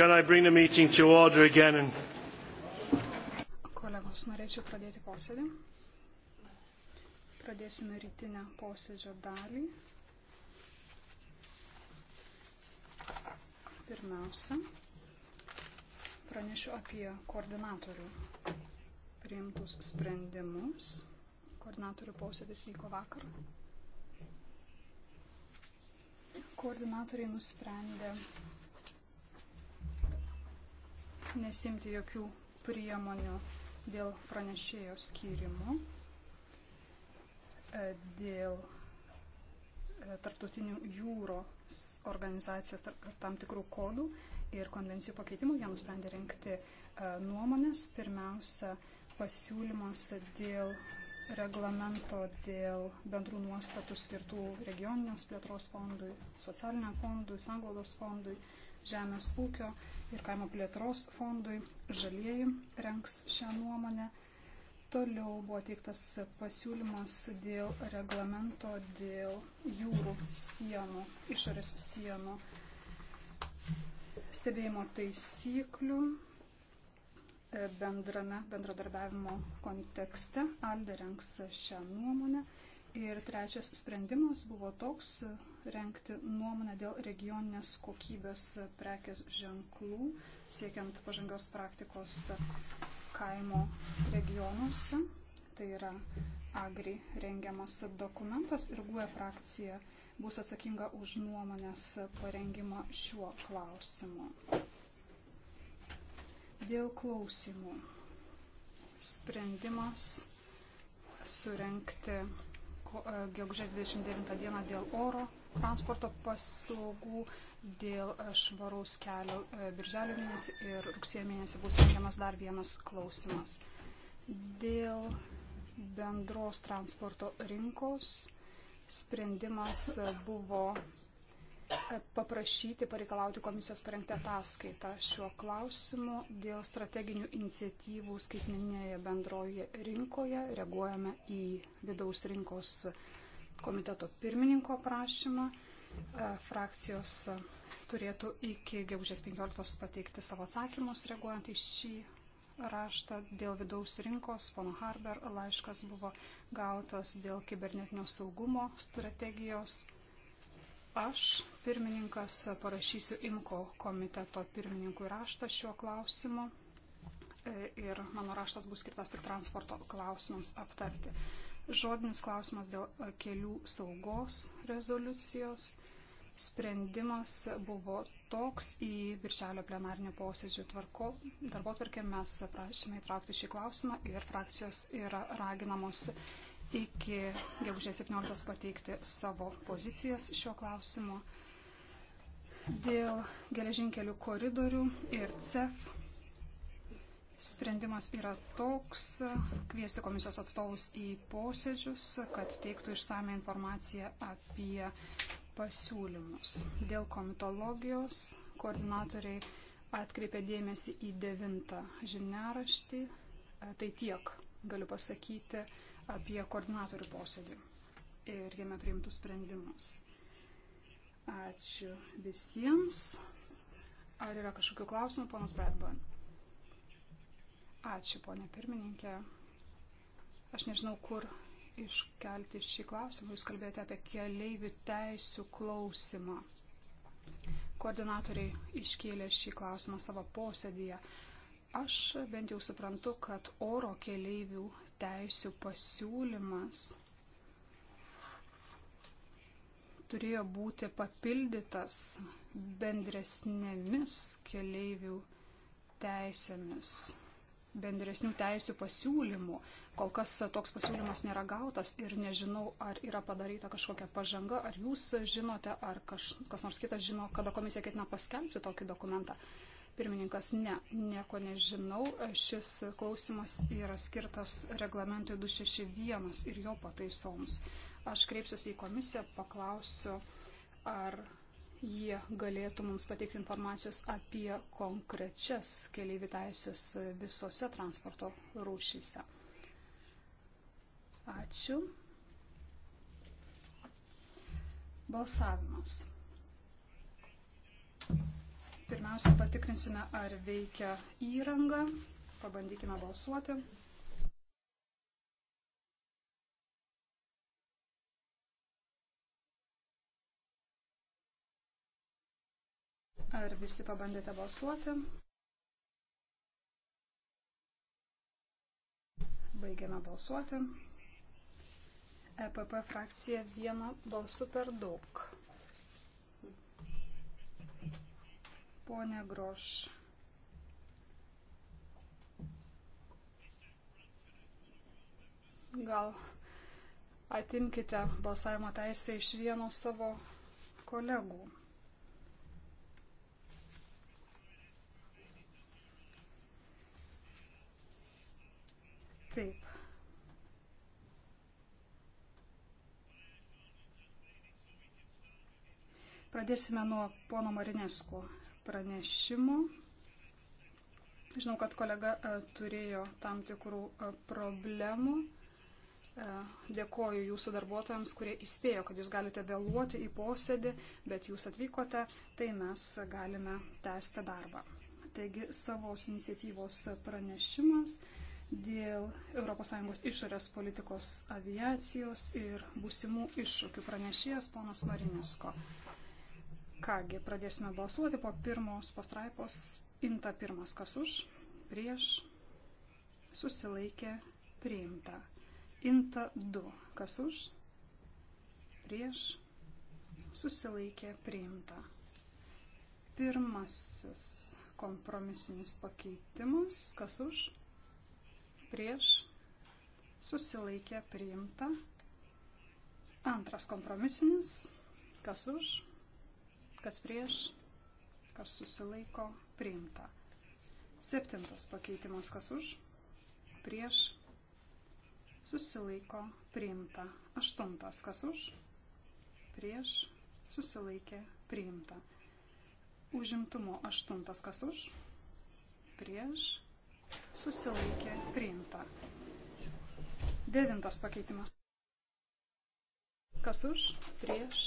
Can I bring the meeting to order again? And... Kolegos, norėčiau pradėti posėdį. Pradėsime rytinę posėdžio dalį. Pirmiausia, pranešiu apie koordinatorių priimtus sprendimus. Koordinatorių posėdis vyko vakar. Koordinatoriai nusprendė nesimti jokių priemonių dėl pranešėjo skyrimo, e, dėl e, tarptautinių jūros organizacijos tam tikrų kodų ir konvencijų pakeitimų. Jie nusprendė rinkti e, nuomonės. Pirmiausia, pasiūlymas dėl reglamento dėl bendrų nuostatų skirtų regioninės plėtros fondui, socialiniam fondui, sanglaudos fondui, Žemės ūkio ir kaimo plėtros fondui. Žalieji renks šią nuomonę. Toliau buvo teiktas pasiūlymas dėl reglamento, dėl jūrų sienų, išorės sienų stebėjimo taisyklių e, bendrame bendradarbiavimo kontekste. Alde renks šią nuomonę. Ir trečias sprendimas buvo toks, renkti nuomonę dėl regioninės kokybės prekės ženklų, siekiant pažangios praktikos kaimo regionuose. Tai yra agri rengiamas dokumentas ir GUE frakcija bus atsakinga už nuomonės parengimą šiuo klausimu. Dėl klausimų sprendimas surenkti gegužės 29 dieną dėl oro transporto paslaugų dėl e, švaraus kelio. E, birželio mėnesį ir rugsėjo mėnesį bus rengiamas dar vienas klausimas. Dėl bendros transporto rinkos sprendimas e, buvo paprašyti, pareikalauti komisijos parengti ataskaitą šiuo klausimu dėl strateginių iniciatyvų skaitmeninėje bendroje rinkoje. Reaguojame į vidaus rinkos uh, komiteto pirmininko prašymą. E, frakcijos turėtų iki gegužės 15 pateikti savo atsakymus, reaguojant į šį raštą dėl vidaus rinkos. Pono Harber laiškas buvo gautas dėl kibernetinio saugumo strategijos. Aš, pirmininkas, parašysiu IMKO komiteto pirmininkui raštą šiuo klausimu e, ir mano raštas bus skirtas tik transporto klausimams aptarti. Žodinis klausimas dėl e, kelių saugos rezoliucijos. Sprendimas buvo toks į viršelio plenarinio posėdžio tvarko, darbo tvarkę mes prašėme įtraukti šį klausimą ir frakcijos yra raginamos iki gegužės 17 pateikti savo pozicijas šiuo klausimu. Dėl geležinkelių koridorių ir CEF Sprendimas yra toks - kviesti komisijos atstovus į posėdžius, kad teiktų išsame informaciją apie pasiūlymus. Dėl komitologijos koordinatoriai atkreipė dėmesį į devintą žiniaraštį. Tai tiek galiu pasakyti apie koordinatorių posėdį ir jame priimtų sprendimus. Ačiū visiems. Ar yra kažkokių klausimų, ponas Bradburn? Ačiū, ponė pirmininkė. Aš nežinau, kur iškelti šį klausimą. Jūs kalbėjote apie keleivių teisų klausimą. Koordinatoriai iškėlė šį klausimą savo posėdėje. Aš bent jau suprantu, kad oro keleivių teisų pasiūlymas turėjo būti papildytas bendresnėmis keleivių teisėmis bendresnių teisų pasiūlymų. Kol kas toks pasiūlymas nėra gautas ir nežinau, ar yra padaryta kažkokia pažanga, ar jūs žinote, ar kaž, kas nors kitas žino, kada komisija ketina paskelbti tokį dokumentą. Pirmininkas, ne, nieko nežinau. Šis klausimas yra skirtas reglamentui 261 ir jo pataisoms. Aš kreipsiuosi į komisiją, paklausiu, ar jie galėtų mums pateikti informacijos apie konkrečias keliaivių teisės visose transporto rūšyse. Ačiū. Balsavimas. Pirmiausia, patikrinsime, ar veikia įranga. Pabandykime balsuoti. Ar visi pabandėte balsuoti? Baigiame balsuoti. EPP frakcija vieno balsu per daug. Pone Groš. Gal atimkite balsavimo teisę iš vieno savo kolegų. kitaip. Pradėsime nuo pono Marinesko pranešimo. Žinau, kad kolega e, turėjo tam tikrų e, problemų. E, dėkoju jūsų darbuotojams, kurie įspėjo, kad jūs galite vėluoti į posėdį, bet jūs atvykote, tai mes galime tęsti darbą. Taigi savos iniciatyvos pranešimas dėl ES išorės politikos aviacijos ir būsimų iššūkių pranešėjas ponas Marinisko. Kągi, pradėsime balsuoti po pirmos pastraipos. Inta pirmas kas už, prieš, susilaikė, priimta. Inta 2 kas už, prieš, susilaikė, priimta. Pirmasis kompromisinis pakeitimas kas už, prieš, susilaikė priimta. Antras kompromisinis, kas už, kas prieš, kas susilaiko priimta. Septintas pakeitimas, kas už, prieš, susilaiko priimta. Aštuntas, kas už, prieš, susilaikė priimta. Užimtumo aštuntas, kas už, prieš, susilaikė priimta. Devintas pakeitimas. Kas už, prieš,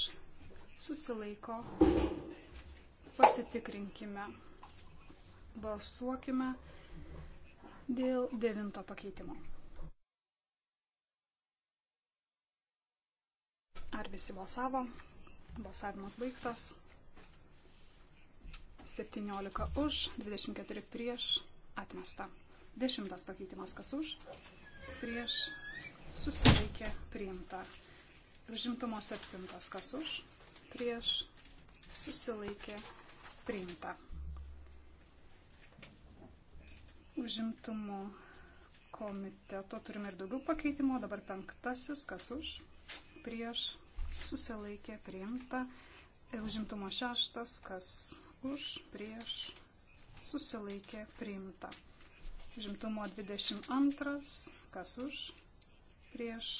susilaiko, pasitikrinkime, balsuokime dėl devinto pakeitimo. Ar visi balsavo? Balsavimas baigtas. 17 už, 24 prieš, atmesta. Dešimtas pakeitimas kas už, prieš susilaikė priimta. Užimtumo septintas kas už, prieš susilaikė priimta. Užimtumo komiteto turime ir daugiau pakeitimų, dabar penktasis kas už, prieš susilaikė priimta. Užimtumo šeštas kas už, prieš susilaikė priimta. Žimtumo 22, kas už, prieš,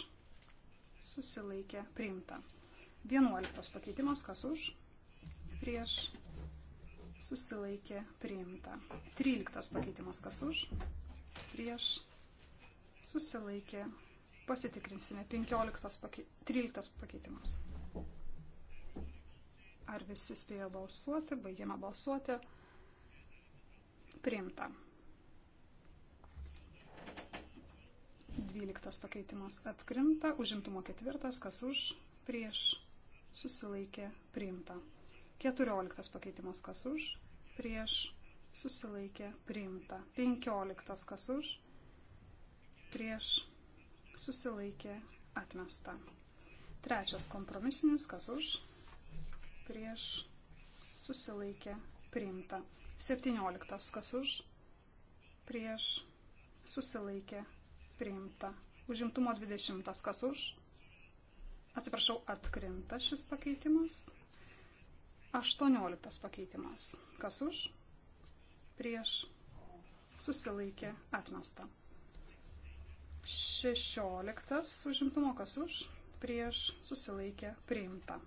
susilaikė priimta. 11 pakeitimas, kas už, prieš, susilaikė priimta. 13 pakeitimas, kas už, prieš, susilaikė. Pasitikrinsime 15, pake... 13 pakeitimas. Ar visi spėjo balsuoti, baigėme balsuoti. Priimta. 12 pakeitimas atkrinta, užimtumo ketvirtas, kas už, prieš, susilaikė, priimta. 14 pakeitimas, kas už, prieš, susilaikė, priimta. 15 kas už, prieš, susilaikė, atmesta. Trečias kompromisinis, kas už, prieš, susilaikė, priimta. 17. Kas už? Prieš susilaikė priimta. Užimtumo 20. Kas už? Atsiprašau, atkrinta šis pakeitimas. 18. Pakeitimas. Kas už? Prieš susilaikė atmesta. 16. Užimtumo kas už? Prieš susilaikė priimta.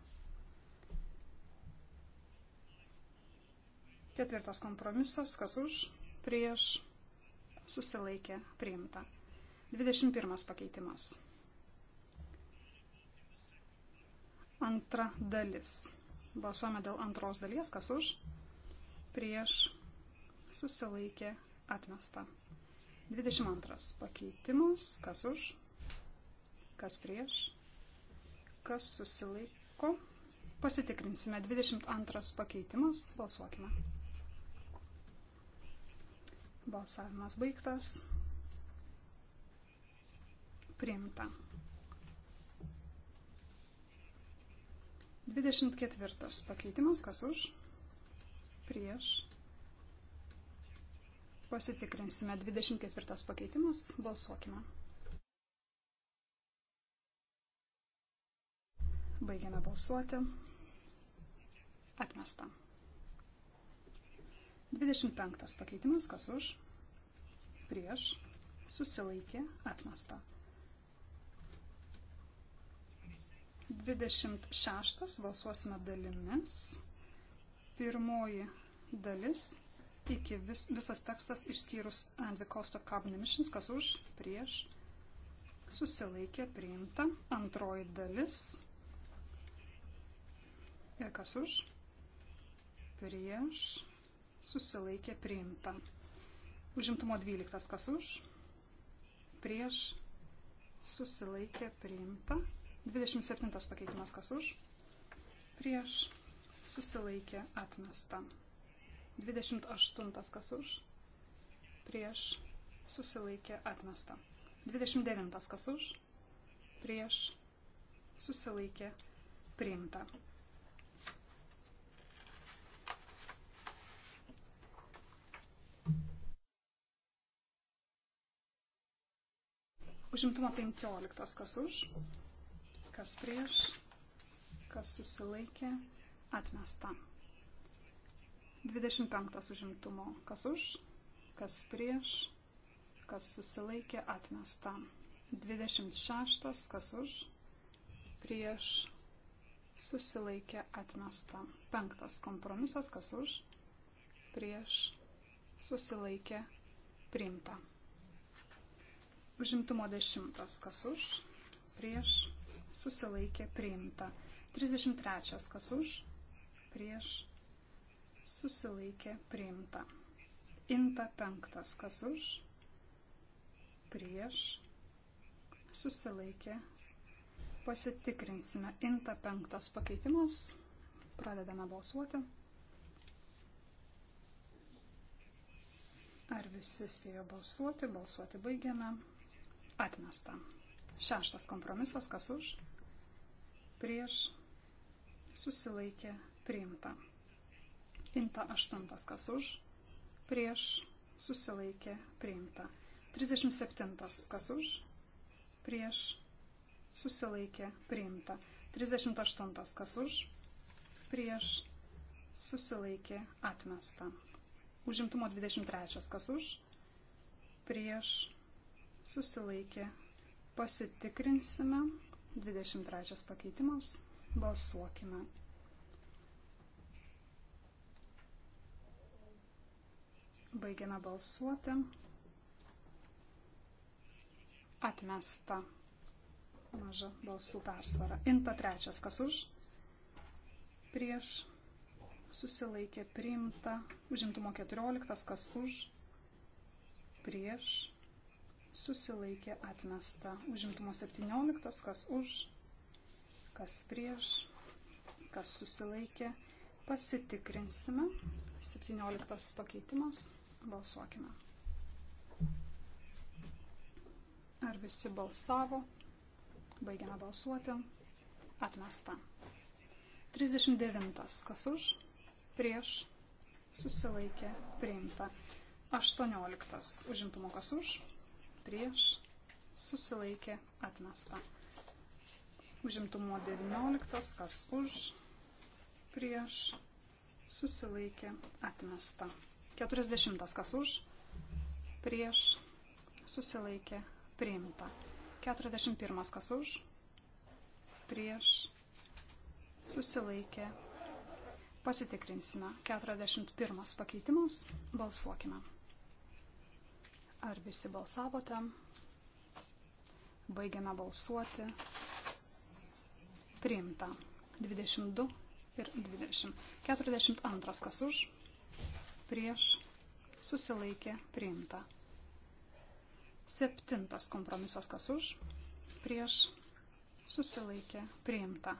Ketvirtas kompromisas, kas už, prieš, susilaikė, priimta. 21 pakeitimas. Antra dalis. Balsuojame dėl antros dalies, kas už, prieš, susilaikė, atmesta. 22 pakeitimus, kas už, kas prieš, kas susilaiko. Pasitikrinsime 22 pakeitimas, balsuokime. Balsavimas baigtas. Priimta. 24 pakeitimas, kas už, prieš. Pasitikrinsime 24 pakeitimas, balsuokime. Baigiame balsuoti. Atmesta. 25 pakeitimas, kas už, prieš, susilaikė, atmesta. 26 balsuosime dalimis. Pirmoji dalis iki vis, visas tekstas išskyrus and the cost of carbon emissions, kas už, prieš, susilaikė, priimta. Antroji dalis, ir kas už, prieš, susilaikė priimta. Užimtumo 12 kas už, prieš susilaikė priimta. 27 pakeitimas kas už, prieš susilaikė atmesta. 28 kas už, prieš susilaikė atmesta. 29 kas už, prieš susilaikė priimta. Užimtumo 15. Kas už, kas prieš, kas susilaikė, atmesta. 25. Užimtumo. Kas už, kas prieš, kas susilaikė, atmesta. 26. Kas už, prieš, susilaikė, atmesta. 5. Kompromisas. Kas už, prieš, susilaikė, priimta. Užimtumo dešimtas, kas už, prieš, susilaikė, priimta. 33, kas už, prieš, susilaikė, priimta. Inta penktas, kas už, prieš, susilaikė, pasitikrinsime. Inta penktas pakeitimas, pradedame balsuoti. Ar visi spėjo balsuoti? Balsuoti baigiame. Atmesta. Šeštas kompromisas, kas už, prieš, susilaikė, priimta. Inta aštuntas, kas už, prieš, susilaikė, priimta. 37, kas už, prieš, susilaikė, priimta. 38, kas už, prieš, susilaikė, atmesta. Užimtumo 23, kas už, prieš, susilaikė. Pasitikrinsime. 23 pakeitimas. Balsuokime. Baigiame balsuoti. Atmesta maža balsų persvara. Inta trečias, kas už? Prieš susilaikė priimta. Užimtumo 14, kas už? Prieš susilaikė atmesta. Užimtumo 17, kas už, kas prieš, kas susilaikė. Pasitikrinsime. 17 pakeitimas. Balsuokime. Ar visi balsavo? Baigiame balsuoti. Atmesta. 39. Kas už? Prieš. Susilaikė. Priimta. 18. Užimtumo kas už? prieš, susilaikė atmesta. Užimtumo 19, kas už, prieš, susilaikė atmesta. 40, kas už, prieš, susilaikė priimta. 41, kas už, prieš, susilaikė. Pasitikrinsime. 41 pakeitimas. Balsuokime. Ar visi balsavote? Baigiame balsuoti. Priimta. 22 ir 20. 42 kas už. Prieš. Susilaikė. Priimta. Septintas kompromisas kas už. Prieš. Susilaikė. Priimta.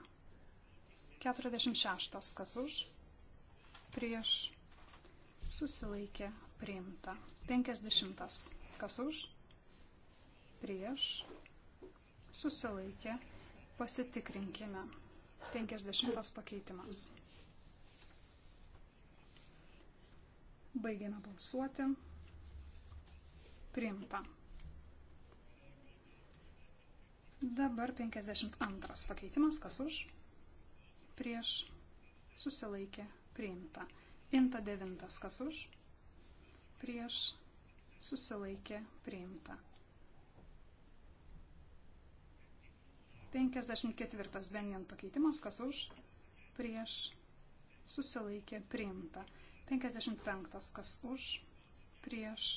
46 kas už. Prieš. Susilaikė. Priimta. 50 Kas už? Prieš. Susilaikė. Pasitikrinkime. 50 pakeitimas. Baigiame balsuoti. Priimta. Dabar 52 pakeitimas. Kas už? Prieš. Susilaikė. Priimta. Inta 9. Kas už? Prieš susilaikė priimta. 54 Benjan pakeitimas, kas už, prieš, susilaikė priimta. 55 kas už, prieš,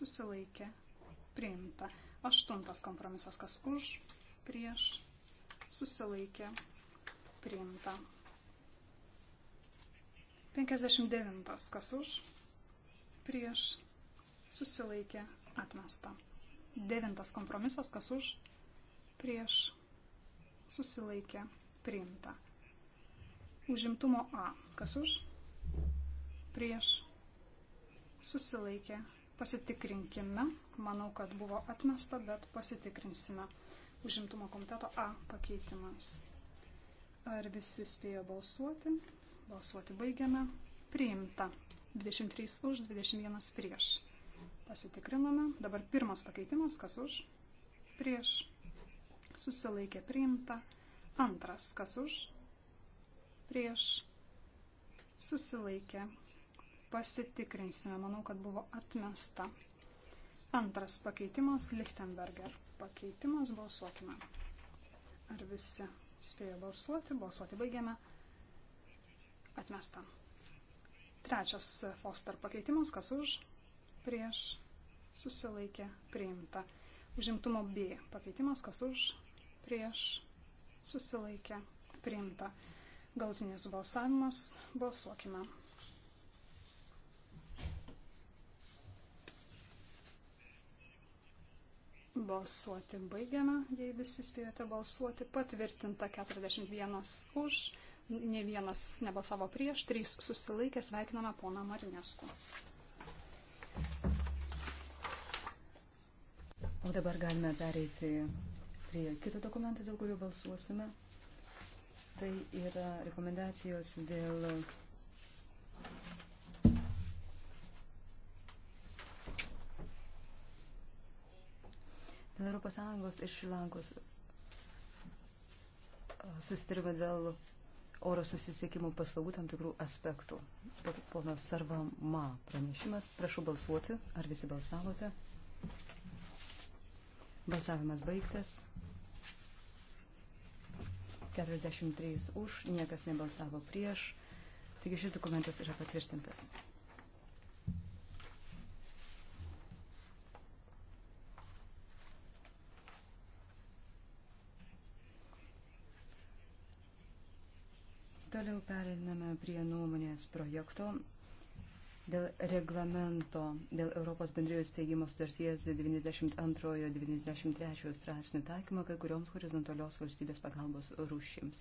susilaikė priimta. 8 kompromisas kas už, prieš, susilaikė priimta. 59 kas už, prieš, susilaikė atmesta. Devintas kompromisas, kas už, prieš, susilaikė priimta. Užimtumo A, kas už, prieš, susilaikė. Pasitikrinkime, manau, kad buvo atmesta, bet pasitikrinsime. Užimtumo komiteto A pakeitimas. Ar visi spėjo balsuoti? Balsuoti baigiame. Priimta. 23 už, 21 prieš. Pasitikriname. Dabar pirmas pakeitimas, kas už, prieš, susilaikė priimta. Antras, kas už, prieš, susilaikė. Pasitikrinsime, manau, kad buvo atmesta. Antras pakeitimas, Lichtenberger. Pakeitimas, balsuokime. Ar visi spėjo balsuoti? Balsuoti baigiame. Atmesta. Trečias Foster pakeitimas, kas už, prieš susilaikė priimta. Užimtumo B pakeitimas, kas už prieš susilaikė priimta. Galtinis balsavimas, balsuokime. Balsuoti baigiame, jei visi spėjote balsuoti, patvirtinta 41 už, ne vienas nebalsavo prieš, 3 susilaikė, sveikiname poną Marinesku. O dabar galime pereiti prie kito dokumento, dėl kurio balsuosime. Tai yra rekomendacijos dėl dėl Europos Sąjungos ir Šilankos susitarimo dėl oro susisiekimo paslaugų tam tikrų aspektų. Ponas Sarvama pranešimas, prašau balsuoti, ar visi balsavote? Balsavimas baigtas. 43 už, niekas nebalsavo prieš. Taigi šis dokumentas yra patvirtintas. Toliau periname prie nuomonės projekto Dėl reglamento, dėl Europos bendrijos steigimo sutarties 92-93 straipsnių taikymo kai kurioms horizontalios valstybės pagalbos rūšims.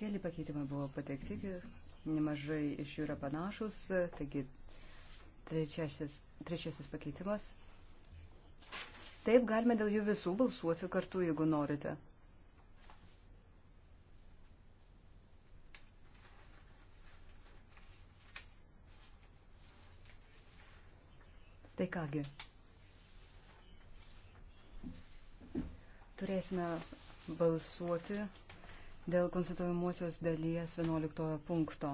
Keli pakeitimai buvo pateikti, nemažai iš jų yra panašus, taigi trečiasis, trečiasis pakeitimas. Taip, galime dėl jų visų balsuoti kartu, jeigu norite. Tai kągi. Turėsime balsuoti dėl konsultuojamosios dalies 11 punkto.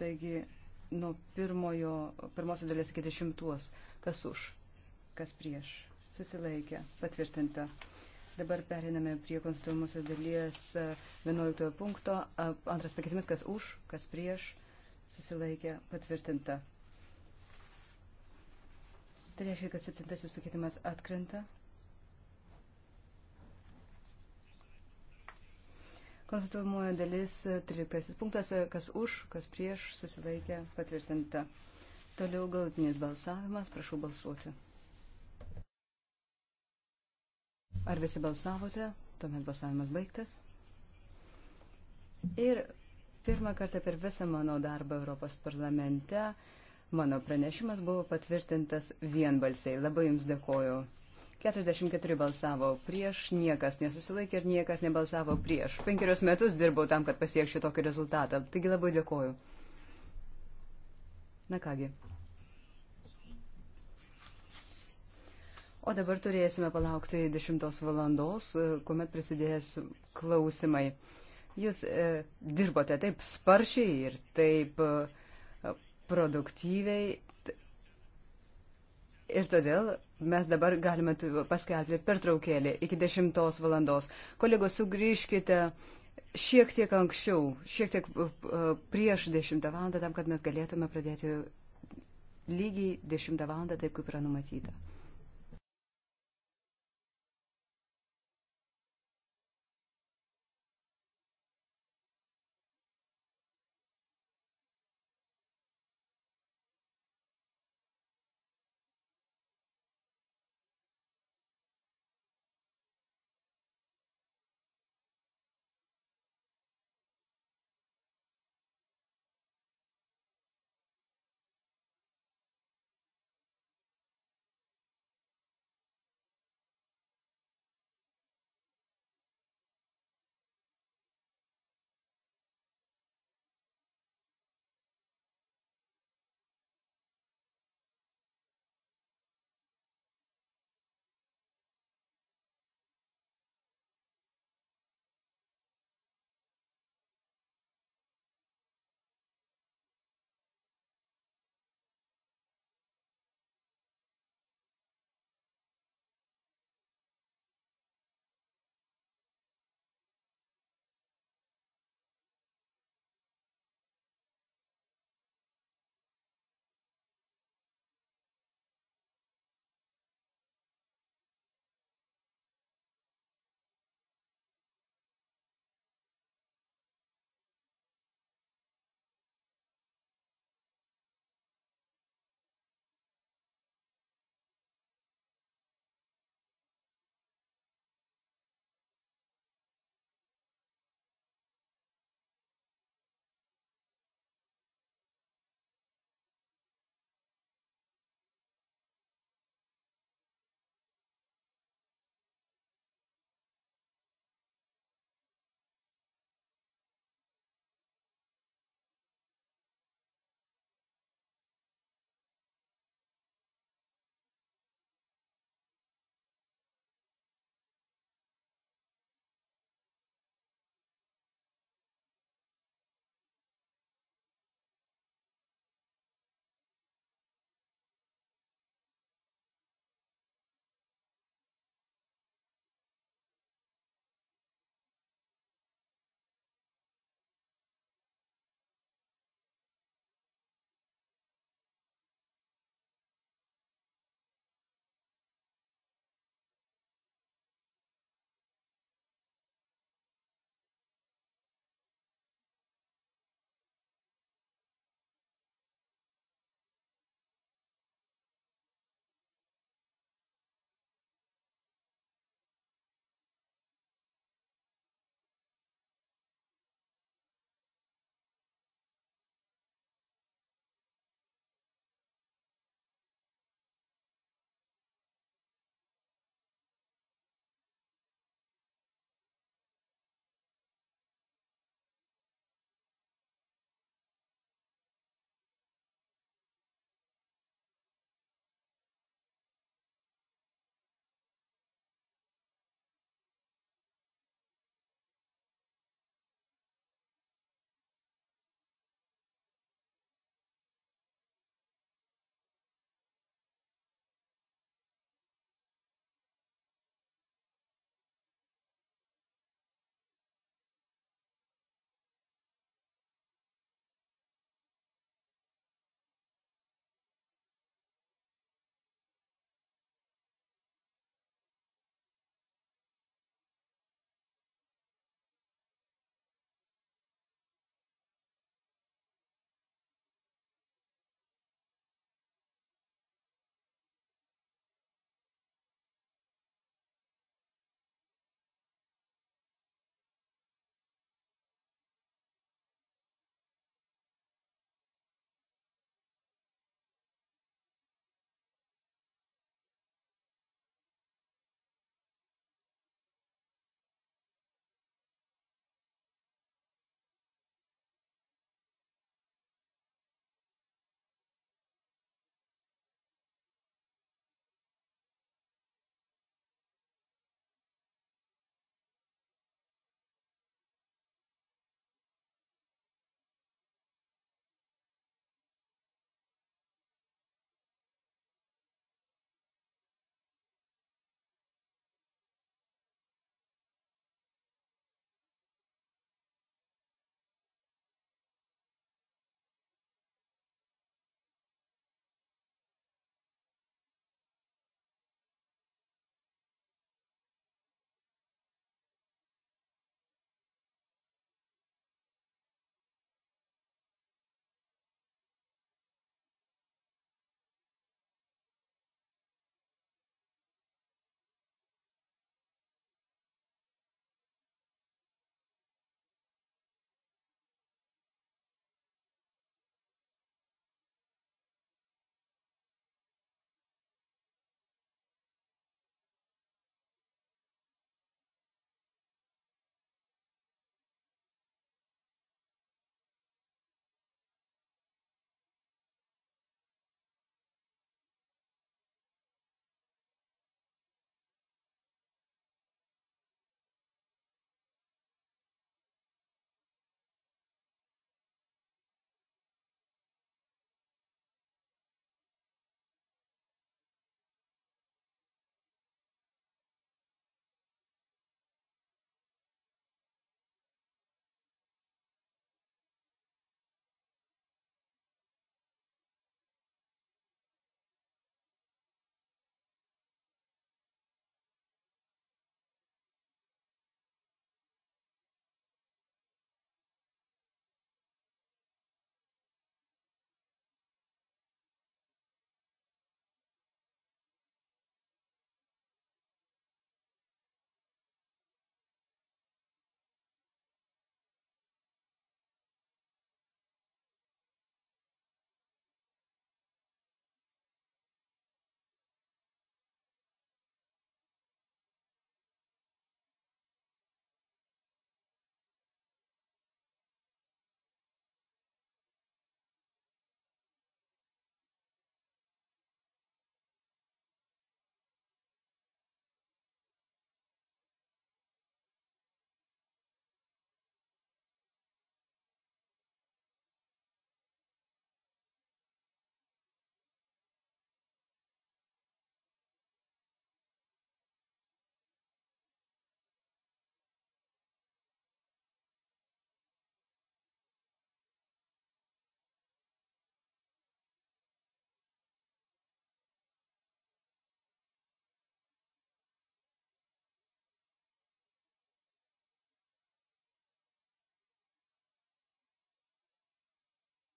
Taigi, nuo pirmojo, pirmosios dalies iki dešimtos, kas už, kas prieš, susilaikė, patvirtinta. Dabar periname prie konstituojamosios dalies 11 e, punkto. Antras pakeitimas, kas už, kas prieš, susilaikė, patvirtinta. Tai reiškia, kad septintasis pakeitimas atkrenta. Konstatuojamoji dalis 13 punktas, kas už, kas prieš, susilaikė, patvirtinta. Toliau galutinis balsavimas, prašau balsuoti. Ar visi balsavote? Tuomet balsavimas baigtas. Ir pirmą kartą per visą mano darbą Europos parlamente Mano pranešimas buvo patvirtintas vienbalsiai. Labai Jums dėkoju. 44 balsavo prieš, niekas nesusilaikė ir niekas nebalsavo prieš. Penkerius metus dirbau tam, kad pasiekčiau tokį rezultatą. Taigi labai dėkoju. Na kągi. O dabar turėsime palaukti 10 valandos, kuomet prasidės klausimai. Jūs e, dirbote taip sparčiai ir taip. E, produktyviai. Ir todėl mes dabar galime paskelbti pertraukėlį iki 10 valandos. Kolegos, sugrįžkite šiek tiek anksčiau, šiek tiek uh, uh, prieš 10 valandą, tam, kad mes galėtume pradėti lygiai 10 valandą, taip kaip yra numatyta.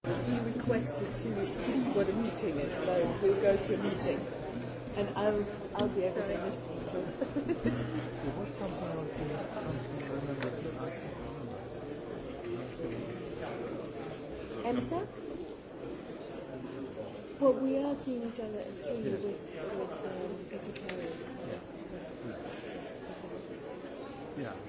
You requested to see what a meeting is, so we'll go to a meeting. And I'll, I'll be able Sorry. to listen. there was something on the, something I remember. EMSA? Well, we are seeing each other at three yeah. with, with um, Secretary. Yeah. yeah.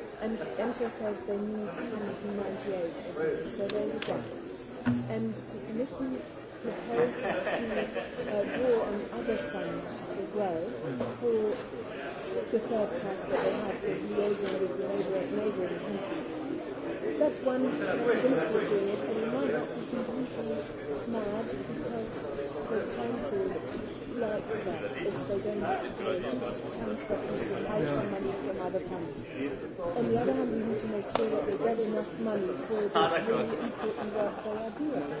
and EMSA says they need 198 or something, so there's a gap. And the Commission proposed to uh, draw on other funds as well for the third task that they have, the liaison with the neighbouring, neighbouring countries. That's one possibility of doing it, but it might not be completely mad because the council likes that if they don't get payments and because they hide some money from other funds. On the other hand, we need to make sure that they get enough money for the ah, really important work they are doing.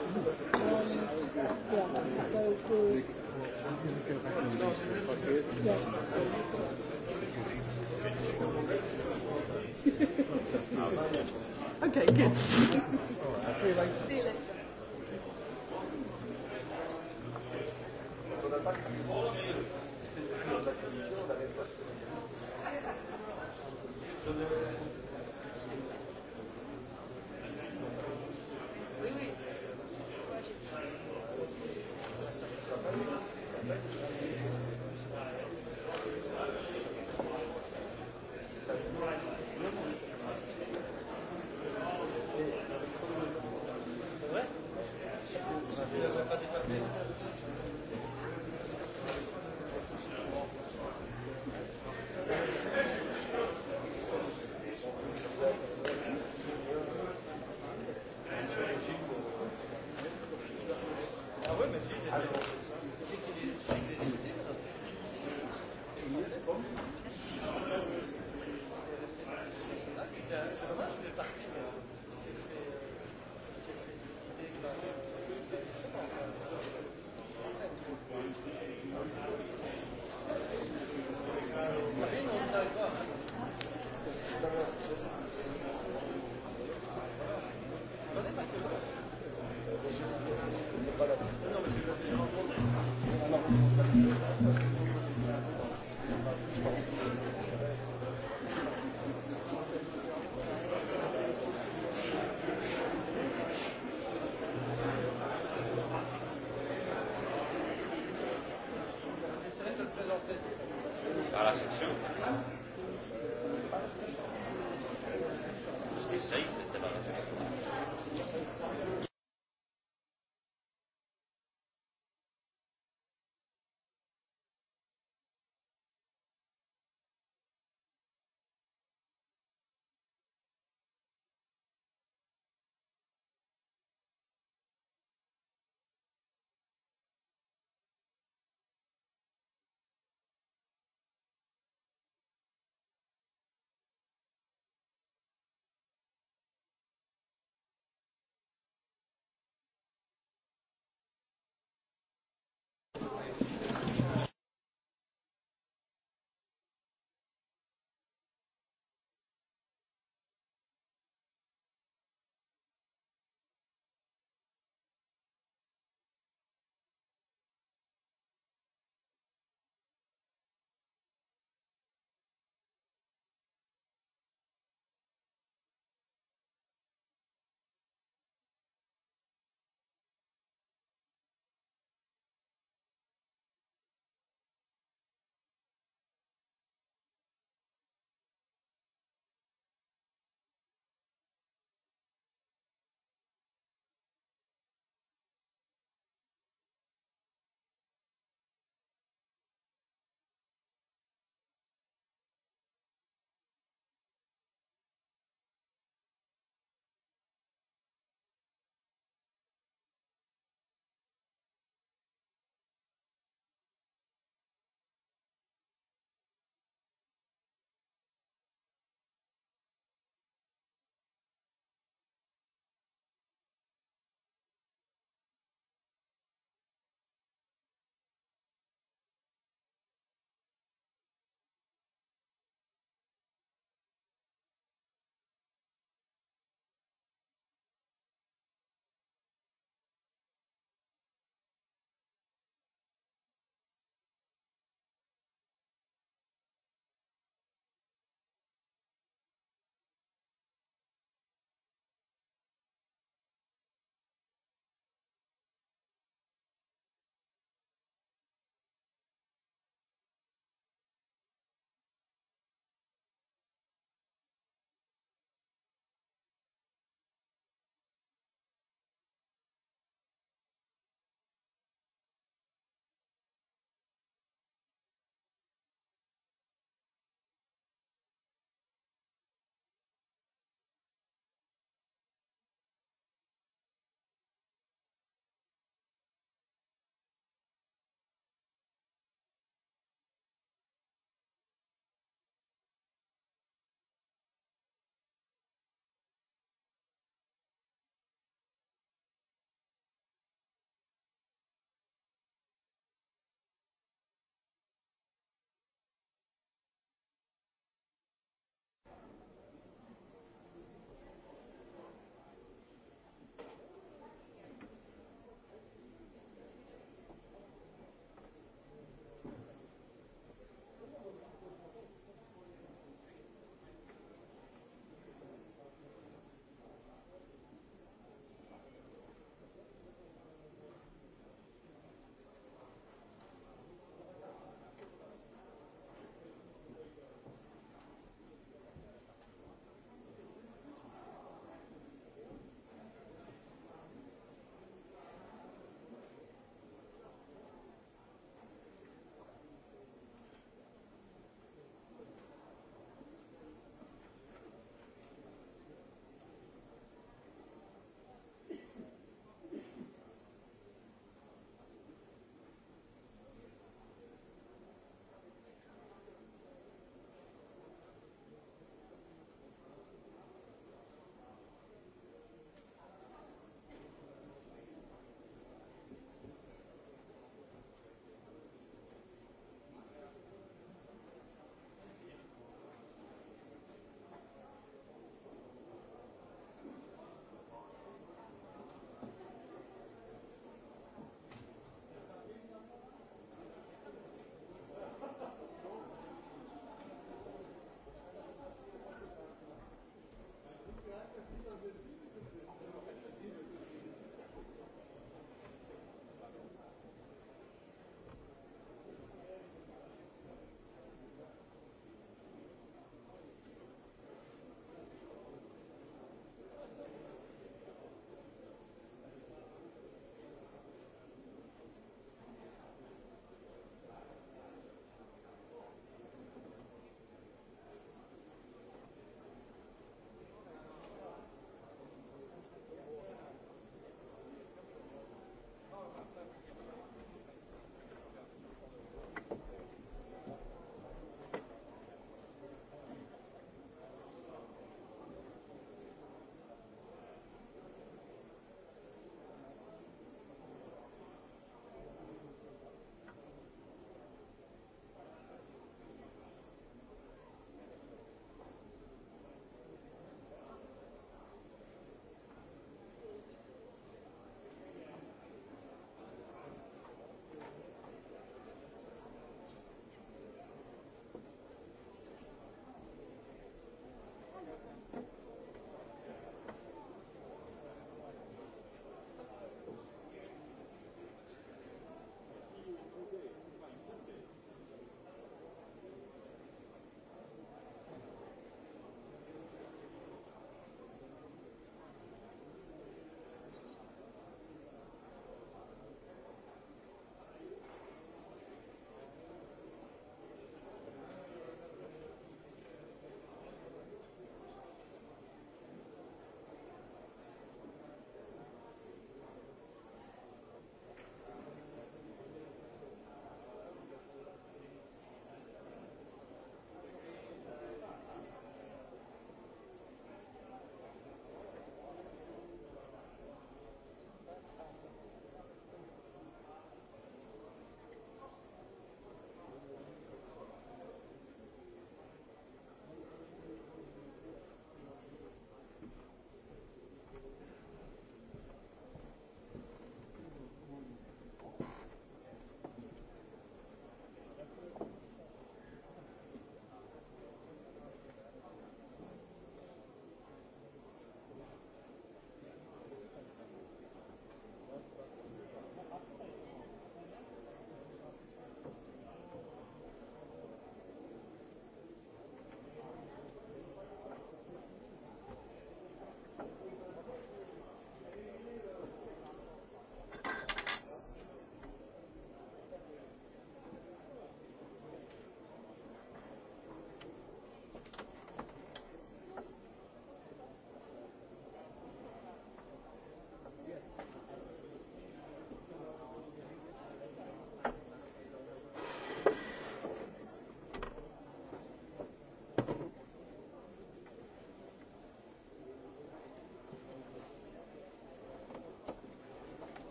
Um, yeah, so we'll... Yes. okay, good. See you later. Thank you.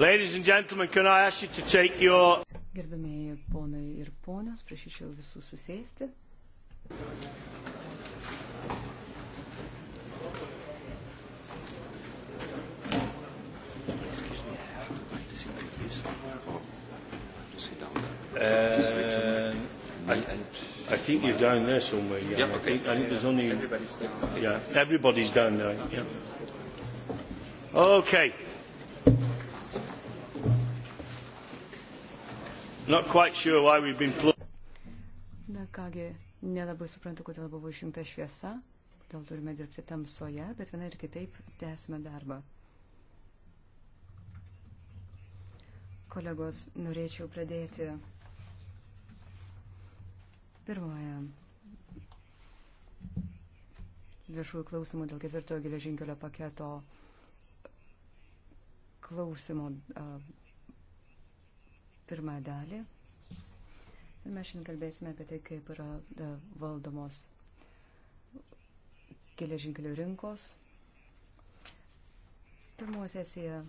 Ladies and gentlemen, can I ask you to take your... Gerbėmėjai ponai ir ponios, prašyčiau visų susėsti. Uh, I, I think you're down there somewhere. Yeah, yeah okay. I think, I think there's only. Everybody's down. Yeah, everybody's down there. Yeah. Okay. Sure been... Na kągi, nelabai suprantu, kodėl buvo išjungta šviesa, kodėl turime dirbti tamsoje, bet vienai ir kitaip tęsime darbą. Kolegos, norėčiau pradėti pirmoje viešųjų klausimų dėl ketvirtojo geležinkelio paketo klausimo. Uh, pirmą dalį. Ir mes šiandien kalbėsime apie tai, kaip yra da, e, valdomos geležinkelių rinkos. Pirmoji sesija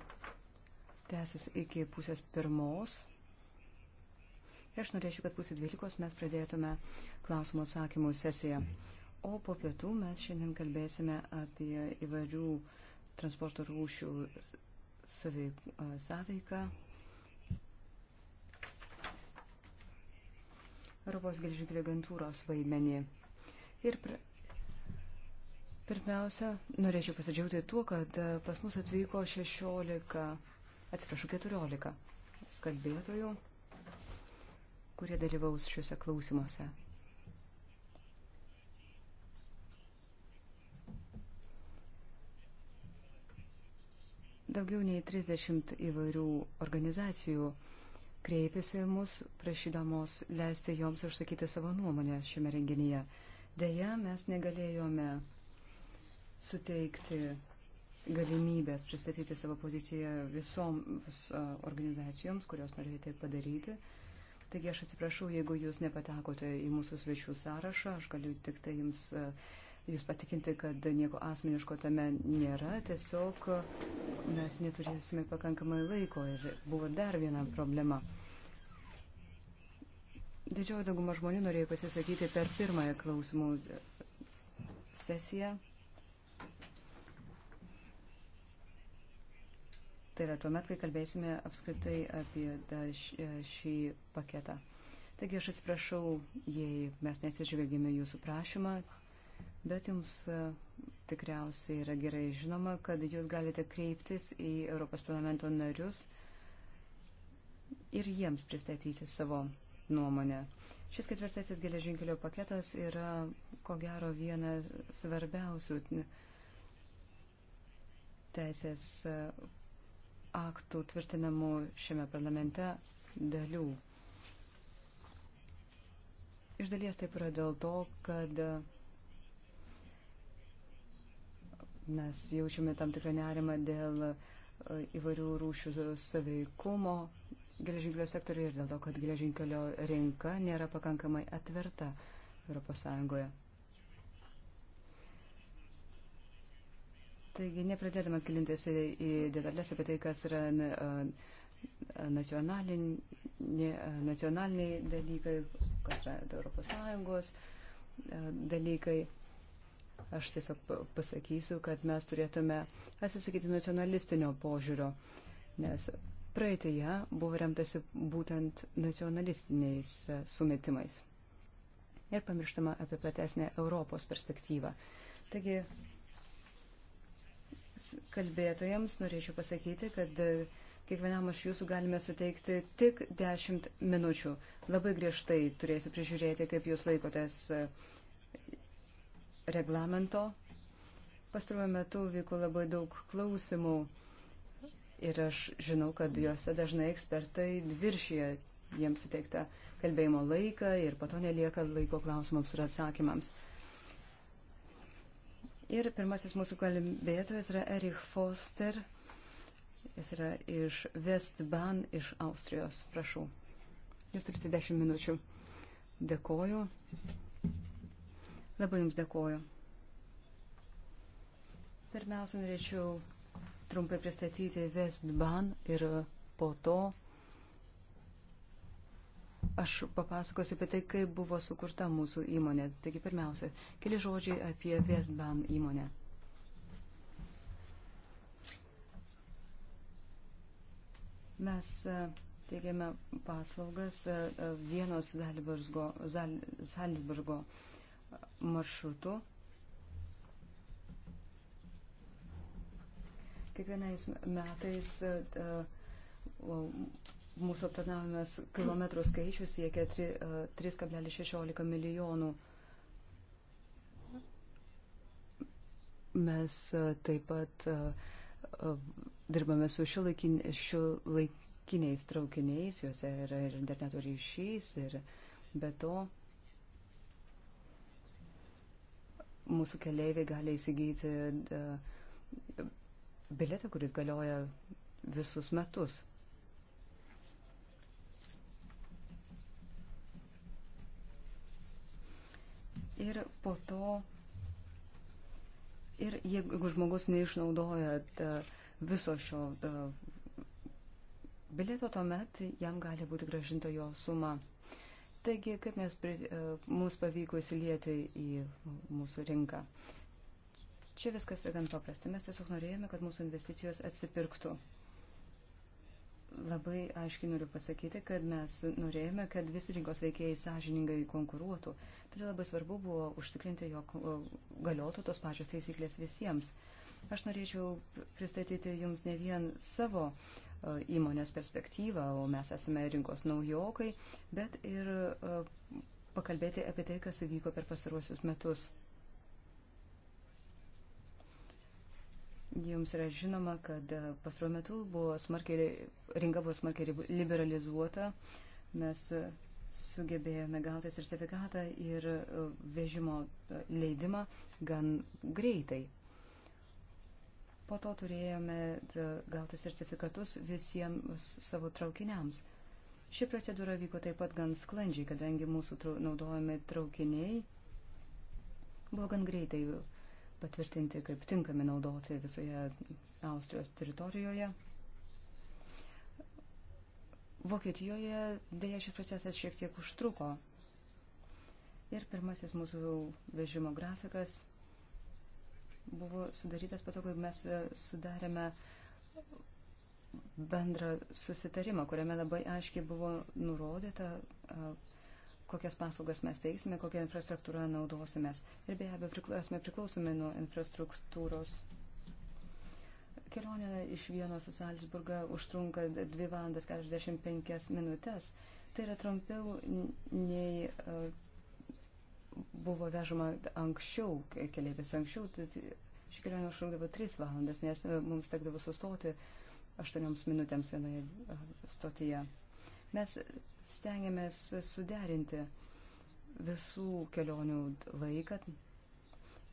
tęsis iki pusės pirmos. Ir aš norėčiau, kad pusė dvylikos mes pradėtume klausimų atsakymų sesiją. O po pietų mes šiandien kalbėsime apie įvairių transporto rūšių sąveiką. Saveik, Europos geležinkelių agentūros vaidmenį. Ir pr pirmiausia, norėčiau pasidžiaugti tuo, kad e, pas mus atvyko 16, atsiprašau, 14 kalbėtojų, kurie dalyvaus šiuose klausimuose. Daugiau nei 30 įvairių organizacijų kreipėsi mus, prašydamos leisti joms išsakyti savo nuomonę šiame renginyje. Deja, mes negalėjome suteikti galimybės pristatyti savo poziciją visoms organizacijoms, kurios norėjo tai padaryti. Taigi aš atsiprašau, jeigu jūs nepatekote į mūsų svečių sąrašą, aš galiu tik tai jums uh, jūs patikinti, kad nieko asmeniško tame nėra, tiesiog mes neturėsime pakankamai laiko ir buvo dar viena problema. Didžioji dauguma žmonių norėjo pasisakyti per pirmąją klausimų sesiją. Tai yra tuomet, kai kalbėsime apskritai apie šį paketą. Taigi aš atsiprašau, jei mes nesižvelgėme jūsų prašymą, bet jums e, tikriausiai yra gerai žinoma, kad jūs galite kreiptis į Europos parlamento narius ir jiems pristatyti savo nuomonę. Šis ketvirtasis geležinkelio paketas yra, ko gero, vienas svarbiausių teisės e, aktų tvirtinamų šiame parlamente dalių. Iš dalies taip yra dėl to, kad Mes jaučiame tam tikrą nerimą dėl e, įvairių rūšių saveikumo geležinkelio sektoriuje ir dėl to, kad geležinkelio rinka nėra pakankamai atverta ES. Taigi, nepradėdamas gilintis į detalės apie tai, kas yra e, nacionaliniai, e, nacionaliniai dalykai, kas yra ES dalykai, Aš tiesiog pasakysiu, kad mes turėtume atsisakyti nacionalistinio požiūrio, nes praeitėje buvo remtasi būtent nacionalistiniais e, sumetimais ir pamirštama apie platesnę Europos perspektyvą. Taigi, kalbėtojams norėčiau pasakyti, kad e, kiekvienam iš jūsų galime suteikti tik 10 minučių. Labai griežtai turėsiu prižiūrėti, kaip jūs laikotės e, reglamento. Pastaruoju metu vyko labai daug klausimų ir aš žinau, kad juose dažnai ekspertai viršyje jiems suteikta kalbėjimo laiką ir po to nelieka laiko klausimams ir atsakymams. Ir pirmasis mūsų kalbėtojas yra Erich Foster. Jis yra iš Westban, iš Austrijos. Prašau. Jūs turite 10 minučių. Dėkoju. Labai Jums dėkoju. Pirmiausia, norėčiau trumpai pristatyti Westban ir po to aš papasakosiu apie tai, kaip buvo sukurta mūsų įmonė. Taigi, pirmiausia, keli žodžiai apie Westban įmonę. Mes e, teigiame paslaugas e, e, vienos Zalzburgo, Zal, Zalzburgo maršrutų. Kiekvienais metais e, mūsų aptarnavimas kilometrų skaičius siekia 3,16 e, milijonų. Mes e, taip pat dirbame su šiuolaikiniais traukiniais, juose yra ir interneto ryšys, ir be to mūsų keleiviai gali įsigyti e, biletą, kuris galioja visus metus. Ir po to, ir jeigu žmogus neišnaudoja e, viso šio e, bilieto, tuomet jam gali būti gražinta jo suma. Taigi, kaip mes, e, mums pavyko įsilieti į mūsų rinką? Čia viskas yra gan paprasta. Mes tiesiog norėjome, kad mūsų investicijos atsipirktų. Labai aiškiai noriu pasakyti, kad mes norėjome, kad visi rinkos veikėjai sąžiningai konkuruotų. Todėl labai svarbu buvo užtikrinti, jog e, galiotų tos pačios taisyklės visiems. Aš norėčiau pristatyti jums ne vien savo uh, E, įmonės perspektyvą, o mes esame rinkos naujokai, bet ir e, pakalbėti apie tai, kas įvyko per pastaruosius metus. Jums yra žinoma, kad e, pastaruoju metu buvo smarkiai, rinka buvo smarkiai liberalizuota. Mes sugebėjome gauti sertifikatą ir vežimo leidimą gan greitai. Po to turėjome e, gauti sertifikatus visiems savo traukiniams. Ši procedūra vyko taip pat gan sklandžiai, kadangi mūsų trau, naudojami traukiniai buvo gan greitai patvirtinti, kaip tinkami naudoti visoje Austrijos teritorijoje. Vokietijoje dėja šis procesas šiek tiek užtruko. Ir pirmasis mūsų vežimo grafikas buvo sudarytas po to, kai mes e, sudarėme bendrą susitarimą, kuriame labai aiškiai buvo nurodyta, e, kokias paslaugas mes teisime, kokią infrastruktūrą naudosimės. Ir be abejo, esame priklausomi nuo infrastruktūros. Kelionė iš Vienos į Salzburgą užtrunka 2 valandas 45 minutės. Tai yra trumpiau nei e, buvo vežama anksčiau, keliaivis anksčiau, tai, tai ši kelionė užtrukdavo 3 valandas, nes e, mums tekdavo sustoti 8 minutėms vienoje e, stotyje. Mes stengiamės suderinti visų kelionių laiką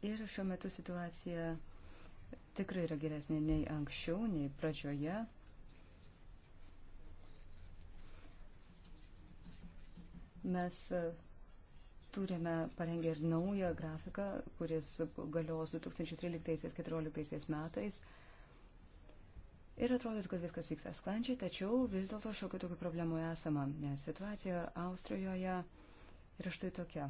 ir šiuo metu situacija tikrai yra geresnė nei anksčiau, nei pradžioje. Mes uh, turime parengę ir naują grafiką, kuris galios 2013-2014 metais. Ir atrodo, kad viskas vyksta sklandžiai, tačiau vis dėlto šiokių tokių problemų esama, nes situacija Austrijoje yra štai tokia.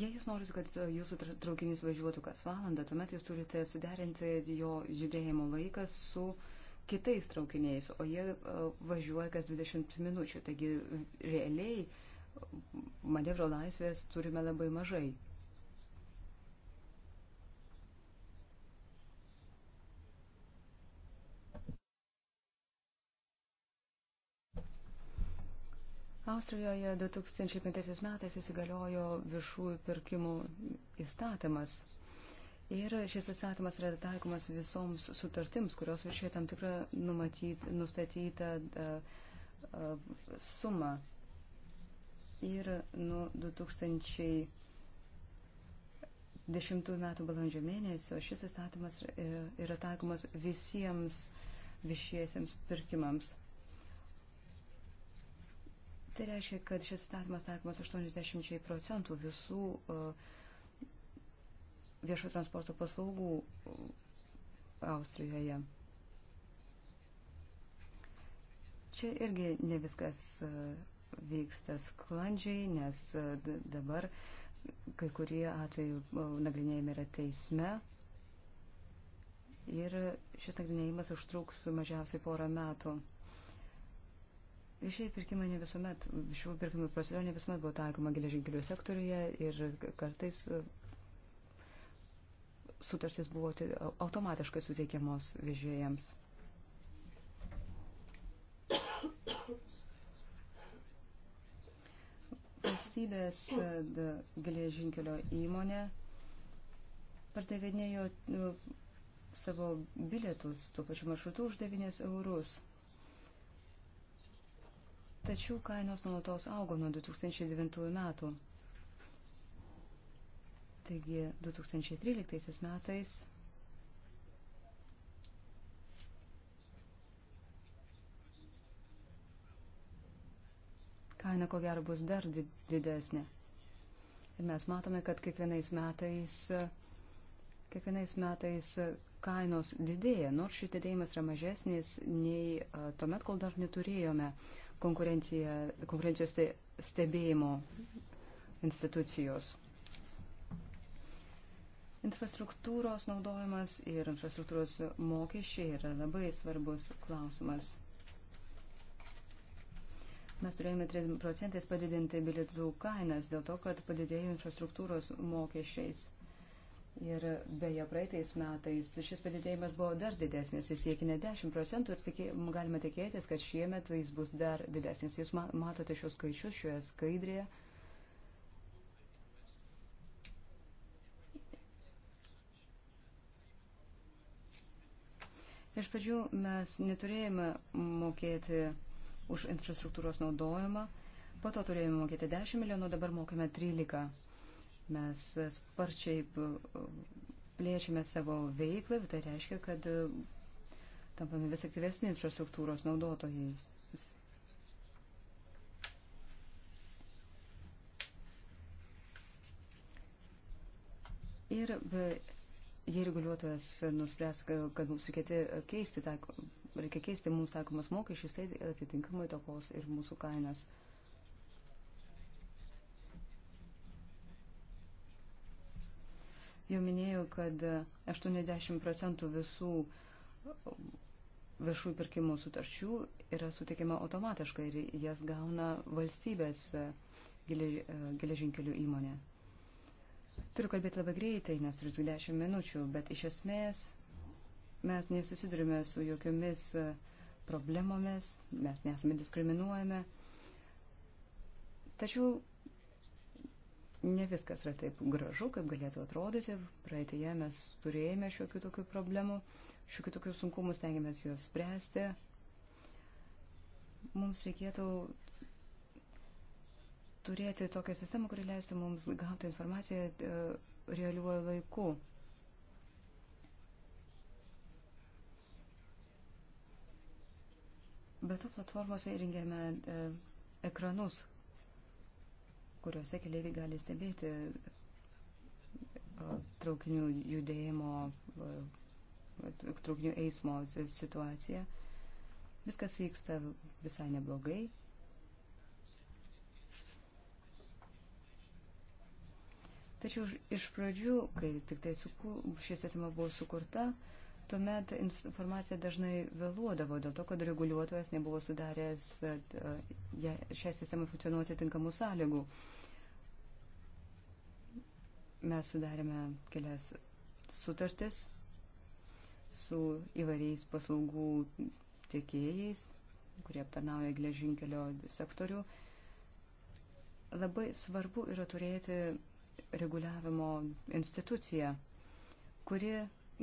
Jei jūs norite, kad e, jūsų traukinys važiuotų kas valandą, tuomet jūs turite suderinti jo judėjimo laiką su kitais traukiniais, o jie e, važiuoja kas 20 minučių. Taigi realiai manevro laisvės turime labai mažai. Austrijoje 2005 metais įsigaliojo viešųjų pirkimų įstatymas. Ir šis įstatymas yra taikomas visoms sutartims, kurios viršė tam tikrą numatyt, nustatytą uh, uh, sumą. Ir nuo 2010 metų balandžio mėnesio šis įstatymas e, yra taikomas visiems viešiesiems pirkimams. Tai reiškia, kad šis įstatymas taikomas 80 procentų visų e, viešo transporto paslaugų e, Austrijoje. Čia irgi ne viskas e, vyksta sklandžiai, nes dabar kai kurie atvejai nagrinėjami yra teisme. Ir šis nagrinėjimas užtruks mažiausiai porą metų. Viešieji pirkimai ne visuomet, šių pirkimų procedūra ne visuomet buvo taikoma geležinkelių sektoriuje ir kartais e, sutartys buvo automatiškai suteikiamos vežėjams. Valstybės e, geležinkelio įmonė pardavinėjo e, savo bilietus tuo pačiu maršrutu už 9 eurus. Tačiau kainos nuolatos augo nuo 2009 metų. Taigi 2013 metais kaina ko gero bus dar didesnė. Ir mes matome, kad kiekvienais metais, kiekvienais metais kainos didėja, nors šis didėjimas yra mažesnis nei tuomet, kol dar neturėjome uh, konkurencijos stebėjimo institucijos. Infrastruktūros naudojimas ir infrastruktūros mokesčiai yra labai svarbus klausimas. Mes turėjome 3 procentais padidinti bilietų kainas dėl to, kad padidėjo infrastruktūros mokesčiais. Ir beje, praeitais metais šis padidėjimas buvo dar didesnis, jis siekia ne 10 procentų ir tikė, galima tikėtis, kad šiemet jis bus dar didesnis. Jūs matote šios skaičius šioje skaidrėje. Iš pradžių mes neturėjome mokėti už infrastruktūros naudojimą, po to turėjome mokėti 10 milijonų, dabar mokame 13. Mes sparčiai plėčiame savo veiklą, tai reiškia, kad e, tampame vis aktyvesni infrastruktūros naudotojai. Ir be, jei reguliuotojas nuspręs, kad mums reikėti keisti, taiko, reikia keisti mums taikomas mokesčius, tai atitinkamai tokos ir mūsų kainas. Uh, Jau minėjau, kad 80 procentų visų viešųjų pirkimų sutarčių yra suteikiama automatiškai ir jas gauna valstybės e, e, geležinkelių įmonė. Turiu kalbėti labai greitai, nes turiu 10 minučių, bet iš esmės mes nesusidurime su jokiomis e, problemomis, mes nesame diskriminuojami. Tačiau ne viskas yra taip gražu, kaip galėtų atrodyti. Praeitėje mes turėjome šiokių tokių problemų, šiokių tokių sunkumų, stengiamės juos spręsti. Mums reikėtų turėti tokią sistemą, kuri leistų mums gauti informaciją e, realiuoju laiku. Be to platformose įrengėme e, ekranus, kuriuose keliaiviai gali stebėti traukinių judėjimo, traukinių eismo situaciją. Viskas vyksta visai neblogai. Tačiau iš pradžių, kai tik tai suku, ši sistema buvo sukurta, uh, tuomet informacija dažnai vėluodavo dėl to, kad reguliuotojas nebuvo sudaręs e, šią sistemą funkcionuoti tinkamų sąlygų. Mes sudarėme kelias sutartis su įvairiais paslaugų tiekėjais, kurie aptarnauja geležinkelio sektorių. Labai svarbu yra turėti reguliavimo instituciją, kuri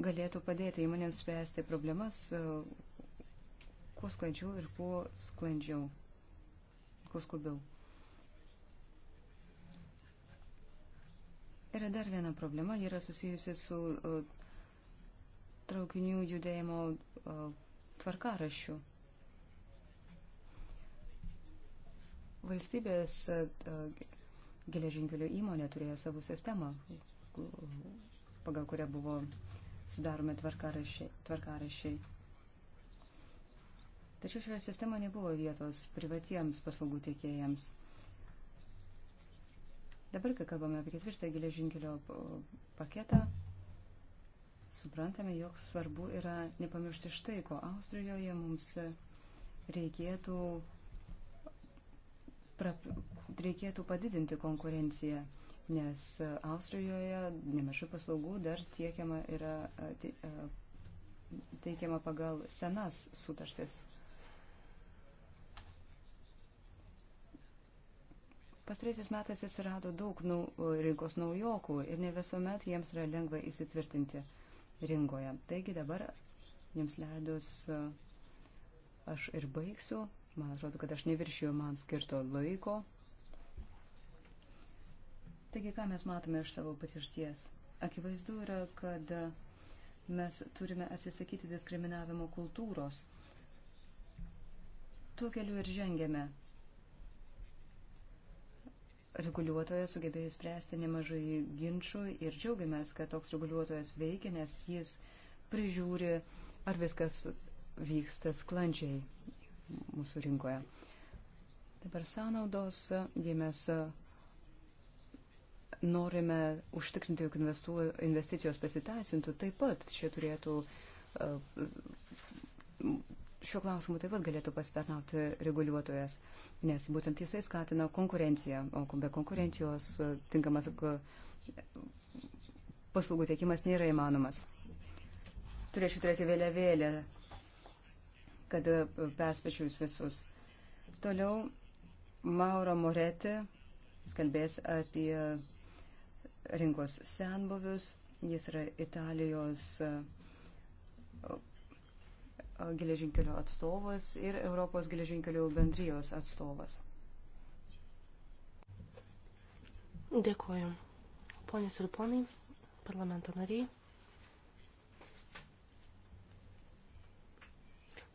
galėtų padėti įmonėms spręsti problemas e, kuo sklandžiau ir kuo sklandžiau, kuo skubiau. Yra dar viena problema, ji yra susijusi su uh, traukinių judėjimo uh, tvarkarašiu. Valstybės uh, geležinkelio įmonė turėjo savo sistemą, pagal kurią buvo sudaromi tvarkarašiai. tvarkarašiai. Tačiau šioje sistemoje nebuvo vietos privatiems paslaugų tiekėjams. Dabar, kai kalbame apie ketvirtą geležinkelio paketą, suprantame, jog svarbu yra nepamiršti štai, ko Austrijoje mums reikėtų, pra, reikėtų padidinti konkurenciją nes e, Austrijoje nemažai paslaugų dar tiekiama yra e, e, teikiama pagal senas sutartis. Pastraisiais metais atsirado daug nau, rinkos naujokų ir ne visuomet jiems yra lengva įsitvirtinti rinkoje. Taigi dabar jums leidus aš ir baigsiu. Man atrodo, kad aš neviršiu man skirto laiko. Taigi, ką mes matome iš savo patirties? Akivaizdu yra, kad mes turime atsisakyti diskriminavimo kultūros. Tuo keliu ir žengėme. Reguliuotojas sugebėjo spręsti nemažai ginčių ir džiaugiamės, kad toks reguliuotojas veikia, nes jis prižiūri, ar viskas vyksta sklandžiai mūsų rinkoje. Dabar sąnaudos, jei mes norime užtikrinti, jog investicijos pasiteisintų, taip pat čia turėtų, e, šiuo klausimu taip pat galėtų pasitarnauti reguliuotojas, nes būtent jisai skatina konkurenciją, o be konkurencijos e, tinkamas e, paslaugų tiekimas nėra įmanomas. Turėčiau turėti vėliavėlę, kad perspečiu jūs visus. Toliau Mauro Moretti kalbės apie rinkos senbuvius. Jis yra Italijos e, e, geležinkelio atstovas ir Europos geležinkelio bendrijos atstovas. Dėkuoju. Ponės ir ponai, parlamento nariai.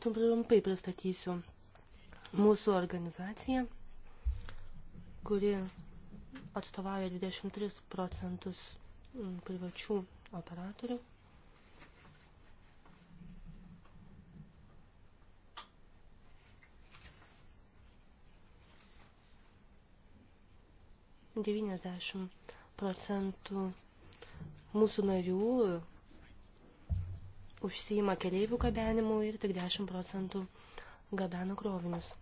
Trumpai pristatysiu mūsų organizaciją, kuri atstovauja 23 procentus mm, privačių operatorių. Devyniasdešimt procentų mūsų narių užsiima keleivių gabenimu ir tik 10 procentų gabena krovinius.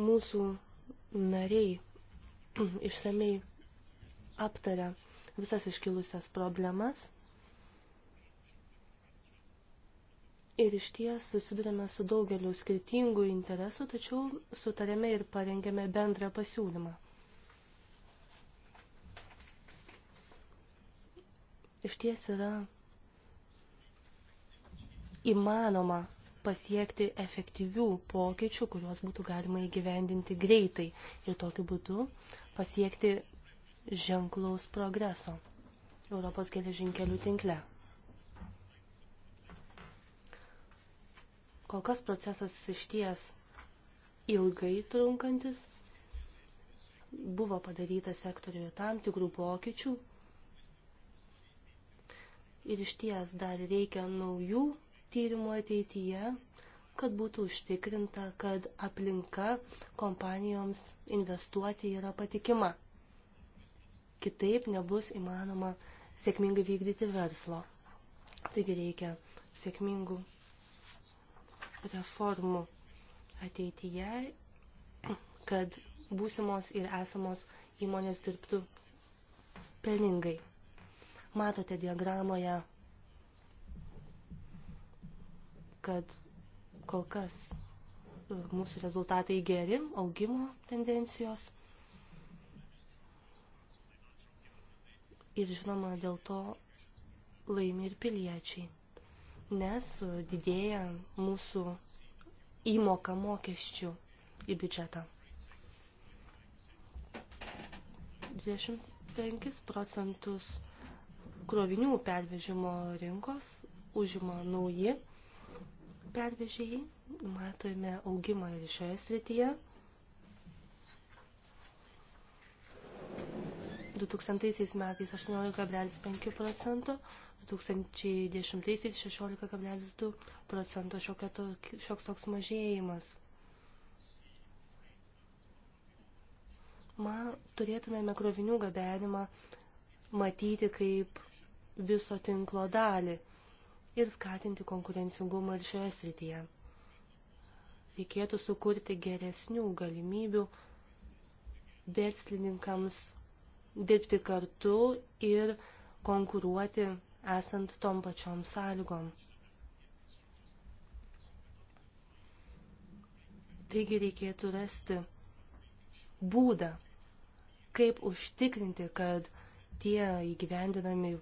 mūsų nariai išsamei aptarė visas iškilusias problemas ir iš ties susidurėme su daugeliu skirtingų interesų, tačiau sutarėme ir parengėme bendrą pasiūlymą. Iš ties yra įmanoma pasiekti efektyvių pokyčių, kuriuos būtų galima įgyvendinti greitai ir tokiu būdu pasiekti ženklaus progreso Europos geležinkelių tinkle. Kol kas procesas išties ilgai trunkantis, buvo padaryta sektoriuje tam tikrų pokyčių ir išties dar reikia naujų tyrimų ateityje, kad būtų užtikrinta, kad aplinka kompanijoms investuoti yra patikima. Kitaip nebus įmanoma sėkmingai vykdyti verslo. Taigi reikia sėkmingų reformų ateityje, kad būsimos ir esamos įmonės dirbtų pelningai. Matote diagramoje kad kol kas e, mūsų rezultatai geri, augimo tendencijos. Ir žinoma, dėl to laimi ir piliečiai, nes e, didėja mūsų įmoka mokesčių į biudžetą. 25 procentus krovinių pervežimo rinkos užima nauji pervežėjai. Matome augimą ir šioje srityje. 2000 metais 18,5 procento, 2010 16,2 procento šioks toks mažėjimas. Ma, turėtumėme krovinių gabenimą matyti kaip viso tinklo dalį ir skatinti konkurencingumą ir šioje srityje. Reikėtų sukurti geresnių galimybių verslininkams dirbti kartu ir konkuruoti esant tom pačiom sąlygom. Taigi reikėtų rasti būdą, kaip užtikrinti, kad tie įgyvendinami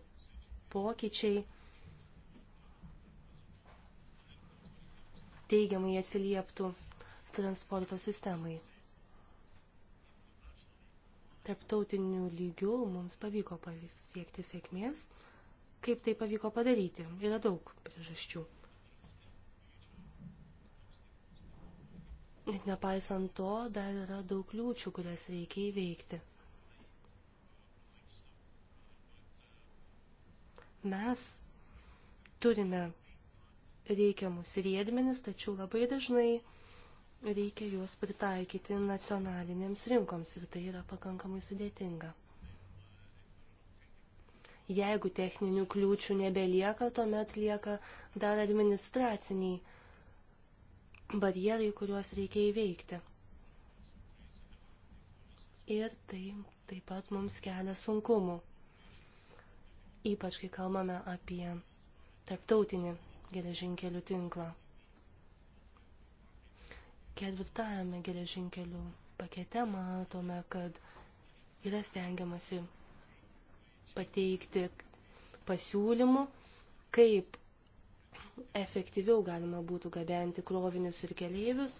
pokyčiai teigiamai atsilieptų transporto sistemai. Tarptautiniu lygiu mums pavyko pasiekti sėkmės. Kaip tai pavyko padaryti? Yra daug priežasčių. Ir nepaisant to, dar yra daug kliūčių, kurias reikia įveikti. Mes turime reikiamus riedmenis, tačiau labai dažnai reikia juos pritaikyti nacionalinėms rinkoms ir tai yra pakankamai sudėtinga. Jeigu techninių kliūčių nebelieka, tuomet lieka dar administraciniai barjerai, kuriuos reikia įveikti. Ir tai taip pat mums kelia sunkumų, ypač kai kalbame apie tarptautinį geležinkelių tinklą. Ketvirtajame geležinkelių pakete matome, kad yra stengiamasi pateikti pasiūlymų, kaip efektyviau galima būtų gabenti krovinius ir keleivius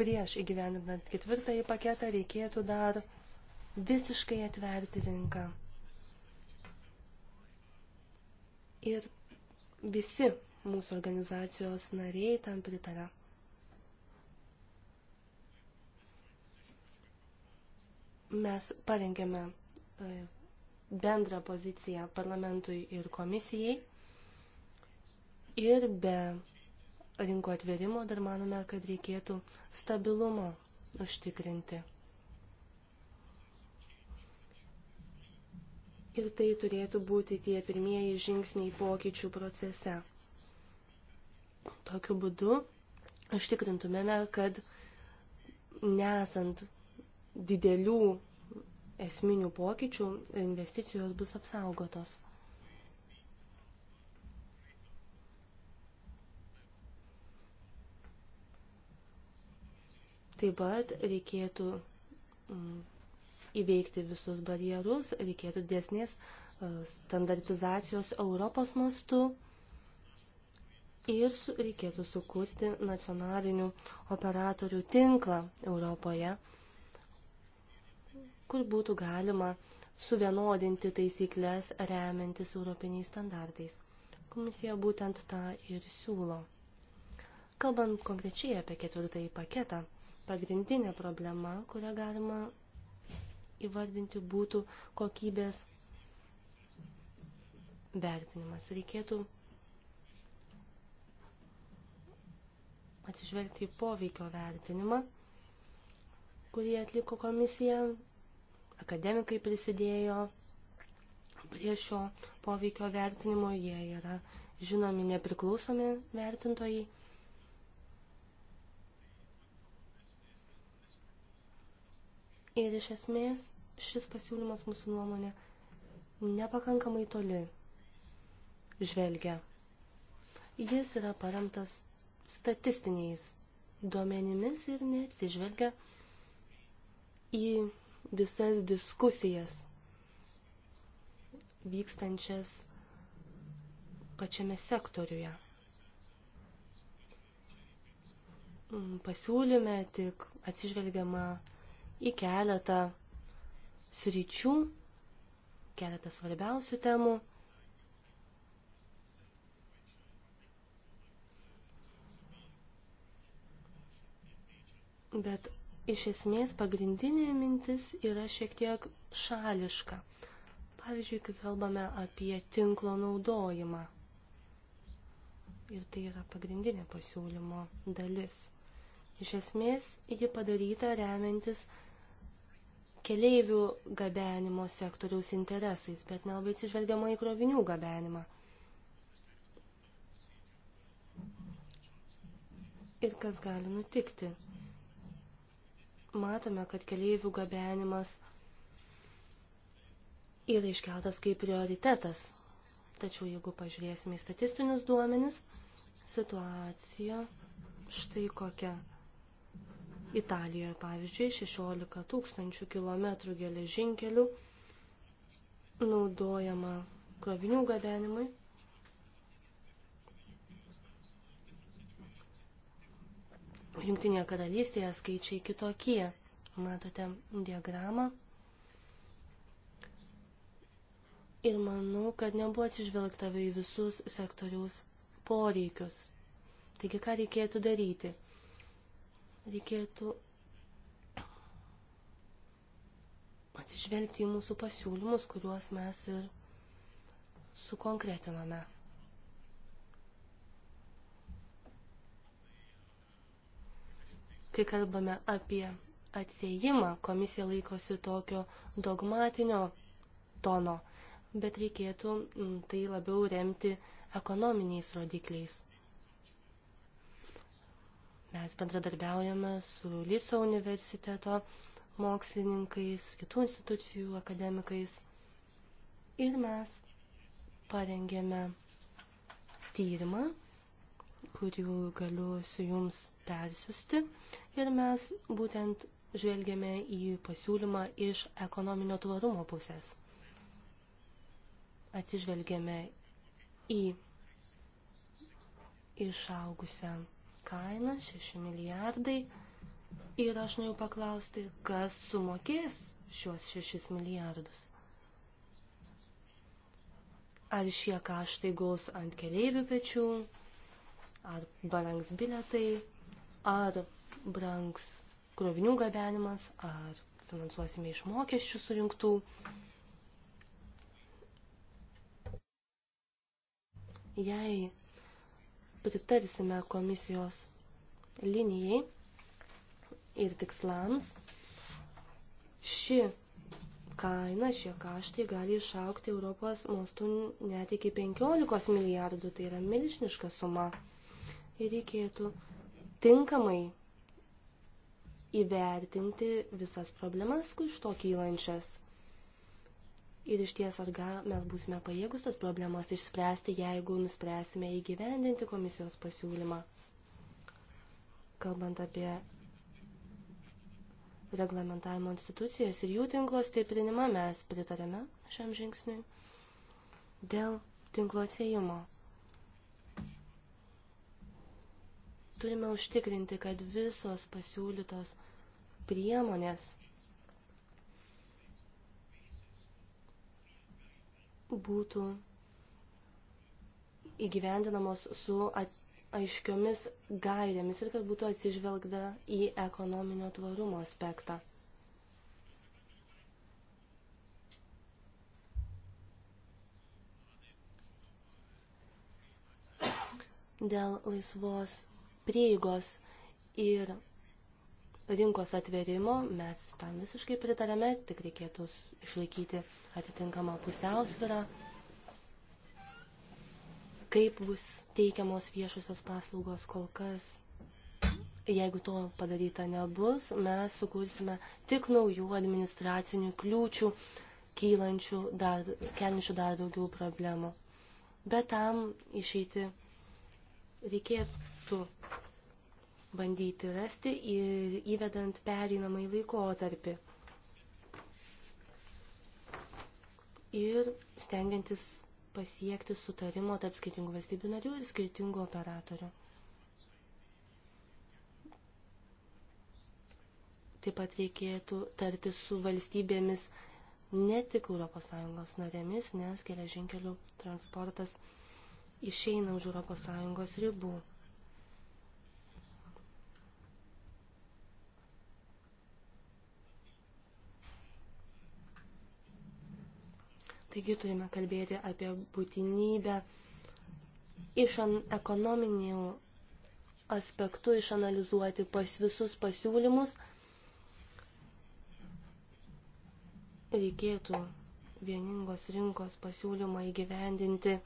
prieš įgyvendinant ketvirtąjį paketą reikėtų dar visiškai atverti rinką. Ir visi mūsų organizacijos nariai tam pritarė. Mes parengėme e, bendrą poziciją parlamentui ir komisijai ir be rinkų atverimo dar manome, kad reikėtų stabilumo užtikrinti. ir tai turėtų būti tie pirmieji žingsniai pokyčių procese. Tokiu būdu užtikrintumėme, kad nesant didelių esminių pokyčių, investicijos bus apsaugotos. Taip pat reikėtų mm, įveikti visus barjerus, reikėtų desnės e, standartizacijos Europos mastu ir reikėtų sukurti nacionalinių operatorių tinklą Europoje, kur būtų galima suvienodinti taisyklės remiantis europiniais standartais. Komisija būtent tą ir siūlo. Kalbant konkrečiai apie ketvirtąjį paketą, pagrindinė problema, kurią galima įvardinti būtų kokybės vertinimas. Reikėtų atsižvelgti į poveikio vertinimą, kurį atliko komisija, akademikai prisidėjo prie šio poveikio vertinimo, jie yra žinomi nepriklausomi vertintojai. Ir iš esmės šis pasiūlymas mūsų nuomonė nepakankamai toli žvelgia. Jis yra paremtas statistiniais duomenimis ir neatsižvelgia į visas diskusijas vykstančias pačiame sektoriuje. Pasiūlyme tik atsižvelgiama į keletą sričių, keletą svarbiausių temų. Bet iš esmės pagrindinė mintis yra šiek tiek šališka. Pavyzdžiui, kai kalbame apie tinklo naudojimą. Ir tai yra pagrindinė pasiūlymo dalis. Iš esmės, ji padaryta remiantis keleivių gabenimo sektoriaus interesais, bet nelabai atsižvelgiama į krovinių gabenimą. Ir kas gali nutikti? Matome, kad keleivių gabenimas yra iškeltas kaip prioritetas. Tačiau jeigu pažiūrėsime į statistinius duomenis, situacija štai kokia – Italijoje, pavyzdžiui, 16 tūkstančių kilometrų geležinkelių naudojama krovinių gabenimui. Jungtinėje karalystėje skaičiai kitokie. Matote diagramą. Ir manau, kad nebuvo atsižvelgta į visus sektoriaus poreikius. Taigi, ką reikėtų daryti? reikėtų atsižvelgti į mūsų pasiūlymus, kuriuos mes ir sukonkretinome. Kai kalbame apie atsėjimą, komisija laikosi tokio dogmatinio tono, bet reikėtų mm, tai labiau remti ekonominiais rodikliais. Mes bendradarbiaujame su Lyco universiteto mokslininkais, kitų institucijų akademikais ir mes parengėme tyrimą, kurių galiu su jums persiusti ir mes būtent žvelgėme į pasiūlymą iš ekonominio tvarumo pusės. Atsižvelgėme į išaugusią kaina 6 milijardai. Ir aš noriu paklausti, kas sumokės šiuos 6 milijardus. Ar šie kaštai guls ant keleivių pečių, ar brangs biletai, ar brangs krovinių gabenimas, ar finansuosime iš mokesčių surinktų. Jei pritarsime komisijos linijai ir tikslams, ši kaina, šie kaštai gali išaukti Europos mastu net iki 15 milijardų, tai yra milžiniška suma. Ir reikėtų tinkamai įvertinti visas problemas, iš to kylančias. Ir iš ties atgal mes būsime pajėgus tas problemas išspręsti, jeigu nuspręsime įgyvendinti komisijos pasiūlymą. Kalbant apie reglamentavimo institucijas ir jų tinklo stiprinimą, mes pritarėme šiam žingsniui dėl tinklo atsėjimo. Turime užtikrinti, kad visos pasiūlytos priemonės – būtų įgyvendinamos su aiškiomis gairėmis ir kad būtų atsižvelgta į ekonominio tvarumo aspektą. Dėl laisvos prieigos ir rinkos atverimo, mes tam visiškai pritarėme, tik reikėtų išlaikyti atitinkamą pusiausvyrą, kaip bus teikiamos viešusios paslaugos kol kas. Jeigu to padaryta nebus, mes sukursime tik naujų administracinių kliūčių, kylančių dar, kelnišių dar daugiau problemų. Bet tam išeiti reikėtų bandyti rasti ir įvedant pereinamai laikotarpį. Ir stengiantis pasiekti sutarimo tarp skirtingų valstybių narių ir skirtingų operatorių. Taip pat reikėtų tarti su valstybėmis ne tik ES narėmis, nes geležinkelių transportas išeina už ES ribų. Taigi turime kalbėti apie būtinybę iš ekonominių aspektų išanalizuoti pas visus pasiūlymus. Reikėtų vieningos rinkos pasiūlymą įgyvendinti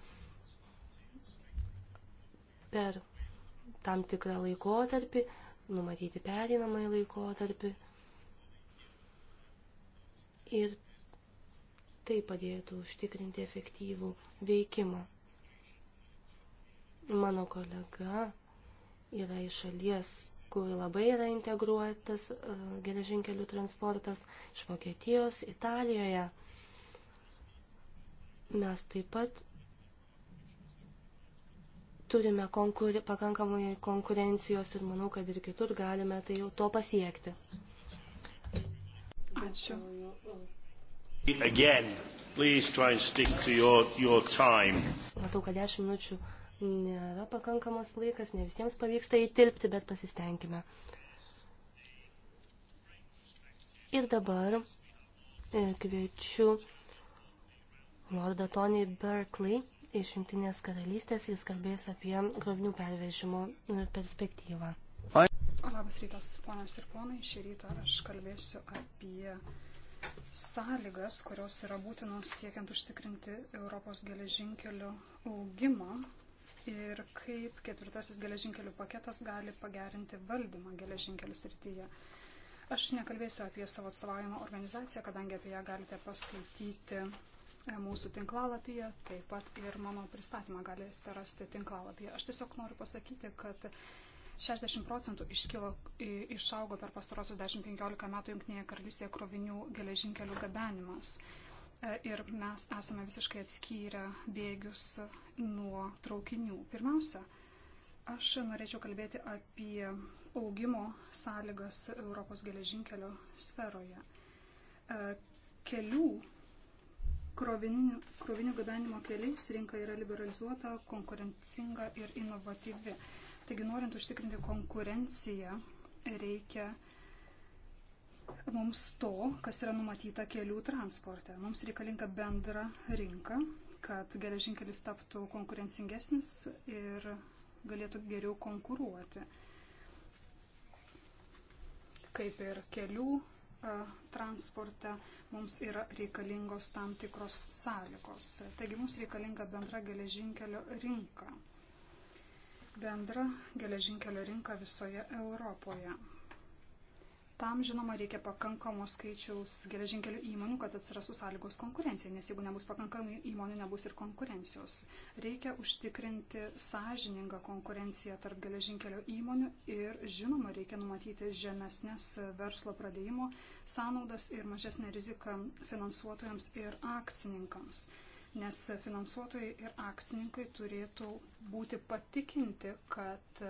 per tam tikrą laikotarpį, numatyti perinamąjį laikotarpį. Ir tai padėtų užtikrinti efektyvų veikimą. Mano kolega yra iš šalies, kur labai yra integruotas e, geležinkelių transportas iš Vokietijos, Italijoje. Mes taip pat turime konkur pakankamai konkurencijos ir manau, kad ir kitur galime tai jau to pasiekti. Ačiū. Ačiū. Again, please try and stick to your, your time. Matau, kad 10 minučių nėra pakankamas laikas, ne visiems pavyksta įtilpti, bet pasistengime. Ir dabar e, kviečiu Lordą Tony Berkeley iš Junktinės karalystės, jis kalbės apie krovinių pervežimo perspektyvą. Labas rytas, ponios ir ponai. Šį rytą aš kalbėsiu apie sąlygas, kurios yra būtinos siekiant užtikrinti Europos geležinkelio augimą ir kaip ketvirtasis geležinkelių paketas gali pagerinti valdymą geležinkelių srityje. Aš nekalbėsiu apie savo atstovavimo organizaciją, kadangi apie ją galite paskaityti e, mūsų tinklalapyje, taip pat ir mano pristatymą galėsite rasti tinklalapyje. Aš tiesiog noriu pasakyti, kad 60 procentų iškilo, išaugo per pastarosius 10-15 metų Junktinėje karalystėje krovinių geležinkelių gabenimas. E, ir mes esame visiškai atskyrę bėgius nuo traukinių. Pirmiausia, aš norėčiau kalbėti apie augimo sąlygas Europos geležinkelio sferoje. E, kelių krovininių, krovinių gabenimo keliais rinka yra liberalizuota, konkurencinga ir inovatyvi. Taigi, norint užtikrinti konkurenciją, reikia mums to, kas yra numatyta kelių transporte. Mums reikalinga bendra rinka, kad geležinkelis taptų konkurencingesnis ir galėtų geriau konkuruoti. Kaip ir kelių transporte mums yra reikalingos tam tikros sąlygos. Taigi mums reikalinga bendra geležinkelio rinka bendrą geležinkelio rinką visoje Europoje. Tam, žinoma, reikia pakankamo skaičiaus geležinkelių įmonių, kad atsirastų sąlygos konkurencijai, nes jeigu nebus pakankamai įmonių, nebus ir konkurencijos. Reikia užtikrinti sąžiningą konkurenciją tarp geležinkelio įmonių ir, žinoma, reikia numatyti žemesnės verslo pradėjimo sąnaudas ir mažesnę riziką finansuotojams ir akcininkams nes finansuotojai ir akcininkai turėtų būti patikinti, kad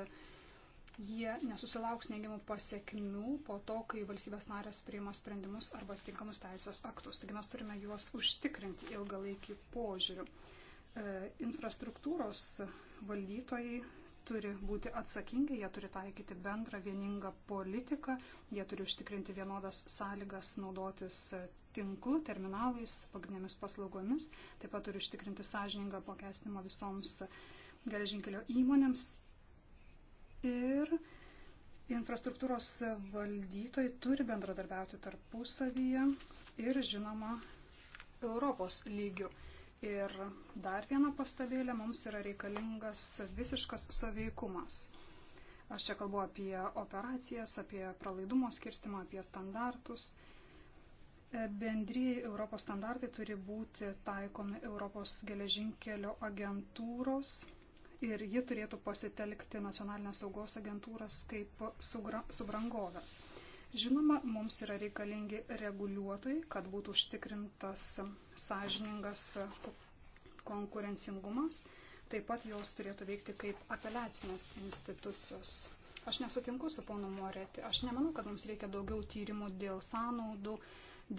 jie nesusilauks neigiamų pasiekmių po to, kai valstybės narės priima sprendimus arba atitinkamus teisės aktus. Taigi mes turime juos užtikrinti ilgalaikį požiūrių. E, infrastruktūros valdytojai turi būti atsakingi, jie turi taikyti bendrą vieningą politiką, jie turi užtikrinti vienodas sąlygas naudotis e, tinklu, terminalais, pagrindinėmis paslaugomis, taip pat turi užtikrinti sąžiningą apmokestinimą visoms e, geležinkelio įmonėms. Ir infrastruktūros valdytojai turi bendradarbiauti tarpusavyje ir, žinoma, Europos lygių. Ir dar viena pastabėlė, mums yra reikalingas visiškas saveikumas. Aš čia kalbu apie operacijas, apie pralaidumo skirstimą, apie standartus. E, bendrieji Europos standartai turi būti taikomi Europos geležinkelio agentūros ir ji turėtų pasitelkti nacionalinės saugos agentūras kaip subrangovės. Subra Žinoma, mums yra reikalingi reguliuotojai, kad būtų užtikrintas sąžiningas konkurencingumas. Taip pat jos turėtų veikti kaip apeliacinės institucijos. Aš nesutinku su ponu Moreti. Aš nemanau, kad mums reikia daugiau tyrimų dėl sąnaudų,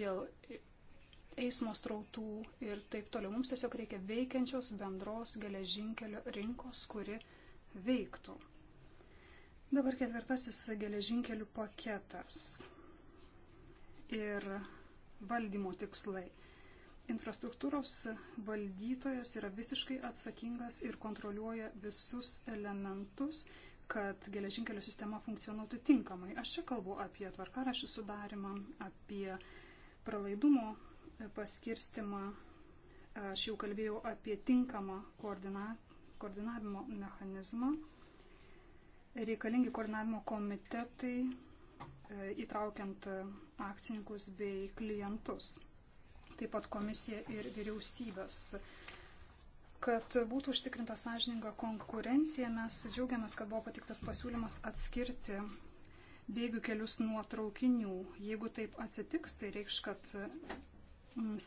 dėl eismo strautų ir taip toliau. Mums tiesiog reikia veikiančios bendros geležinkelio rinkos, kuri veiktų. Dabar ketvirtasis geležinkelių paketas ir valdymo tikslai. Infrastruktūros valdytojas yra visiškai atsakingas ir kontroliuoja visus elementus, kad geležinkelio sistema funkcionuotų tinkamai. Aš čia kalbu apie tvarkarašį sudarimą, apie pralaidumo e, paskirstimą. Aš jau kalbėjau apie tinkamą koordina, koordinavimo mechanizmą reikalingi koordinavimo komitetai e, įtraukiant e, akcininkus bei klientus, taip pat komisija ir vyriausybės. Kad būtų užtikrinta sąžininga konkurencija, mes džiaugiamės, kad buvo patiktas pasiūlymas atskirti bėgių kelius nuo traukinių. Jeigu taip atsitiks, tai reikš, kad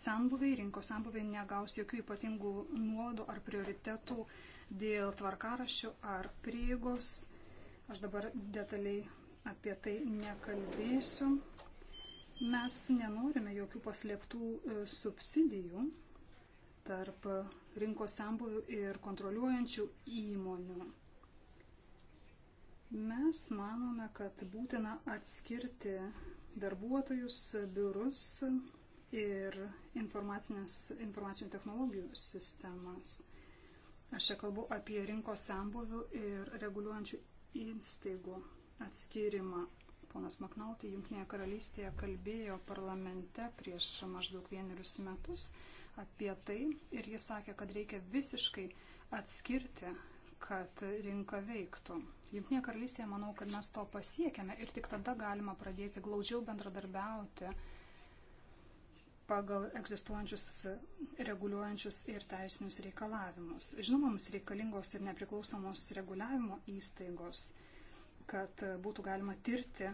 senbuviai, rinkos senbuviai negaus jokių ypatingų nuodų ar prioritetų dėl tvarkarašių ar prieigos Aš dabar detaliai apie tai nekalbėsiu. Mes nenorime jokių paslėptų e, subsidijų tarp rinkos sambuvių ir kontroliuojančių įmonių. Mes manome, kad būtina atskirti darbuotojus, biurus ir informacinių technologijų sistemas. Aš čia kalbu apie rinkos sambuvių ir reguliuojančių įstaigų atskirimą. Ponas Maknautai Junktinėje karalystėje kalbėjo parlamente prieš maždaug vienerius metus apie tai ir jis sakė, kad reikia visiškai atskirti, kad rinka veiktų. Junktinėje karalystėje manau, kad mes to pasiekėme ir tik tada galima pradėti glaudžiau bendradarbiauti pagal egzistuojančius reguliuojančius ir teisinius reikalavimus. Žinoma, mums reikalingos ir nepriklausomos reguliavimo įstaigos, kad būtų galima tirti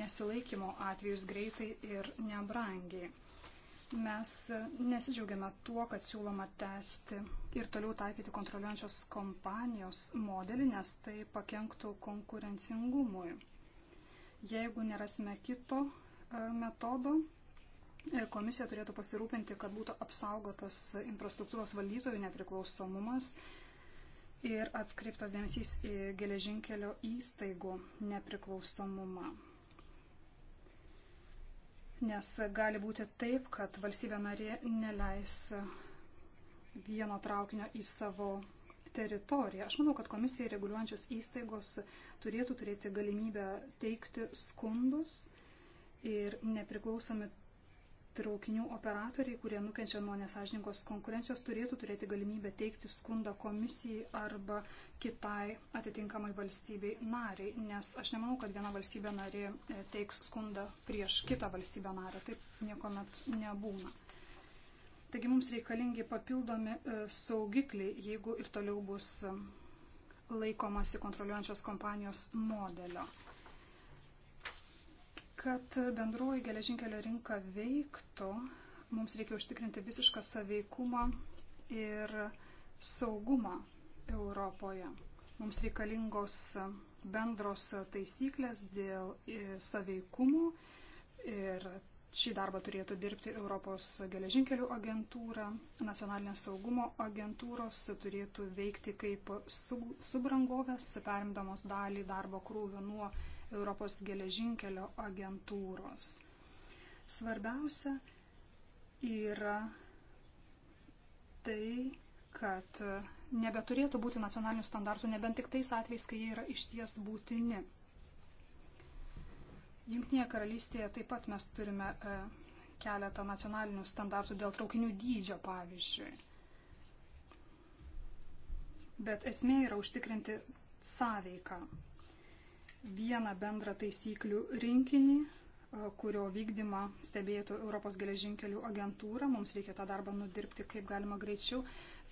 nesilaikymo atvejus greitai ir nebrangiai. Mes nesidžiaugiame tuo, kad siūloma tęsti ir toliau taikyti kontroliuojančios kompanijos modelį, nes tai pakenktų konkurencingumui. Jeigu nerasime kito e, metodo, Komisija turėtų pasirūpinti, kad būtų apsaugotas infrastruktūros valdytojų nepriklausomumas ir atskreiptas dėmesys į geležinkelio įstaigų nepriklausomumą. Nes gali būti taip, kad valstybė narė neleis vieno traukinio į savo teritoriją. Aš manau, kad komisija reguliuojančios įstaigos turėtų turėti galimybę teikti skundus ir nepriklausomi traukinių operatoriai, kurie nukenčia nuo nesažininkos konkurencijos, turėtų turėti galimybę teikti skundą komisijai arba kitai atitinkamai valstybei nariai, nes aš nemanau, kad viena valstybė narė e, teiks skundą prieš kitą valstybę narę, taip niekuomet nebūna. Taigi mums reikalingi papildomi e, saugikliai, jeigu ir toliau bus e, laikomasi kontroliuojančios kompanijos modelio. Kad bendroji geležinkelio rinka veiktų, mums reikia užtikrinti visišką saveikumą ir saugumą Europoje. Mums reikalingos bendros taisyklės dėl saveikumo ir šį darbą turėtų dirbti Europos geležinkelių agentūra, nacionalinės saugumo agentūros turėtų veikti kaip subrangovės, perimdamos dalį darbo krūvio nuo Europos geležinkelio agentūros. Svarbiausia yra tai, kad nebeturėtų būti nacionalinių standartų, nebent tik tais atvejais, kai jie yra išties būtini. Junktinėje karalystėje taip pat mes turime e, keletą nacionalinių standartų dėl traukinių dydžio, pavyzdžiui. Bet esmė yra užtikrinti sąveiką vieną bendrą taisyklių rinkinį, kurio vykdymą stebėtų Europos geležinkelių agentūra. Mums reikia tą darbą nudirbti kaip galima greičiau.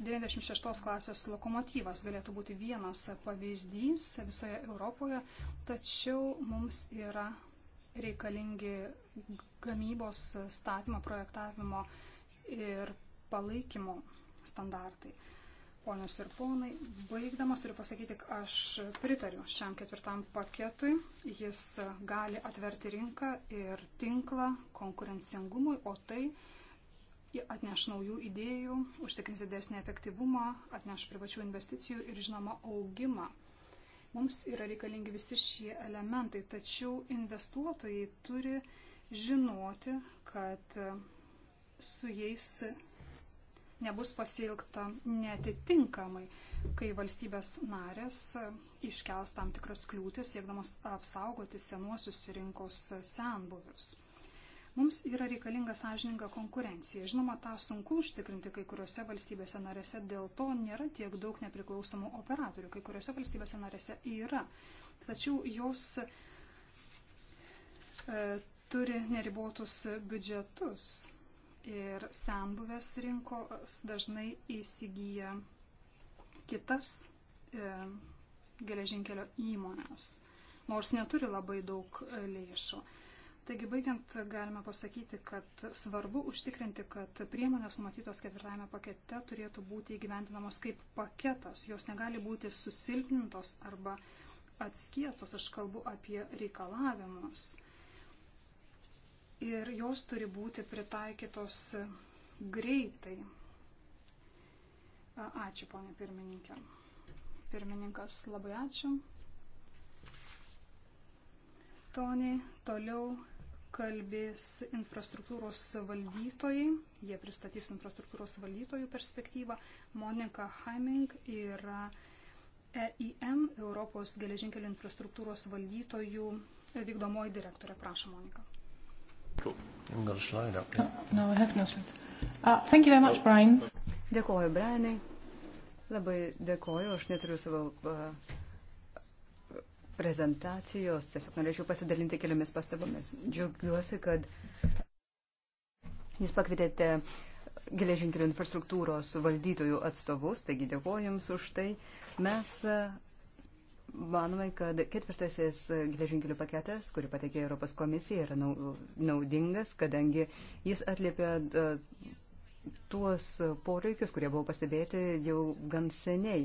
96 klasės lokomotyvas galėtų būti vienas pavyzdys visoje Europoje, tačiau mums yra reikalingi gamybos statymo, projektavimo ir palaikymo standartai ponios ir ponai, baigdamas turiu pasakyti, kad aš pritariu šiam ketvirtam paketui. Jis gali atverti rinką ir tinklą konkurencingumui, o tai atneš naujų idėjų, užtikrins didesnį efektyvumą, atneš privačių investicijų ir, žinoma, augimą. Mums yra reikalingi visi šie elementai, tačiau investuotojai turi žinoti, kad su jais nebus pasilgta netitinkamai, kai valstybės narės iškels tam tikras kliūtis, siekdamas apsaugoti senuosius rinkos senbuvius. Mums yra reikalinga sąžininga konkurencija. Žinoma, tą sunku užtikrinti kai kuriuose valstybėse narėse, dėl to nėra tiek daug nepriklausomų operatorių, kai kuriuose valstybėse narėse yra. Tačiau jos e, turi neribotus biudžetus ir senbuvės rinkos dažnai įsigyja kitas e, geležinkelio įmonės, nors neturi labai daug e, lėšų. Taigi, baigiant, galime pasakyti, kad svarbu užtikrinti, kad priemonės numatytos ketvirtame pakete turėtų būti įgyvendinamos kaip paketas, jos negali būti susilpnintos arba atskiestos, aš kalbu apie reikalavimus ir jos turi būti pritaikytos greitai. Ačiū, ponė pirmininkė. Pirmininkas, labai ačiū. Tony, toliau kalbės infrastruktūros valdytojai, jie pristatys infrastruktūros valdytojų perspektyvą. Monika Haiming yra EIM, Europos geležinkelių infrastruktūros valdytojų vykdomoji direktorė. Prašom, Monika. Cool. I've got a slide up there. No, oh, no I have no slide. Uh, thank you very much, Brian. Dėkoju, Brianai. Labai dėkoju, aš neturiu savo uh, prezentacijos, tiesiog norėčiau pasidalinti keliomis pastabomis. Džiaugiuosi, kad jūs pakvietėte uh, geležinkelių infrastruktūros valdytojų atstovus, taigi dėkoju Jums už tai. Mes manome, kad ketvirtasis geležinkelių paketas, kurį pateikė Europos komisija, yra naudingas, kadangi jis atliepia e, tuos poreikius, kurie buvo pastebėti jau gan seniai.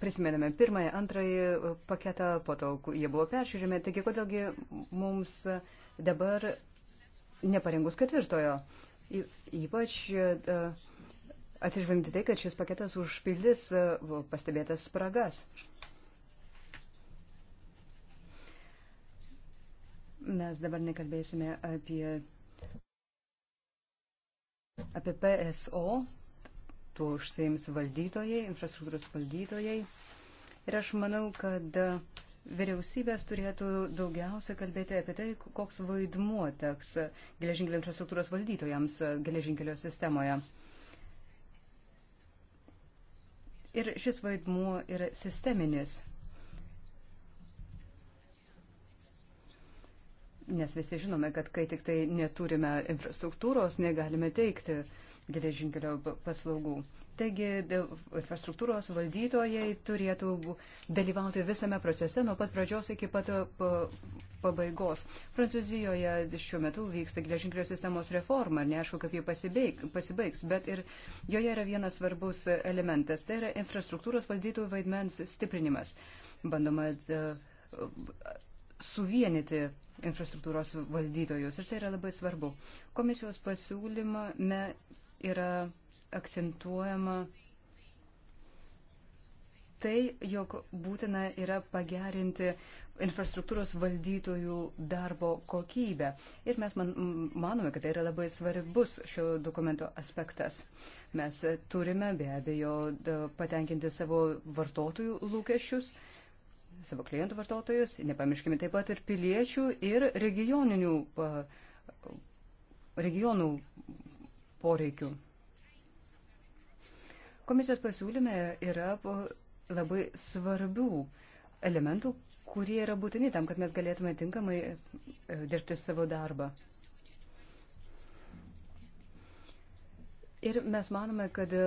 Prisimename pirmąją, antrąjį paketą, po to jie buvo peržiūrimi, taigi kodėlgi mums dabar neparengus ketvirtojo. Ypač uh, atsižvelgti tai, kad šis paketas užpildys e, pastebėtas spragas. Mes dabar nekalbėsime apie, apie PSO, tuo užsiims valdytojai, infrastruktūros valdytojai. Ir aš manau, kad e, vyriausybės turėtų daugiausia kalbėti apie tai, koks vaidmuo teks geležinkelio infrastruktūros valdytojams e, geležinkelio sistemoje. Ir šis vaidmuo yra sisteminis. Nes visi žinome, kad kai tik tai neturime infrastruktūros, negalime teikti uh, geležinkelio paslaugų. Taigi infrastruktūros valdytojai turėtų dalyvauti visame procese nuo pat pradžios iki pat uh, pabaigos. Prancūzijoje šiuo metu vyksta geležinkelio sistemos reforma, neaišku, kaip jie pasibaig, pasibaigs, bet ir joje yra vienas svarbus elementas, tai yra infrastruktūros valdytojų vaidmens stiprinimas. Bandoma uh, suvienyti infrastruktūros valdytojus ir tai yra labai svarbu. Komisijos pasiūlymą yra akcentuojama tai, jog būtina yra pagerinti infrastruktūros valdytojų darbo kokybę. Ir mes man, manome, kad tai yra labai svarbus šio dokumento aspektas. Mes turime be abejo patenkinti savo vartotojų lūkesčius, savo klientų vartotojus, nepamirškime taip pat ir piliečių ir regioninių, regionų poreikių. Komisijos pasiūlyme yra labai svarbių elementų, kurie yra būtini tam, kad mes galėtume tinkamai e, dirbti savo darbą. Ir mes manome, kad e,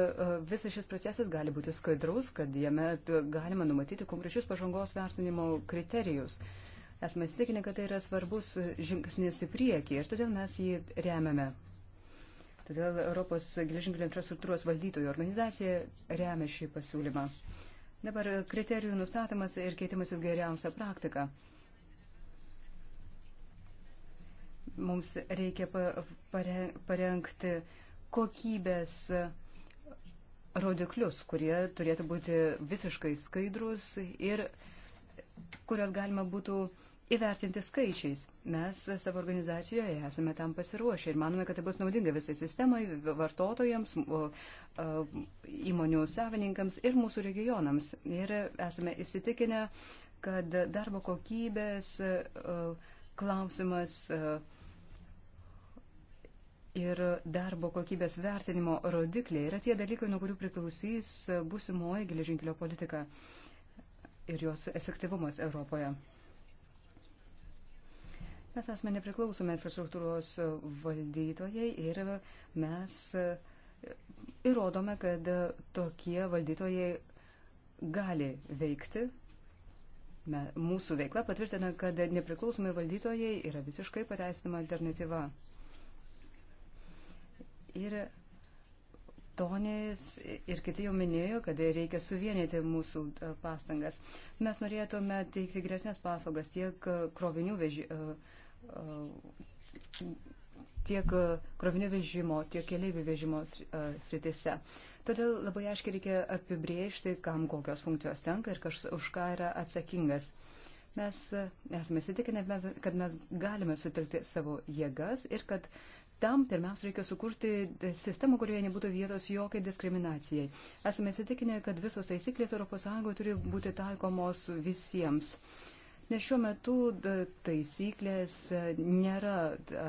visas šis procesas gali būti skaidrus, kad jame e, galima numatyti konkrečius pažangos vertinimo kriterijus. Esame įsitikinę, kad tai yra svarbus žingsnis į priekį ir todėl mes jį remiame. Todėl Europos geležinkelio infrastruktūros valdytojų organizacija remia šį pasiūlymą. Dabar kriterijų nustatymas ir keitimasis geriausia praktika. Mums reikia parengti kokybės rodiklius, kurie turėtų būti visiškai skaidrus ir kurios galima būtų uh, įvertinti skaičiais. Mes savo organizacijoje esame tam pasiruošę ir manome, kad tai bus naudinga visai sistemai, vartotojams, įmonių savininkams ir mūsų regionams. Ir esame įsitikinę, kad darbo kokybės klausimas ir darbo kokybės vertinimo rodikliai yra tie dalykai, nuo kurių priklausys būsimoji geležinkelio politika ir jos efektyvumas Europoje. Mes esame nepriklausomi infrastruktūros valdytojai ir mes e, įrodome, kad e, tokie valdytojai gali veikti. Mūsų veikla patvirtina, kad nepriklausomi valdytojai yra visiškai pateisinama alternatyva. Ir Tonis ir kiti jau minėjo, kad reikia suvienyti mūsų e, pastangas. Mes norėtume teikti geresnės paslaugas tiek krovinių veži, uh, tiek krovinio vežimo, tiek keliaivių vežimo sritise. Todėl labai aiškiai reikia apibriežti, kam kokios funkcijos tenka ir kas už ką yra atsakingas. Mes e, esame įsitikinę, kad mes galime sutelkti savo jėgas ir kad tam pirmiausia reikia sukurti sistemą, kurioje nebūtų vietos jokiai diskriminacijai. Esame įsitikinę, kad visos taisyklės ES turi būti taikomos visiems. Uh, nes šiuo metu taisyklės e, nėra, e,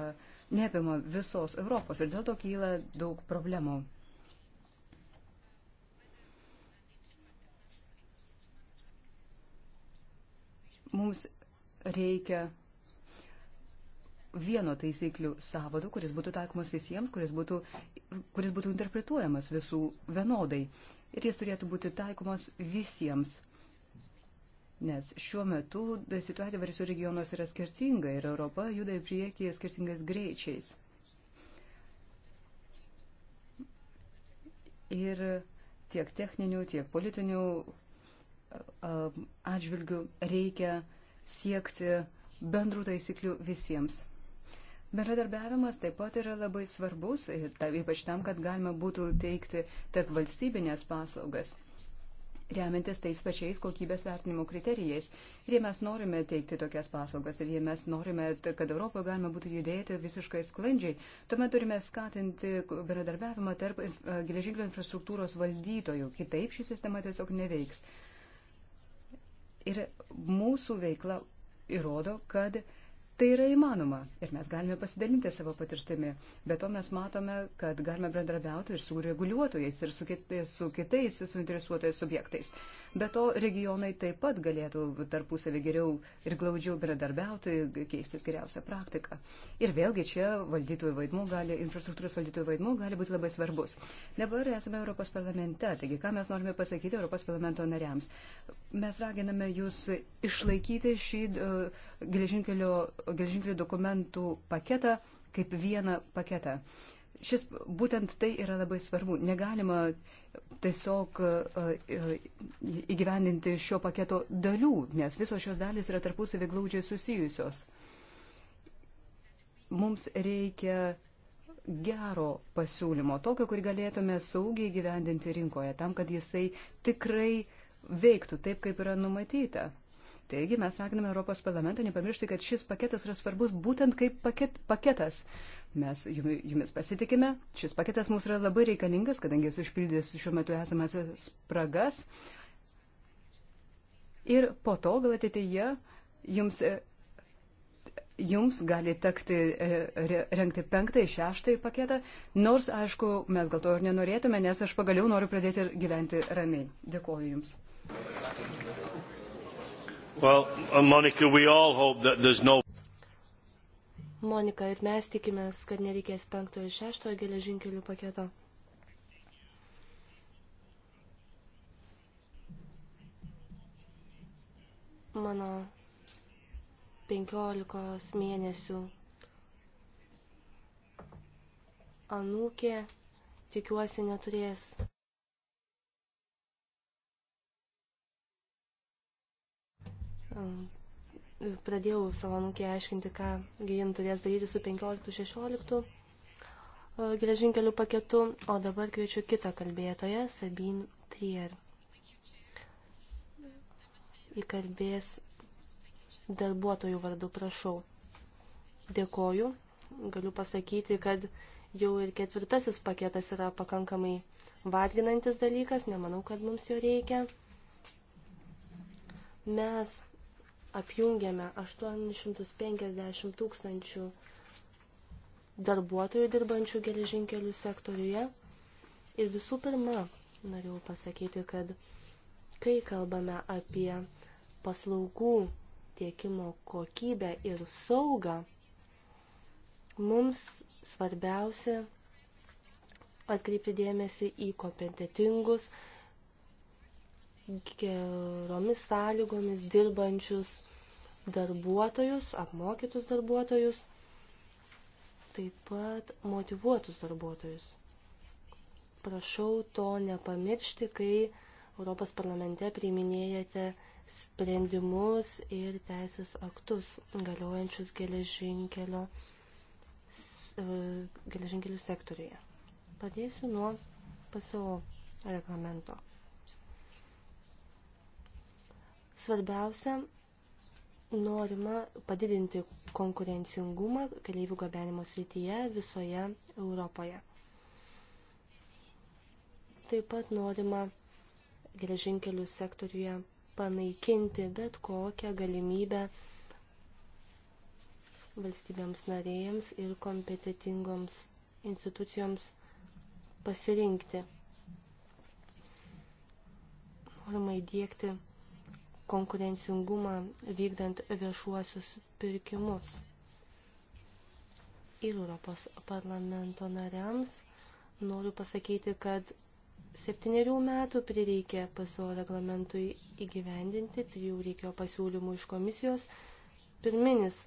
neapima visos Europos ir dėl to kyla daug problemų. Mums reikia vieno taisyklių savado, kuris būtų taikomas visiems, kuris būtų, kuris būtų interpretuojamas visų vienodai. Ir jis turėtų būti taikomas visiems Nes šiuo metu situacija varisų regionuose yra skirtinga ir Europa juda į priekį skirtingais greičiais. Ir tiek techninių, tiek politinių atžvilgių reikia siekti bendrų taisyklių visiems. Bendradarbiavimas taip pat yra labai svarbus ir ypač tam, kad galima būtų teikti tarp valstybinės paslaugas remiantis tais pačiais kokybės vertinimo kriterijais. Ir jei mes norime teikti tokias paslaugas, ir jei mes norime, kad Europoje galima būtų judėti visiškai sklandžiai, tuomet turime skatinti bendradarbiavimą tarp geležinkelio infrastruktūros valdytojų. Kitaip ši sistema tiesiog neveiks. Ir mūsų veikla įrodo, kad tai yra įmanoma ir mes galime pasidalinti savo patirtimi. Be to mes matome, kad galime bendrabiauti ir su reguliuotojais, ir su, kit, su kitais suinteresuotais subjektais. Be to, regionai taip pat galėtų tarpusavį geriau ir glaudžiau bendradarbiauti, keistis geriausią praktiką. Ir vėlgi čia valdytojų vaidmų gali, infrastruktūros valdytojų vaidmų gali būti labai svarbus. Dabar esame Europos parlamente, taigi ką mes norime pasakyti Europos parlamento nariams? Mes raginame jūs išlaikyti šį uh, geležinkelio dokumentų paketą kaip vieną paketą. Uh, šis, būtent tai yra labai svarbu. Negalima tiesiog e, e, įgyvendinti šio paketo dalių, nes visos šios dalys yra tarpusavį glaudžiai susijusios. Mums reikia gero pasiūlymo, tokio, kurį galėtume saugiai gyvendinti rinkoje, tam, kad jisai tikrai veiktų taip, kaip yra numatyta. Taigi mes raginame Europos parlamentą nepamiršti, kad šis paketas yra svarbus būtent kaip paket, paketas. Uh, Mes jumis pasitikime. Šis paketas mums yra labai reikalingas, kadangi jis užpildys šiuo metu esamas spragas. Ir po to gal ateityje jums, e, jums gali tekti e, renkti penktąjį, šeštąjį paketą, nors, aišku, mes gal to ir nenorėtume, nes aš pagaliau noriu pradėti gyventi ramiai. Dėkuoju Jums. Well, uh, Monica, we all hope that there's no Monika, ir mes tikimės, kad nereikės penkto ir šešto geležinkelių paketo. Mano penkiolikos mėnesių anūkė, tikiuosi, neturės pradėjau savo nukį aiškinti, ką jin turės daryti su 15-16 e, geležinkelių paketu, o dabar kviečiu kitą kalbėtoją, Sabin Trier. Įkalbės darbuotojų vardu, prašau. Dėkoju. Galiu pasakyti, kad jau ir ketvirtasis paketas yra pakankamai varginantis dalykas, nemanau, kad mums jo reikia. Mes apjungiame 850 tūkstančių darbuotojų dirbančių geležinkelių sektoriuje. Ir visų pirma, norėjau pasakyti, kad kai kalbame apie paslaugų tiekimo kokybę ir saugą, mums svarbiausia atkreipti dėmesį į kompetitingus geromis sąlygomis dirbančius darbuotojus, apmokytus darbuotojus, taip pat motivuotus darbuotojus. Prašau to nepamiršti, kai Europos parlamente priiminėjate sprendimus ir teisės aktus galiojančius geležinkelio, e, geležinkelių sektoriuje. Pradėsiu nuo PSO reglamento. Svarbiausia, norima padidinti konkurencingumą keleivių gabenimo srityje visoje Europoje. Taip pat norima geležinkelių sektoriuje panaikinti bet kokią galimybę valstybėms narėjams ir kompetitingoms institucijoms pasirinkti. Norima įdėkti konkurencingumą vykdant viešuosius pirkimus. Ir Europos parlamento nariams noriu pasakyti, kad septyniarių metų prireikė PSO reglamentui įgyvendinti, trijų reikėjo pasiūlymų iš komisijos. Pirminis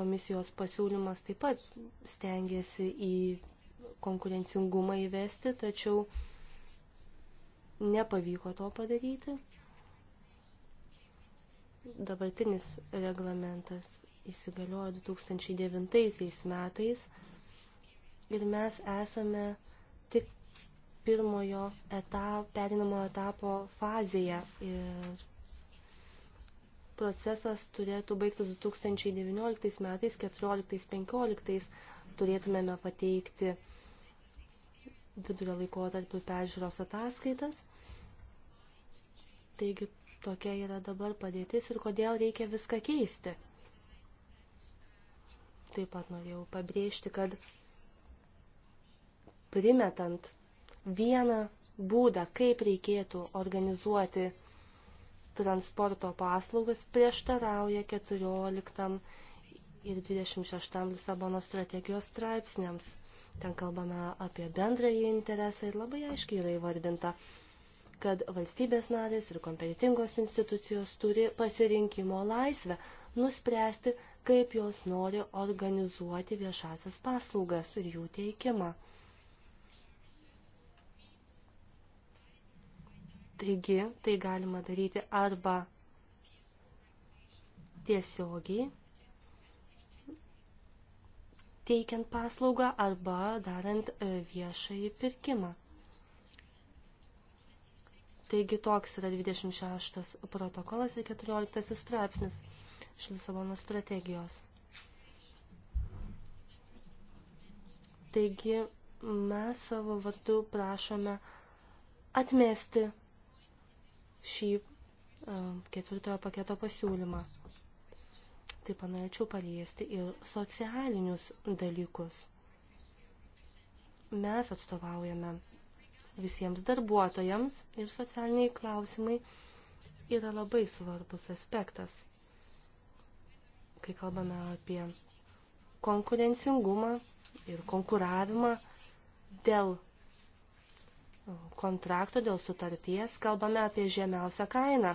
komisijos pasiūlymas taip pat stengiasi į konkurencingumą įvesti, tačiau nepavyko to padaryti. Dabartinis reglamentas įsigaliojo 2009 metais ir mes esame tik pirmojo etap, perinamojo etapo fazėje ir procesas turėtų baigtis 2019 metais, 14-15 turėtumėme pateikti vidurio laikotarpių peržiūros ataskaitas Taigi tokia yra dabar padėtis ir kodėl reikia viską keisti. Taip pat norėjau pabrėžti, kad primetant vieną būdą, kaip reikėtų organizuoti transporto paslaugas, prieštarauja 14 ir 26 Lisabono strategijos straipsniams. Ten kalbame apie bendrąjį interesą ir labai aiškiai yra įvardinta, kad valstybės narės ir kompetitingos institucijos turi pasirinkimo laisvę nuspręsti, kaip jos nori organizuoti viešasias paslaugas ir jų teikimą. Taigi, tai galima daryti arba tiesiogiai teikiant paslaugą arba darant e, viešąjį pirkimą. Taigi toks yra 26 protokolas ir 14 straipsnis iš Lisabono strategijos. Taigi mes savo vardu prašome atmesti šį e, ketvirtojo paketo pasiūlymą. Taip panorėčiau paliesti ir socialinius dalykus. Mes atstovaujame visiems darbuotojams ir socialiniai klausimai yra labai svarbus aspektas, kai kalbame apie konkurencingumą ir konkuravimą dėl kontrakto, dėl sutarties, kalbame apie žemiausią kainą.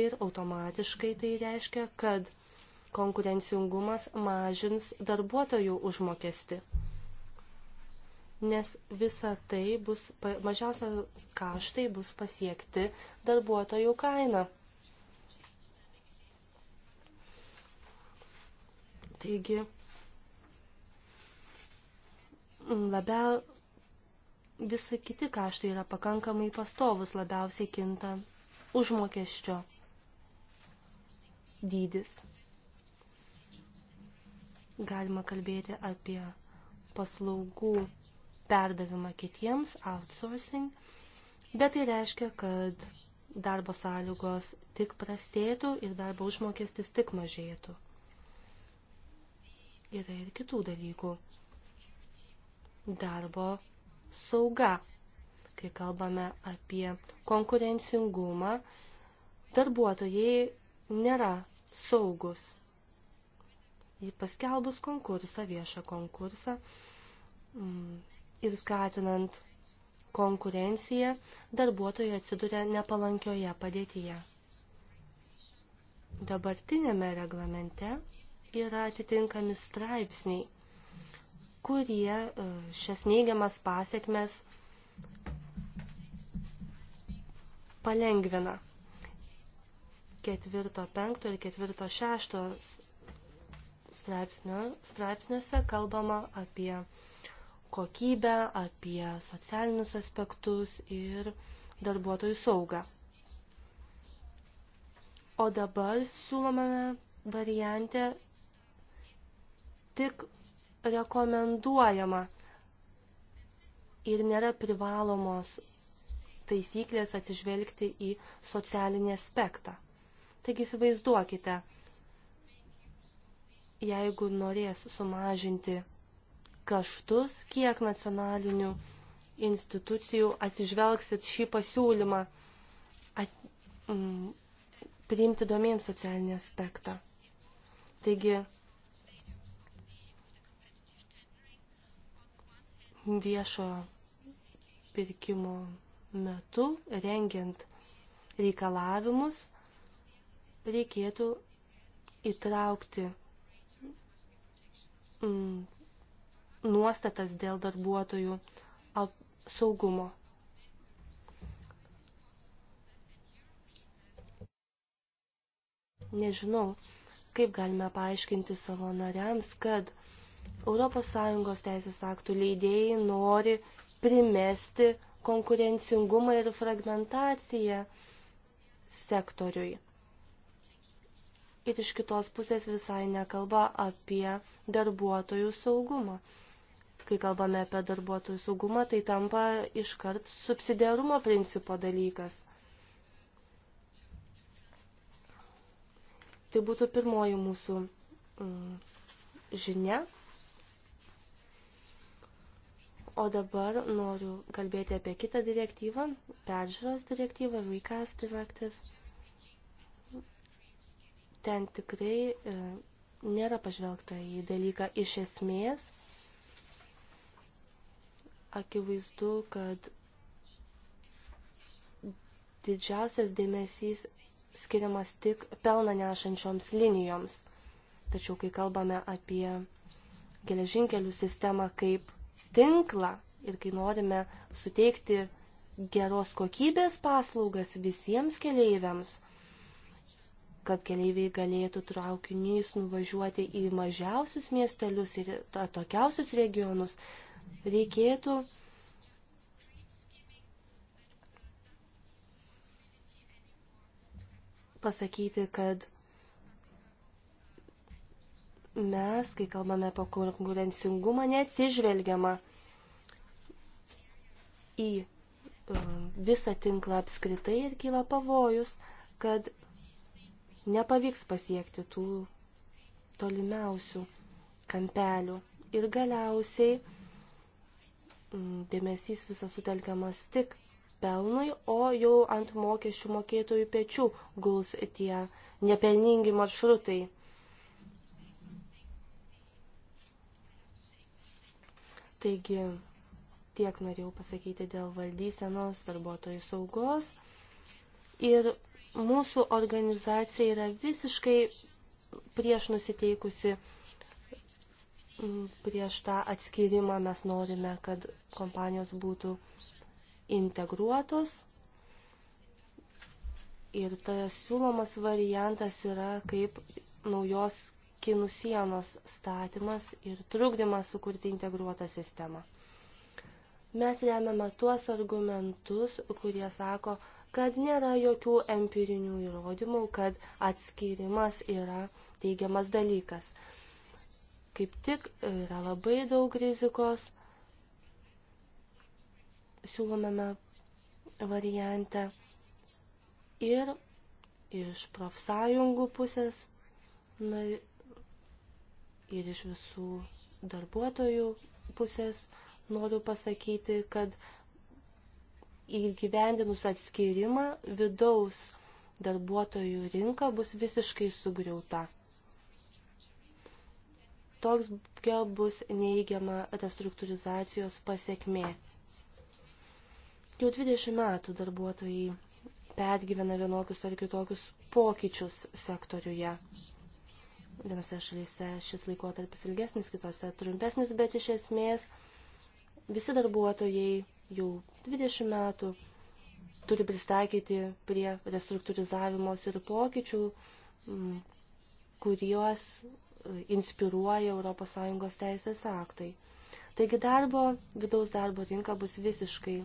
Ir automatiškai tai reiškia, kad konkurencingumas mažins darbuotojų užmokesti nes visa tai bus, mažiausios kaštai bus pasiekti darbuotojų kainą. Taigi, labiau visi kiti kaštai yra pakankamai pastovus, labiausiai kinta užmokesčio dydis. Galima kalbėti apie paslaugų perdavimą kitiems, outsourcing, bet tai reiškia, kad darbo sąlygos tik prastėtų ir darbo užmokestis tik mažėtų. Yra ir kitų dalykų. Darbo sauga. Kai kalbame apie konkurencingumą, darbuotojai nėra saugus. Jį paskelbus konkursą, viešą konkursą, mm, ir skatinant konkurenciją, darbuotojai atsiduria nepalankioje padėtyje. Dabartinėme reglamente yra atitinkami straipsniai, kurie e, šias neigiamas pasiekmes palengvina. Ketvirto, penkto ir ketvirto, šešto straipsnio, straipsniuose kalbama apie kokybę, apie socialinius aspektus ir darbuotojų saugą. O dabar siūlomame variante tik rekomenduojama ir nėra privalomos taisyklės atsižvelgti į socialinį aspektą. Taigi įsivaizduokite, jeigu norės sumažinti kaštus, kiek nacionalinių institucijų atsižvelgsit šį pasiūlymą at, m, mm, priimti domėn socialinį aspektą. Taigi, viešo pirkimo metu, rengiant reikalavimus, reikėtų įtraukti m, mm, nuostatas dėl darbuotojų saugumo. Nežinau, kaip galime paaiškinti savo nariams, kad ES teisės aktų leidėjai nori primesti konkurencingumą ir fragmentaciją sektoriui. Ir iš kitos pusės visai nekalba apie darbuotojų saugumą kai kalbame apie darbuotojų saugumą, tai tampa iškart subsidiarumo principo dalykas. Tai būtų pirmoji mūsų mm, žinia. O dabar noriu kalbėti apie kitą direktyvą, peržiūros direktyvą, Recast Directive. Ten tikrai e, nėra pažvelgta į dalyką iš esmės akivaizdu, kad didžiausias dėmesys skiriamas tik pelną nešančioms linijoms. Tačiau, kai kalbame apie geležinkelių sistemą kaip tinklą ir kai norime suteikti geros kokybės paslaugas visiems keleiviams, kad keleiviai galėtų traukiniais nuvažiuoti į mažiausius miestelius ir atokiausius regionus, reikėtų pasakyti, kad mes, kai kalbame apie konkurencingumą, neatsižvelgiama į um, visą tinklą apskritai ir kyla pavojus, kad nepavyks pasiekti tų tolimiausių kampelių. Ir galiausiai Mm, dėmesys visas sutelkiamas tik pelnui, o jau ant mokesčių mokėtojų pečių guls tie nepelningi maršrutai. Taigi tiek norėjau pasakyti dėl valdysenos, darbuotojų saugos. Ir mūsų organizacija yra visiškai prieš nusiteikusi prieš tą atskirimą mes norime, kad kompanijos būtų integruotos. Ir tas siūlomas variantas yra kaip naujos kinų sienos statymas ir trukdymas sukurti integruotą sistemą. Mes remiame tuos argumentus, kurie sako, kad nėra jokių empirinių įrodymų, kad atskirimas yra teigiamas dalykas kaip tik yra labai daug rizikos siūlomame variante ir iš profsąjungų pusės na, ir iš visų darbuotojų pusės noriu pasakyti, kad įgyvendinus atskirimą vidaus darbuotojų rinka bus visiškai sugriauta toks bus neįgiama restruktūrizacijos pasiekmė. Jau 20 metų darbuotojai pergyvena vienokius ar kitokius pokyčius sektoriuje. Vienose šalyse šis laikotarpis ilgesnis, kitose trumpesnis, bet iš esmės visi darbuotojai jau 20 metų turi pristaikyti prie restruktūrizavimos ir pokyčių, kuriuos inspiruoja ES teisės aktai. Taigi darbo, vidaus darbo rinka bus visiškai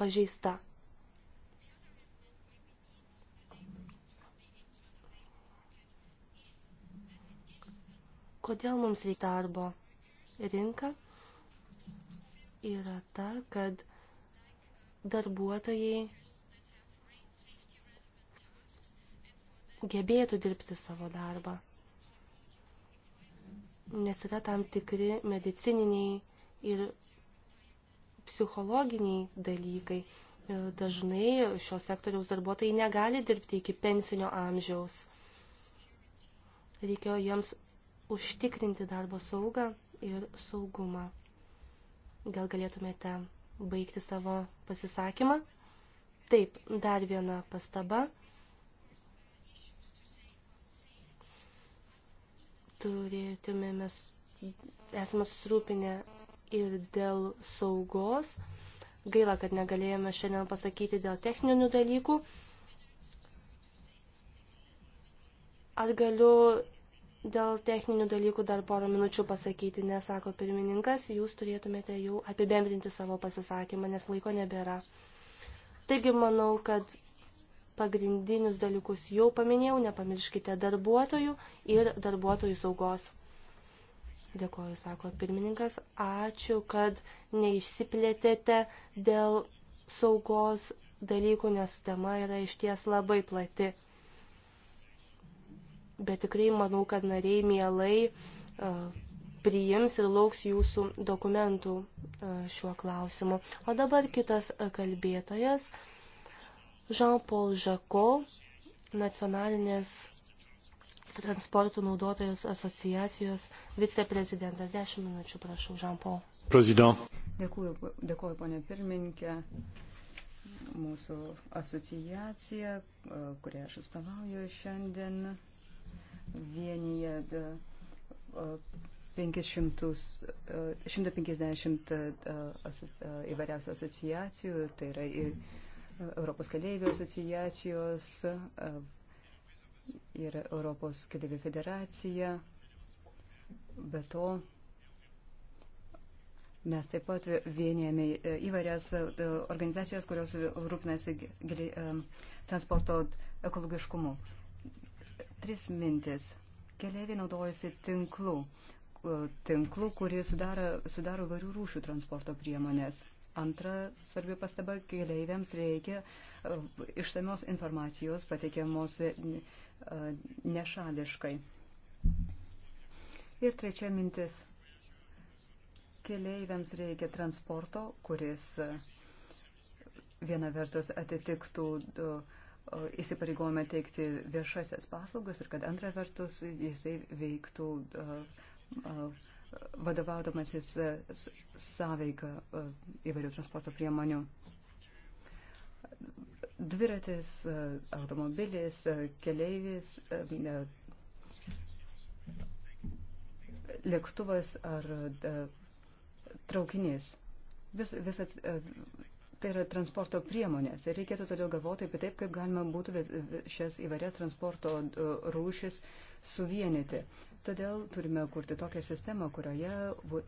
pažeista. Kodėl mums reikia darbo rinka? Yra ta, kad darbuotojai gebėtų dirbti savo darbą. Nes yra tam tikri medicininiai ir psichologiniai dalykai. Dažnai šios sektoriaus darbuotojai negali dirbti iki pensinio amžiaus. Reikėjo jiems užtikrinti darbo saugą ir saugumą. Gal galėtumėte baigti savo pasisakymą? Taip, dar viena pastaba. turėtume mes esame susirūpinę ir dėl saugos. Gaila, kad negalėjome šiandien pasakyti dėl techninių dalykų. Ar galiu dėl techninių dalykų dar porą minučių pasakyti, nesako pirmininkas, jūs turėtumėte jau apibendrinti savo pasisakymą, nes laiko nebėra. Taigi manau, kad pagrindinius dalykus jau paminėjau, nepamirškite darbuotojų ir darbuotojų saugos. Dėkoju, sako pirmininkas, ačiū, kad neišsiplėtėte dėl saugos dalykų, nes tema yra išties labai plati. Bet tikrai manau, kad nariai mielai uh, priims ir lauks jūsų dokumentų e, šiuo klausimu. O dabar kitas e, kalbėtojas. Jean-Paul Jacot, nacionalinės transporto naudotojos asociacijos viceprezidentas. Dešimt minučių, prašau, Jean-Paul. Prezident. Dėkuoju, dėkuoju ponė pirmininkė. Mūsų asociacija, e, kurią aš atstovauju šiandien, vienyje 500, e, 150 e, įvairiausių asociacijų, tai yra ir Europos keleivių asociacijos e, ir Europos keleivių federacija. Be to, mes taip pat vienėjame e, įvairias e, organizacijas, kurios rūpinasi transporto ekologiškumu. Tris mintis. Keleiviai naudojasi tinklų, tinklų kurį sudaro, sudaro varių rūšių transporto priemonės. Antra svarbi pastaba, keleiviams reikia e, išsamios informacijos pateikiamos e, nešališkai. Ir trečia mintis. Keleiviams reikia transporto, kuris e, viena vertus atitiktų įsipareigojimą teikti viešasias paslaugas ir kad antra vertus jisai veiktų uh, uh, vadovaudamasis e, sąveiką e, įvairių transporto priemonių. Dviratis, e, automobilis, keleivis, lėktuvas ar traukinys. Vis, visa, tai yra transporto priemonės. Ir reikėtų todėl galvoti apie taip, kaip galima būtų šias įvairias transporto rūšis suvienyti. Todėl turime kurti tokią sistemą, kurioje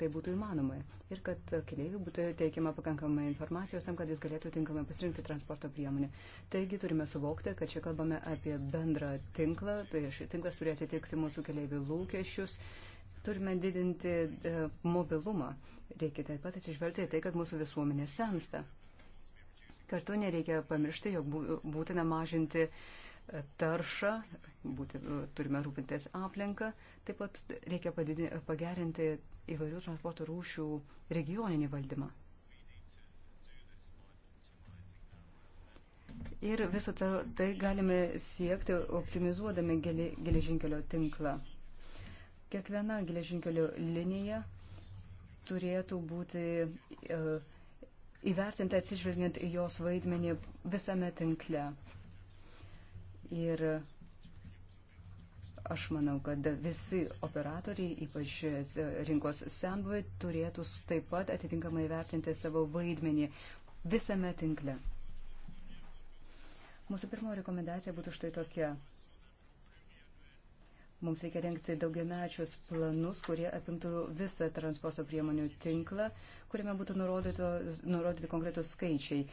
tai būtų įmanoma ir kad keliaiviui būtų teikiama pakankamai informacijos tam, kad jis galėtų tinkamai pasirinkti transporto priemonę. Taigi turime suvokti, kad čia kalbame apie bendrą tinklą, tai tinklas turi atitikti mūsų keliaivių lūkesčius turime didinti e, mobilumą. Reikia taip pat atsižvelgti į tai, kad mūsų visuomenė sensta. Kartu nereikia pamiršti, jog būtina mažinti uh, taršą, būti, turime rūpintis aplinką, taip pat reikia padidin, pagerinti įvairių transporto rūšių regioninį valdymą. Ir visą tai galime siekti optimizuodami geležinkelio tinklą. Kiekviena geležinkelio linija turėtų būti uh, įvertinta atsižvelgiant į jos vaidmenį visame tinkle. Ir aš manau, kad visi operatoriai, ypač rinkos senbuvai, turėtų taip pat atitinkamai vertinti savo vaidmenį visame tinkle. Mūsų pirmoji rekomendacija būtų štai tokia. Mums reikia renkti daugiamečius planus, kurie apimtų visą transporto priemonių tinklą, kuriame būtų nurodyti konkretus skaičiai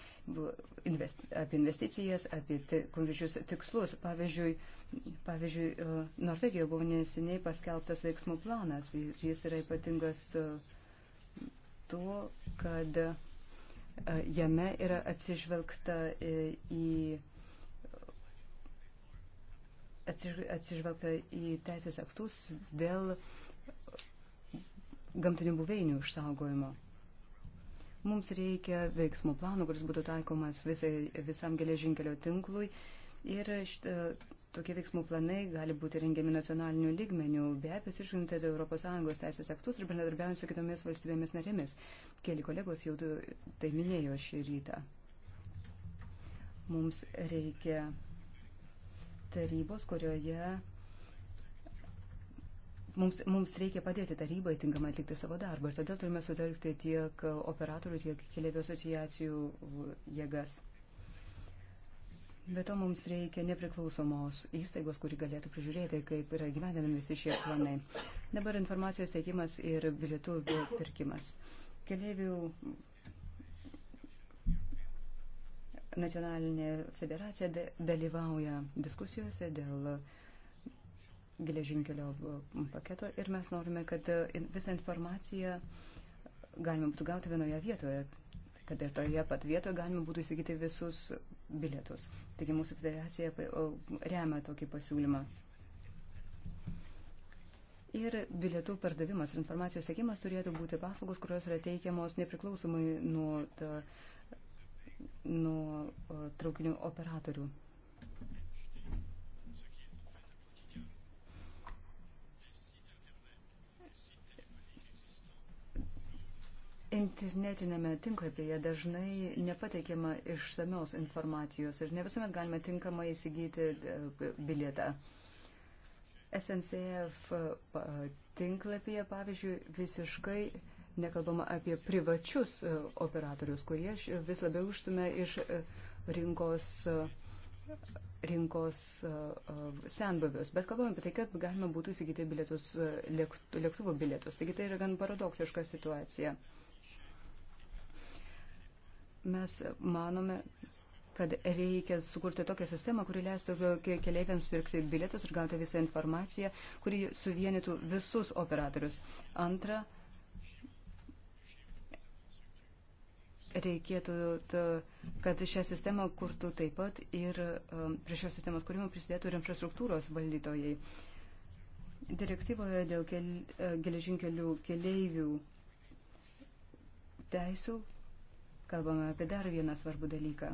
invest, apie investicijas, apie konkrečius tikslus. Pavyzdžiui, pavyzdžiui, e, Norvegijoje buvo neseniai paskelbtas veiksmų planas ir jis yra ypatingas e, tuo, kad e, jame yra atsižvelgta į atsižvelgta į teisės aktus dėl gamtinių buveinių išsaugojimo. Mums reikia veiksmų plano, kuris būtų taikomas visai, visam geležinkelio tinklui. Ir šitą, tokie veiksmų planai gali būti rengiami nacionaliniu lygmeniu, be abejo, išrinkti ES teisės aktus ir bendradarbiaujant su kitomis valstybėmis narėmis. Keli kolegos jau tai minėjo šį rytą. Mums reikia tarybos, kurioje mums, mums reikia padėti tarybai tinkamai atlikti savo darbą ir todėl turime sutelkti tiek operatorių, tiek keliaivių asociacijų jėgas. Be to mums reikia nepriklausomos įstaigos, kuri galėtų prižiūrėti, kaip yra gyvenami visi šie planai. Dabar informacijos teikimas ir bilietų pirkimas. Keliaivių nacionalinė federacija dalyvauja diskusijose dėl geležinkelio paketo ir mes norime, kad e, visą informaciją galima būtų gauti vienoje vietoje, kad ir toje pat vietoje galima būtų įsigyti visus bilietus. Taigi mūsų federacija e, remia tokį pasiūlymą. Ir bilietų pardavimas ir informacijos sėkimas turėtų būti paslaugos, kurios yra teikiamos nepriklausomai nuo to, uh, nuo traukinių operatorių. Internetinėme tinklapyje dažnai nepateikiama išsamios informacijos ir ne visuomet galima tinkamai įsigyti e, bilietą. SNCF e, tinklapyje, pavyzdžiui, visiškai nekalbama apie privačius e, operatorius, kurie vis labiau užtumė iš e, rinkos e, rinkos senbuvius, bet kalbame apie tai, kad galima būtų įsigyti bilietus, lėktuvų bilietus. Taigi tai yra gan paradoksiška situacija. Mes manome, kad reikia sukurti tokią sistemą, kuri leistų keliaiviams pirkti bilietus ir gauti visą informaciją, kuri suvienytų visus operatorius. Antra, uh, reikėtų, kad šią sistemą kurtų taip pat ir e, prie šios sistemos kūrimo prisidėtų ir infrastruktūros valdytojai. Direktyvoje dėl kel, e, geležinkelių keleivių teisų kalbame apie dar vieną svarbų dalyką.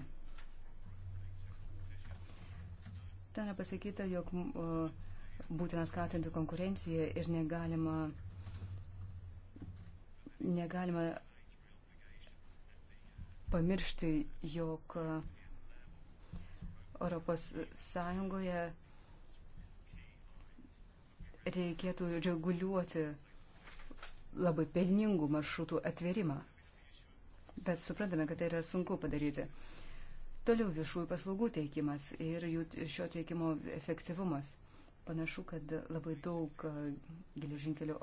Ten pasakyta, jog e, būtina skatinti konkurenciją ir negalima, negalima pamiršti, jog Europos Sąjungoje reikėtų reguliuoti labai pelningų maršrutų atverimą. Bet suprantame, kad tai yra sunku padaryti. Toliau viešųjų paslaugų teikimas ir jų šio teikimo efektyvumas. Panašu, kad labai daug e, geležinkelio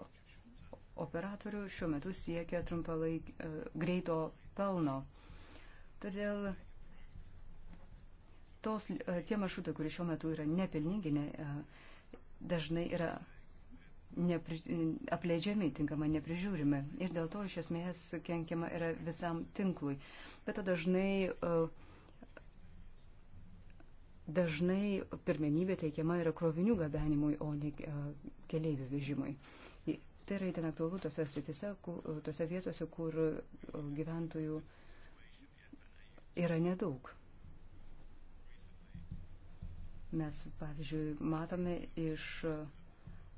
operatorių šiuo metu siekia trumpalaik e, greito pelno. Todėl tos, e, tie maršrutai, kurie šiuo metu yra nepelningi, ne, e, dažnai yra nepri, apleidžiami, tinkamai neprižiūrimi. Ir dėl to iš esmės kenkiama yra visam tinklui. Bet to dažnai, e, dažnai pirmenybė teikiama yra krovinių gabenimui, o ne keliaivių vežimui. Tai yra įtin aktualu tose sritise, tose vietose, kur gyventojų uh, yra nedaug. Mes, pavyzdžiui, matome iš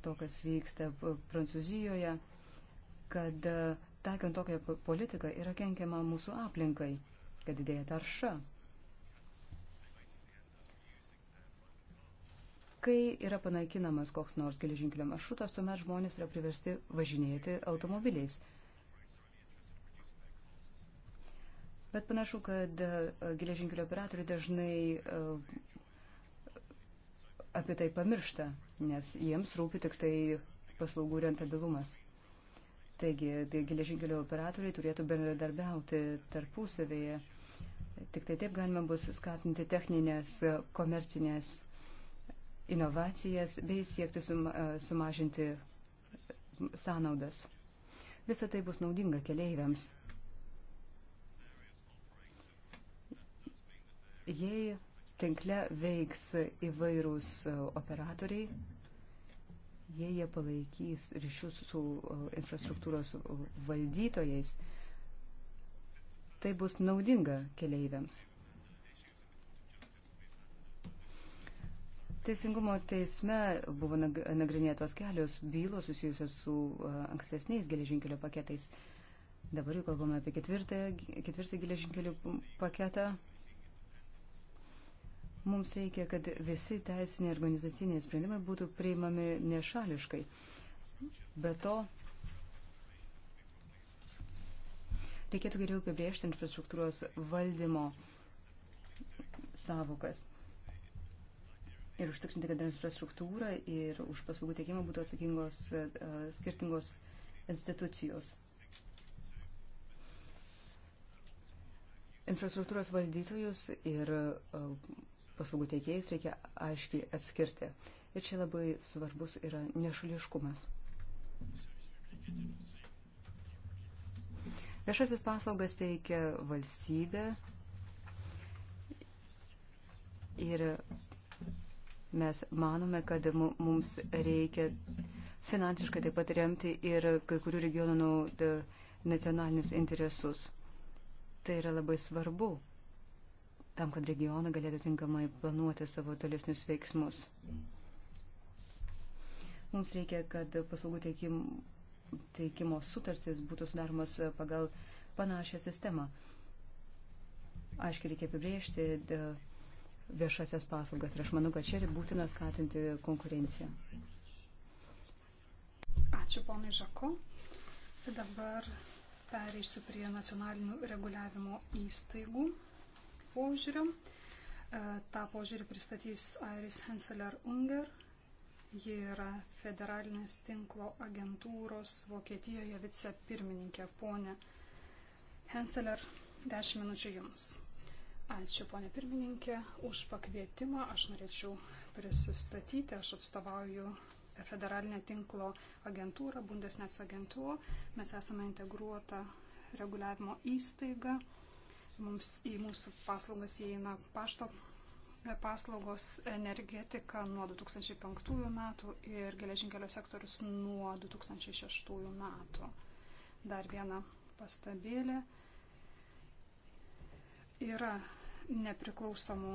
to, kas vyksta Prancūzijoje, kad e, taikant tokią politiką yra kenkiama mūsų aplinkai, kad didėja tarša. Kai yra panaikinamas koks nors geležinkelio maršrutas, tuomet žmonės yra priversti važinėti automobiliais. Bet panašu, kad e, geležinkelio operatoriai dažnai e, apie tai pamiršta, nes jiems rūpi tik tai paslaugų rentabilumas. Taigi, tai geležinkelio operatoriai turėtų bendradarbiauti tarpusavėje. Tik tai taip galima bus skatinti techninės, e, komercinės inovacijas bei siekti suma, sumažinti sąnaudas. Visą tai bus naudinga keleiviams. Jei tinkle veiks įvairūs e, operatoriai, jei jie palaikys ryšius su e, infrastruktūros e, valdytojais, tai bus naudinga keleiviams. Teisingumo teisme buvo nagrinėtos kelios bylos susijusios su ankstesniais geležinkelio paketais. Dabar jau kalbame apie ketvirtą, ketvirtą geležinkelių paketą. Mums reikia, kad visi teisiniai organizaciniai sprendimai būtų priimami nešališkai. Be to, reikėtų geriau apibriežti infrastruktūros valdymo savokas ir užtikrinti, kad infrastruktūra ir už paslaugų teikimą būtų atsakingos uh, skirtingos institucijos. Infrastruktūros valdytojus ir uh, paslaugų teikėjais reikia aiškiai atskirti. Ir čia labai svarbus yra nešališkumas. Viešasis paslaugas teikia valstybė ir mes manome, kad mums reikia finansiškai taip pat remti ir kai kurių regionų nacionalinius interesus. Tai yra labai svarbu tam, kad regionai galėtų tinkamai planuoti savo tolesnius veiksmus. Mums reikia, kad paslaugų teikim, teikimo sutartys būtų sudaromas pagal panašią sistemą. Aiškiai reikia apibriežti viešasias paslaugas ir aš manau, kad čia būtina skatinti konkurenciją. Ačiū ponui Žaku. Dabar pereisiu prie nacionalinių reguliavimo įstaigų požiūrio. E, Ta požiūrį pristatys Airis Henseler Unger. Ji yra federalinės tinklo agentūros Vokietijoje vicepirmininkė. Pone Henseler, 10 minučių Jums. Ačiū, ponė pirmininkė, už pakvietimą. Aš norėčiau prisistatyti. Aš atstovauju federalinę tinklo agentūrą, Bundesnetz agentūrą. Mes esame integruota reguliavimo įstaiga. Mums į mūsų paslaugas įeina pašto e, paslaugos energetika nuo 2005 metų ir geležinkelio sektorius nuo 2006 metų. Dar viena pastabėlė. Yra nepriklausomų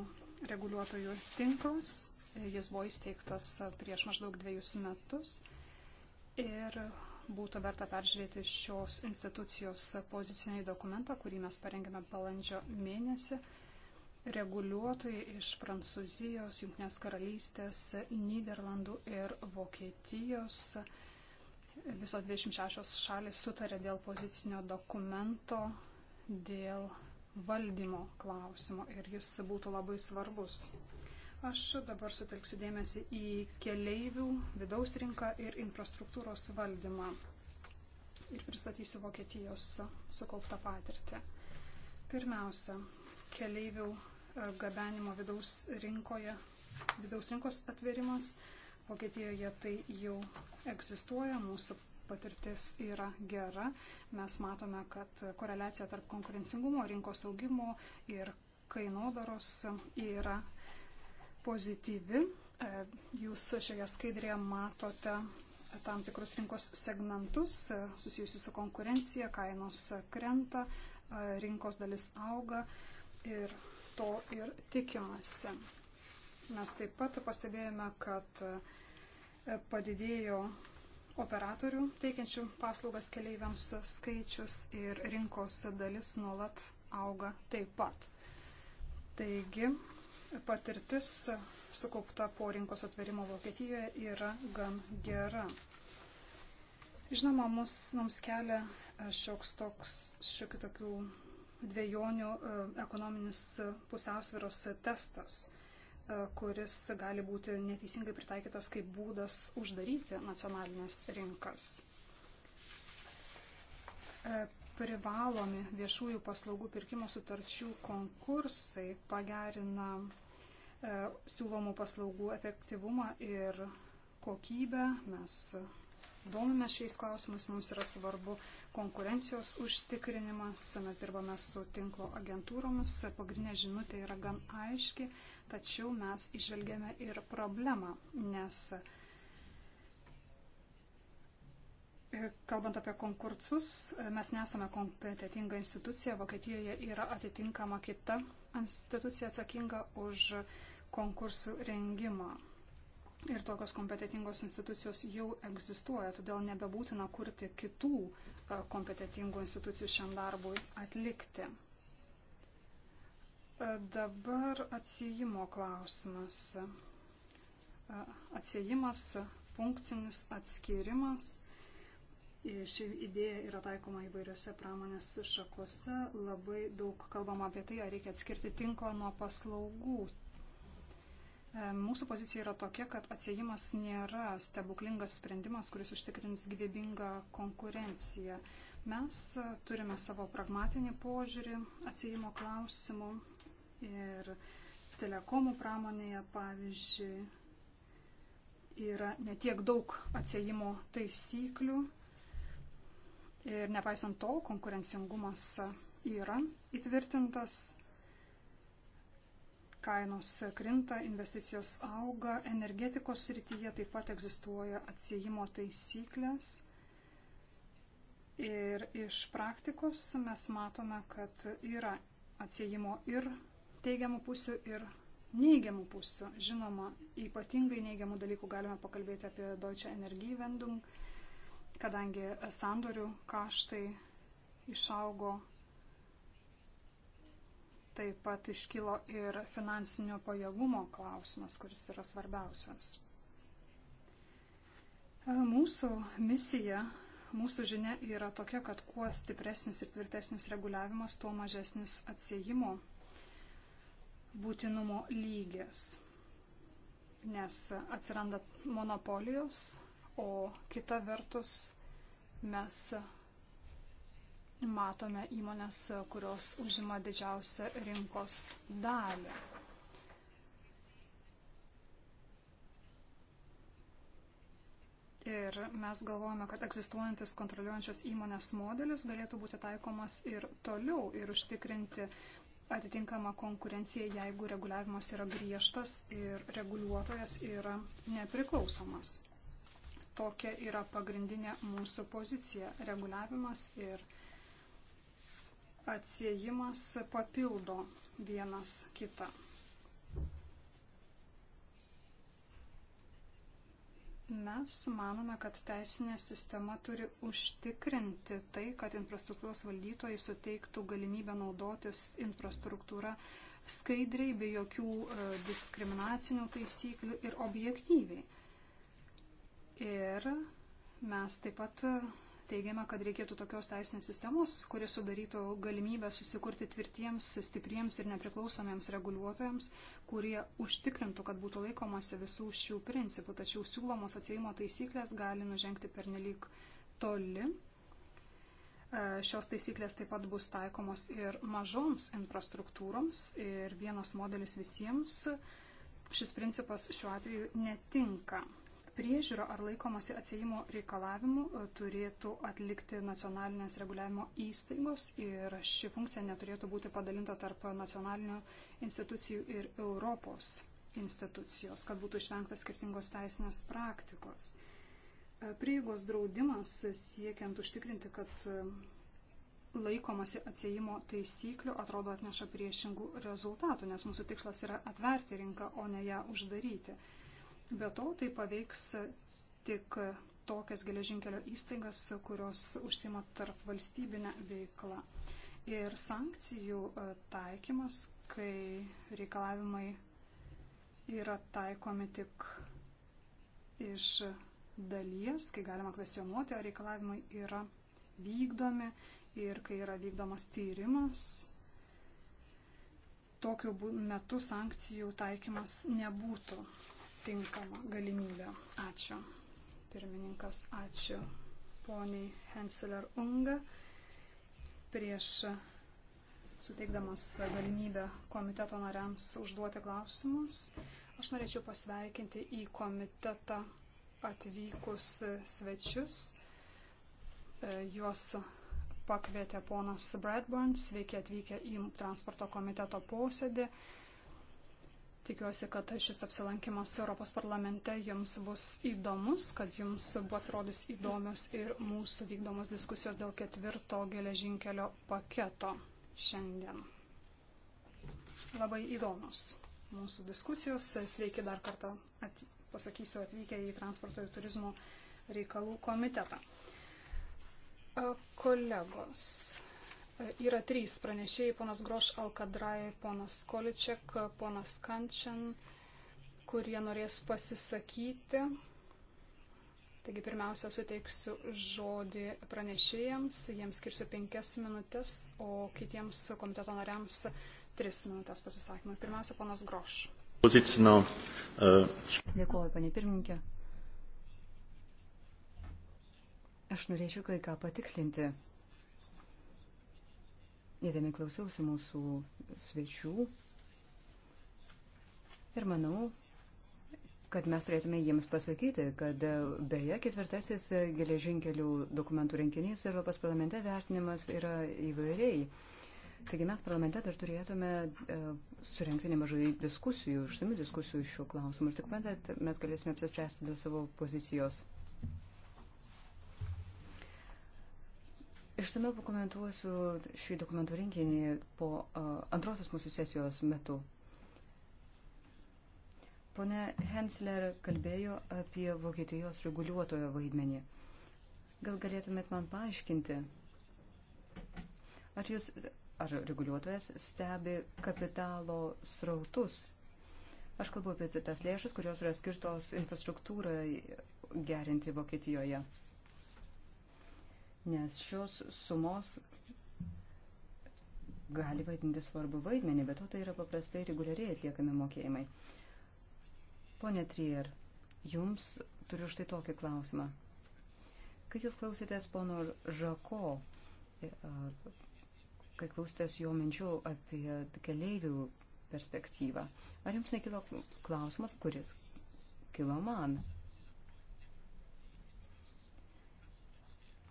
reguliuotojų tinklas. Jis buvo įsteigtas prieš maždaug dviejus metus. Ir būtų verta peržiūrėti šios institucijos pozicinį dokumentą, kurį mes parengėme balandžio mėnesį. Reguliuotojai iš Prancūzijos, Junktinės karalystės, Niderlandų ir Vokietijos visos 26 šalis sutarė dėl pozicinio dokumento, dėl valdymo klausimo ir jis būtų labai svarbus Aš dabar sutelksiu dėmesį į keleivių, vidaus rinką ir infrastruktūros valdymą. Ir pristatysiu Vokietijos sukauptą patirtį. Pirmiausia, keleivių e, gabenimo vidaus rinkoje, vidaus rinkos atverimas. Vokietijoje tai jau egzistuoja, mūsų patirtis yra gera. Mes matome, kad koreliacija tarp konkurencingumo, rinkos augimo ir kainodaros yra gera pozityvi. E, jūs šioje skaidrėje matote tam tikrus rinkos segmentus e, susijusius su konkurencija, kainos krenta, e, rinkos dalis auga ir to ir tikimasi. Mes taip pat pastebėjome, kad padidėjo operatorių teikiančių paslaugas keleiviams skaičius ir rinkos dalis nuolat auga taip pat. Taigi, patirtis sukaupta po rinkos atverimo Vokietijoje yra gan gera. Žinoma, mus, mums kelia e, šioks toks, šiokių tokių dviejonių e, ekonominis pusiausviros testas e, kuris gali būti neteisingai pritaikytas kaip būdas uždaryti nacionalinės rinkas. Privalomi viešųjų paslaugų pirkimo sutarčių konkursai pagerina E, siūlomų paslaugų efektyvumą ir kokybę. Mes domime šiais klausimais, mums yra svarbu konkurencijos užtikrinimas, mes dirbame su tinklo agentūromis, pagrindinė žinutė yra gan aiški, tačiau mes išvelgėme ir problemą, nes e, Kalbant apie konkursus, e, mes nesame kompetitinga institucija, Vokietijoje yra atitinkama kita institucija atsakinga už uh, konkursų rengimą. Ir tokios kompetitingos institucijos jau egzistuoja, todėl nebebūtina kurti kitų e, kompetitingų institucijų šiam darbui atlikti. E, dabar atsijimo klausimas. E, Atsijimas, funkcinis atskirimas. Ši idėja yra taikoma įvairiose pramonės šakose. Labai daug kalbama apie tai, ar reikia atskirti tinklą nuo paslaugų. E, mūsų pozicija yra tokia, kad atsiejimas nėra stebuklingas sprendimas, kuris užtikrins gyvybingą konkurenciją. Mes e, turime savo pragmatinį požiūrį atsiejimo klausimų ir telekomų pramonėje, pavyzdžiui, yra netiek daug atsiejimo taisyklių ir nepaisant to konkurencingumas yra įtvirtintas kainos krinta, investicijos auga, energetikos srityje taip pat egzistuoja atsijimo taisyklės. Ir iš praktikos mes matome, kad yra atsijimo ir teigiamų pusių, ir neigiamų pusių. Žinoma, ypatingai neigiamų dalykų galime pakalbėti apie Deutsche Energiewendung, kadangi sandorių kaštai išaugo Taip pat iškilo ir finansinio pajėgumo klausimas, kuris yra svarbiausias. E, mūsų misija, mūsų žinia yra tokia, kad kuo stipresnis ir tvirtesnis reguliavimas, tuo mažesnis atsiejimo būtinumo lygis. Nes atsiranda monopolijos, o kita vertus mes matome įmonės, kurios užima didžiausią rinkos dalį. Ir mes galvojame, kad egzistuojantis kontroliuojančios įmonės modelis galėtų būti taikomas ir toliau ir užtikrinti atitinkamą konkurenciją, jeigu reguliavimas yra griežtas ir reguliuotojas yra nepriklausomas. Tokia yra pagrindinė mūsų pozicija - reguliavimas ir reguliavimas atsiejimas papildo vienas kitą. Mes manome, kad teisinė sistema turi užtikrinti tai, kad infrastruktūros valdytojai suteiktų galimybę naudotis infrastruktūra skaidriai, be jokių e, diskriminacinių taisyklių ir objektyviai. Ir mes taip pat teigiame, kad reikėtų tokios teisinės sistemos, kuri sudarytų galimybę susikurti tvirtiems, stipriems ir nepriklausomiems reguliuotojams, kurie užtikrintų, kad būtų laikomasi visų šių principų. Tačiau siūlomos atsėjimo taisyklės gali nužengti pernelyg toli. E, šios taisyklės taip pat bus taikomos ir mažoms infrastruktūroms ir vienas modelis visiems. Šis principas šiuo atveju netinka. Priežiūra ar laikomasi atsėjimo reikalavimų e, turėtų atlikti nacionalinės reguliavimo įstaigos ir ši funkcija neturėtų būti padalinta tarp nacionalinių institucijų ir Europos institucijos, kad būtų išvengta skirtingos teisinės praktikos. E, prieigos draudimas siekiant užtikrinti, kad e, laikomasi atsiejimo taisyklių atrodo atneša priešingų rezultatų, nes mūsų tikslas yra atverti rinką, o ne ją uždaryti. Be to, tai paveiks tik tokias geležinkelio įstaigas, kurios užsima tarp valstybinę veiklą. Ir sankcijų e, taikymas, kai reikalavimai yra taikomi tik iš dalies, kai galima kvestionuoti, ar reikalavimai yra vykdomi ir kai yra vykdomas tyrimas, tokiu metu sankcijų taikymas nebūtų tinkamą galimybę. Ačiū. Pirmininkas, ačiū poniai Henseler Unga. Prieš suteikdamas galimybę komiteto nariams užduoti klausimus, aš norėčiau pasveikinti į komitetą atvykus svečius. E, juos pakvietė ponas Bradburn, sveiki atvykę į transporto komiteto posėdį. Tikiuosi, kad šis apsilankimas Europos parlamente jums bus įdomus, kad jums bus rodys įdomios ir mūsų vykdomos diskusijos dėl ketvirto geležinkelio paketo šiandien. Labai įdomus mūsų diskusijos. Sveiki dar kartą at, pasakysiu atvykę į transporto ir turizmo reikalų komitetą. Kolegos, Yra trys pranešėjai, ponas Groš Alkadrai, ponas Količek, ponas Kančian, kurie norės pasisakyti. Taigi pirmiausia, suteiksiu žodį pranešėjams, jiems skirsiu penkias minutės, o kitiems komiteto nariams tris minutės pasisakymui. Pirmiausia, ponas Groš. Pozicinau. E, Dėkuoju, panė pirmininkė. Aš norėčiau kai ką patikslinti. Įdėmiai klausiausi mūsų svečių ir manau, kad mes turėtume jiems pasakyti, kad beje ketvirtasis geležinkelių dokumentų rinkinys Europos parlamente vertinimas yra įvairiai. Taigi mes parlamente dar turėtume uh, surinkti nemažai diskusijų, išsamių diskusijų šiuo klausimu ir tik padat mes galėsime apsispręsti dėl savo pozicijos. Išsameu pakomentuosiu šį dokumentų rinkinį po uh, antrosios mūsų sesijos metu. Pone Hensler kalbėjo apie Vokietijos reguliuotojo vaidmenį. Gal galėtumėt man paaiškinti, ar jūs, ar reguliuotojas stebi kapitalo srautus? Aš kalbu apie tas lėšas, kurios yra skirtos infrastruktūrai gerinti Vokietijoje nes šios sumos gali vaidinti svarbu vaidmenį, bet to tai yra paprastai reguliariai atliekami mokėjimai. Pone Trier, jums turiu štai tokį klausimą. Kai jūs klausėtės pono Žako, e, kai klausėtės jo minčių apie keleivių perspektyvą, ar jums nekilo klausimas, kuris kilo man?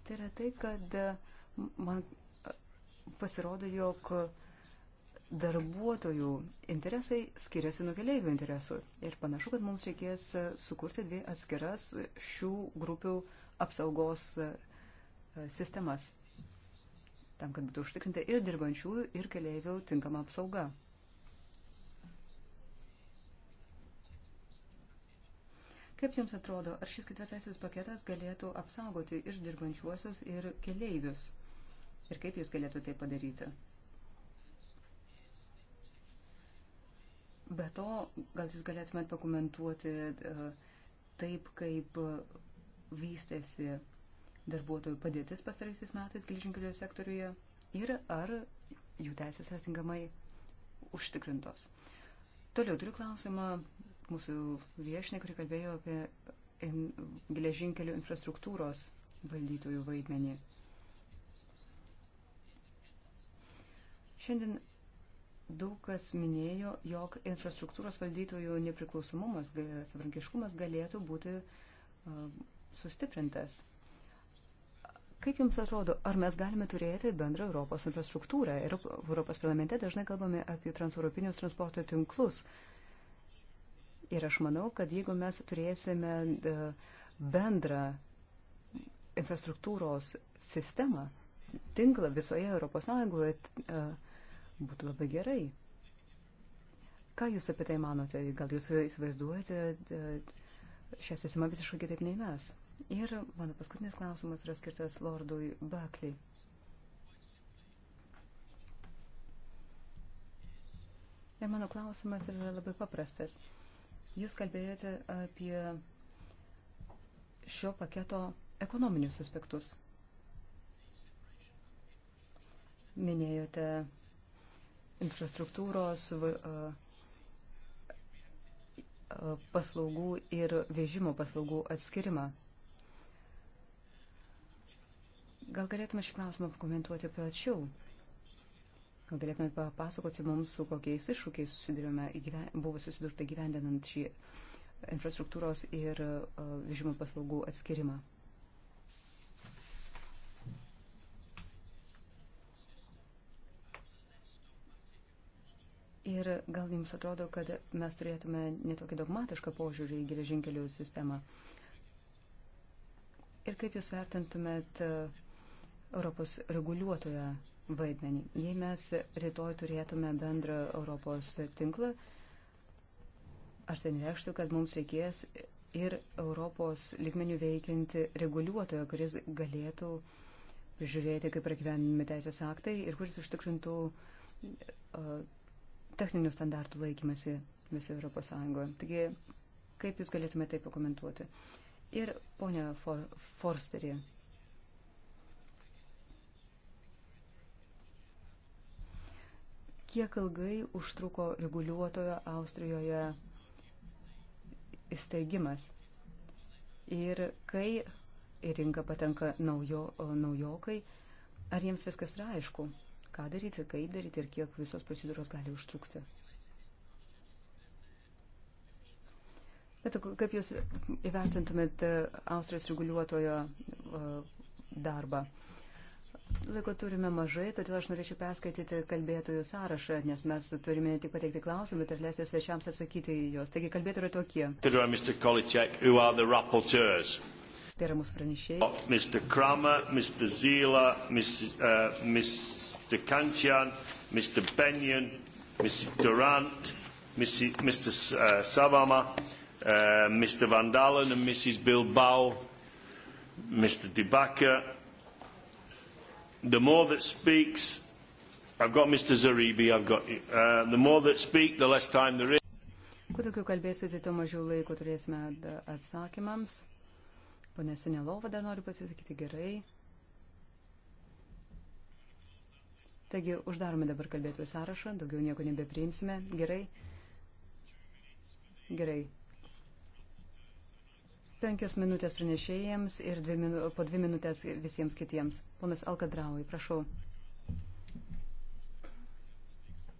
tai yra tai, kad e, man e, pasirodo, jog darbuotojų interesai skiriasi nuo keliaivių interesų. Ir panašu, kad mums reikės e, sukurti dvi atskiras šių grupių apsaugos sistemas, tam, kad būtų užtikrinta ir dirbančiųjų, ir keliaivių tinkama apsauga. Kaip Jums atrodo, ar šis ketvirtasis paketas galėtų apsaugoti ir dirbančiuosius, ir keleivius? Ir kaip Jūs galėtų tai padaryti? Be to, gal Jūs galėtumėt pakomentuoti e, taip, kaip vystėsi darbuotojų padėtis pastaraisiais metais geležinkelio sektoriuje ir ar jų teisės yra tinkamai užtikrintos. Toliau turiu klausimą mūsų viešinė, kuri kalbėjo apie geležinkelių infrastruktūros valdytojų vaidmenį. Šiandien daug kas minėjo, jog infrastruktūros valdytojų nepriklausomumas, savrankiškumas galėtų būti sustiprintas. Kaip Jums atrodo, ar mes galime turėti bendrą Europos infrastruktūrą? Europos parlamente dažnai kalbame apie transeuropinius transporto tinklus, uh, Ir aš manau, kad jeigu mes turėsime e, bendrą infrastruktūros sistemą, tinklą visoje Europos Sąjungoje, e, būtų labai gerai. Ką Jūs apie tai manote? Gal Jūs įsivaizduojate e, šią sistemą visiškai kitaip nei mes? Ir mano paskutinis klausimas yra skirtas Lordui Bakliui. Ir mano klausimas yra labai paprastas. Jūs kalbėjote apie šio paketo ekonominius aspektus. Minėjote infrastruktūros paslaugų ir vežimo paslaugų atskirimą. Gal galėtume šį klausimą pakomentuoti plačiau? Gal galėtumėt papasakoti mums, su kokiais iššūkiais buvo susidurta gyvendinant šį infrastruktūros ir uh, vežimo paslaugų atskirimą. Ir gal jums atrodo, kad mes turėtume netokį dogmatišką požiūrį į geležinkelių sistemą. Ir kaip jūs vertintumėt e, Europos reguliuotoją vaidmenį. Jei mes rytoj turėtume bendrą Europos tinklą, aš ten tai reikštų, kad mums reikės ir Europos lygmenių veikianti reguliuotojo, kuris galėtų prižiūrėti, kaip yra gyvenimi teisės aktai ir kuris užtikrintų techninių standartų laikymasi visoje Europos Sąjungoje. Taigi, kaip Jūs galėtumėte tai pakomentuoti? Ir ponia For Forsterį, kiek ilgai užtruko reguliuotojo Austrijoje įsteigimas ir kai į rinką patenka naujo, naujokai, ar jiems viskas yra aišku, ką daryti, kaip daryti ir kiek visos procedūros gali užtrukti. Bet kaip Jūs įvertintumėt e, Austrijos reguliuotojo e, darbą? Laiko turime mažai, todėl aš norėčiau perskaityti kalbėtojų sąrašą, nes mes turime ne tik pateikti klausimą, bet ir leisti svečiams atsakyti į juos. Taigi kalbėtojai yra tokie. Tai yra mūsų pranešėjai. Oh, Mr. Kramer, Mr. Zila, Mr. Uh, Mr. Kančian, Mr. Benyon, Mr. Durant, Mr. Mr. Uh, Savama, uh, Mr. Van Dalen and Mrs. Bilbao, Mr. Dibaka the more that speaks, I've got Mr. Zaribi, I've got, uh, the more that speak, the less time there is. Kuo daugiau kalbėsite, tai tuo mažiau laiko turėsime atsakymams. Pone Senelova dar noriu pasisakyti gerai. Taigi, uždarome dabar kalbėtojų sąrašą, daugiau nieko nebepriimsime. Gerai. Gerai. Penkios minutės pranešėjams ir dvi minu, po dvi minutės visiems kitiems. Ponas Alkadraui, prašau.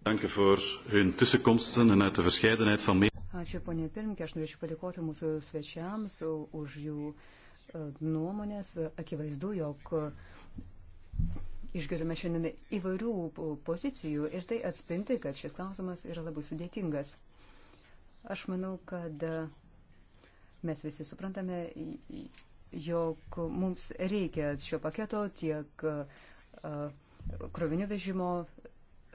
Danke voor hun tussenkomsten en uit de verscheidenheid van me. Ačiū, ponė Pirmke, aš norėčiau padėkoti mūsų svečiams už jų e, nuomonės. Akivaizdu, jog e, išgirdome šiandien įvairių pozicijų ir tai atspinti, kad šis klausimas yra labai sudėtingas. Aš manau, kad Mes visi suprantame, jog mums reikia šio paketo tiek krovinių vežimo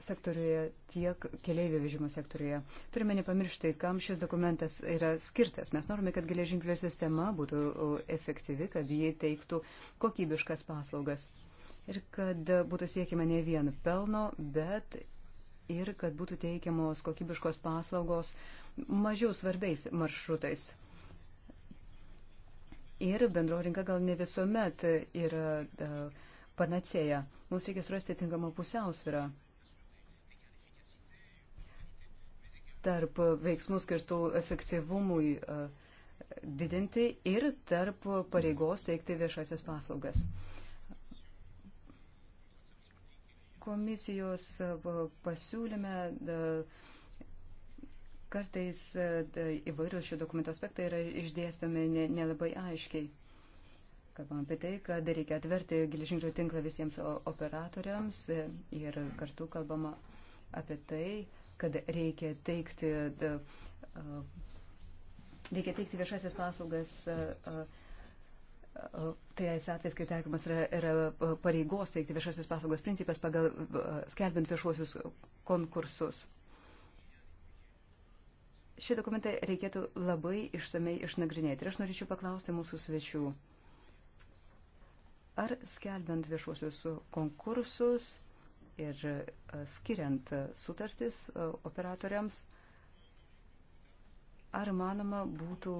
sektoriuje, tiek keliaivių vežimo sektoriuje. Turime nepamiršti, kam šis dokumentas yra skirtas. Mes norime, kad geležinkelio sistema būtų efektyvi, kad ji teiktų kokybiškas paslaugas. Ir kad būtų siekima ne vien pelno, bet ir kad būtų teikiamos kokybiškos paslaugos mažiau svarbiais maršrutais. Ir bendro rinka gal ne visuomet yra e, panacėja. Mums reikia surasti tinkamą pusiausvyrą tarp veiksmų skirtų efektyvumui e, didinti ir tarp pareigos teikti viešasias paslaugas. Komisijos e, pasiūlyme Kartais e, įvairius šio dokumento aspektai yra išdėstomi nelabai ne aiškiai. Kalbam apie tai, kad reikia atverti geležinkelio tinklą visiems operatoriams e, ir kartu kalbama apie tai, kad reikia teikti, reikia teikti viešasias paslaugas. Tai atvejs, kai taikomas yra, yra pareigos teikti viešasias paslaugas principas pagal skelbint viešuosius konkursus šį dokumentą reikėtų labai išsamei išnagrinėti. Ir aš norėčiau paklausti mūsų svečių, ar skelbiant viešuosius konkursus ir e, skiriant sutartis e, operatoriams, ar manoma būtų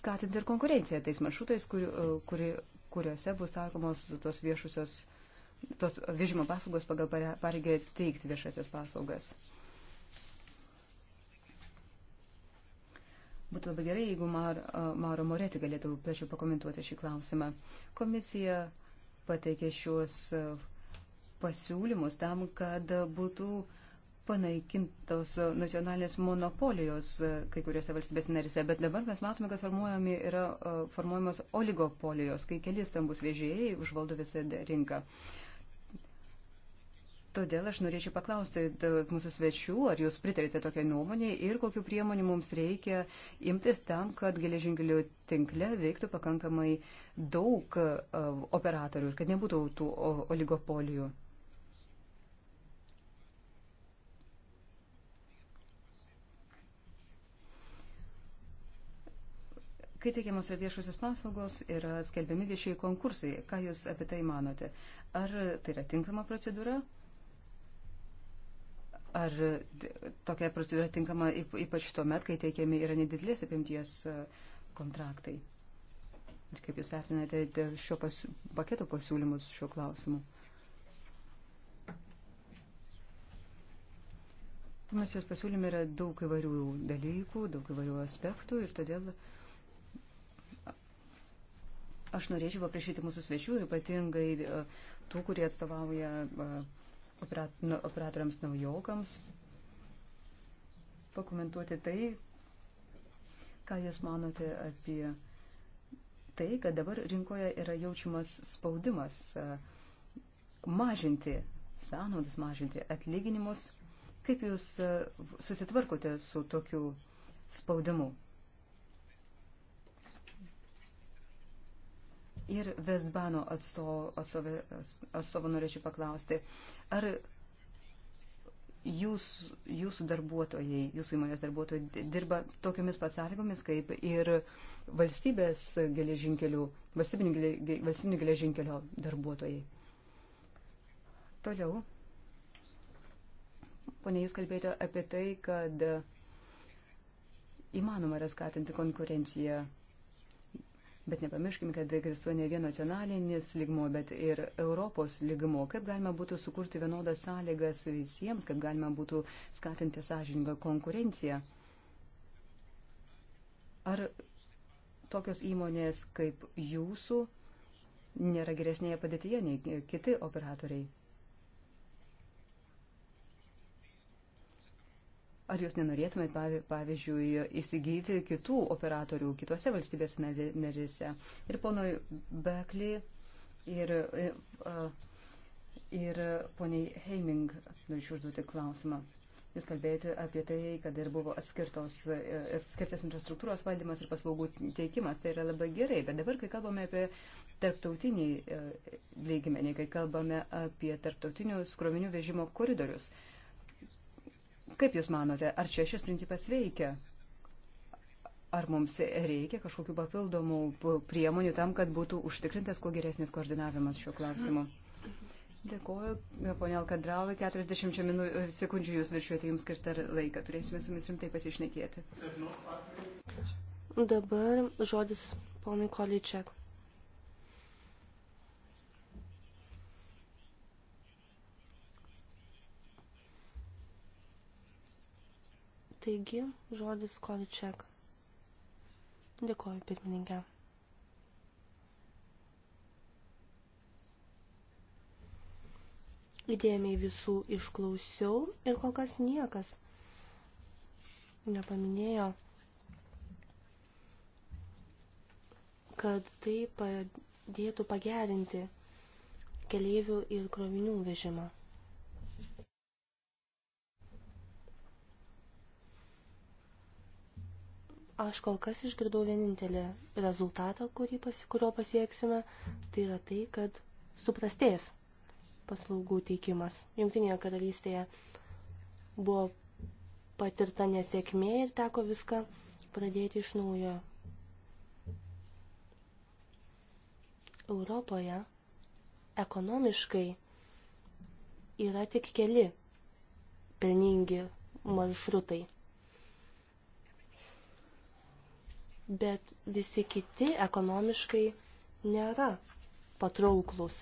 skatinti ir konkurenciją tais maršrutais, kur, e, kuri, kuriuose bus taikomos tos viešusios, tos vežimo paslaugos pagal pareigę teikti viešasias paslaugas. Būtų labai gerai, jeigu Mar, Maro Moreti galėtų plačiau pakomentuoti šį klausimą. Komisija pateikė šiuos pasiūlymus tam, kad būtų panaikintos nacionalinės monopolijos kai kuriuose valstybės narise, bet dabar mes matome, kad formuojami yra formuojamos oligopolijos, kai keli stambus vežėjai užvaldo visą rinką. Uh, Todėl aš norėčiau paklausti mūsų svečių, ar jūs pritarite tokią nuomonę ir kokiu priemonių mums reikia imtis tam, kad geležinkelių tinkle veiktų pakankamai daug operatorių ir kad nebūtų tų oligopolijų. Kai teikiamos yra viešusios paslaugos, yra skelbiami viešieji konkursai. Ką Jūs apie tai manote? Ar tai yra tinkama procedūra? Ar tokia procedūra tinkama ypač tuo met, kai teikiami yra nedidelės apimties e, kontraktai? Ir kaip Jūs vertinate šio pas, paketo pasiūlymus šiuo klausimu? Mes jos pasiūlyme yra daug įvairių dalykų, daug įvairių aspektų ir todėl aš norėčiau paprašyti mūsų svečių ir ypatingai e, tų, kurie atstovauja uh, Nu, operatoriams naujokams pakomentuoti tai, ką Jūs manote apie tai, kad dabar rinkoje yra jaučiamas spaudimas e, mažinti sąnaudas, mažinti atlyginimus. Kaip Jūs e, susitvarkote su tokiu spaudimu? ir Vestbano atstovo, atstovo, atstovo norėčiau paklausti, ar jūs, jūsų darbuotojai, jūsų įmonės darbuotojai dirba tokiamis pat sąlygomis, kaip ir valstybės geležinkelių, valstybinių geležinkelio darbuotojai. Toliau. Pone, jūs kalbėjote apie tai, kad įmanoma yra skatinti konkurenciją Bet nepamirškime, kad egzistuoja ne vien nacionalinis ligmo, bet ir Europos ligmo. Kaip galima būtų sukurti vienodas sąlygas visiems, kaip galima būtų skatinti sąžiningą konkurenciją. Ar tokios įmonės kaip jūsų nėra geresnėje padėtyje nei kiti operatoriai? Ar jūs nenorėtumėt, pavyzdžiui, įsigyti kitų operatorių kitose valstybės narėse? Ir ponui Bekli ir, e, ir poniai Heiming norėčiau užduoti klausimą. Jūs kalbėjote apie tai, kad ir buvo atskirtos, e, atskirtas infrastruktūros valdymas ir paslaugų teikimas. Tai yra labai gerai, bet dabar, kai kalbame apie tarptautinį e, lygmenį, kai kalbame apie tarptautinius krovinių vežimo koridorius, uh, Kaip Jūs manote, ar čia šis principas veikia? Ar mums reikia kažkokių papildomų priemonių tam, kad būtų užtikrintas kuo geresnis koordinavimas šiuo klausimu? Dėkuoju, ponia Alkadraui, 40 minu, sekundžių jūs viršiuojate tai jums skirtą laiką. Turėsime su jumis rimtai pasišnekėti. Dabar žodis ponui Količiak. Taigi, žodis Kovičiak. Dėkoju, pirmininkė. Įdėmiai visų išklausiau ir kol kas niekas nepaminėjo, kad tai padėtų pagerinti keleivių ir krovinių vežimą. Aš kol kas išgirdau vienintelį rezultatą, pasi, kurio pasieksime, tai yra tai, kad suprastės paslaugų teikimas. Jungtinėje karalystėje buvo patirta nesėkmė ir teko viską pradėti iš naujo. Europoje ekonomiškai yra tik keli pelningi maršrutai. bet visi kiti ekonomiškai nėra patrauklus.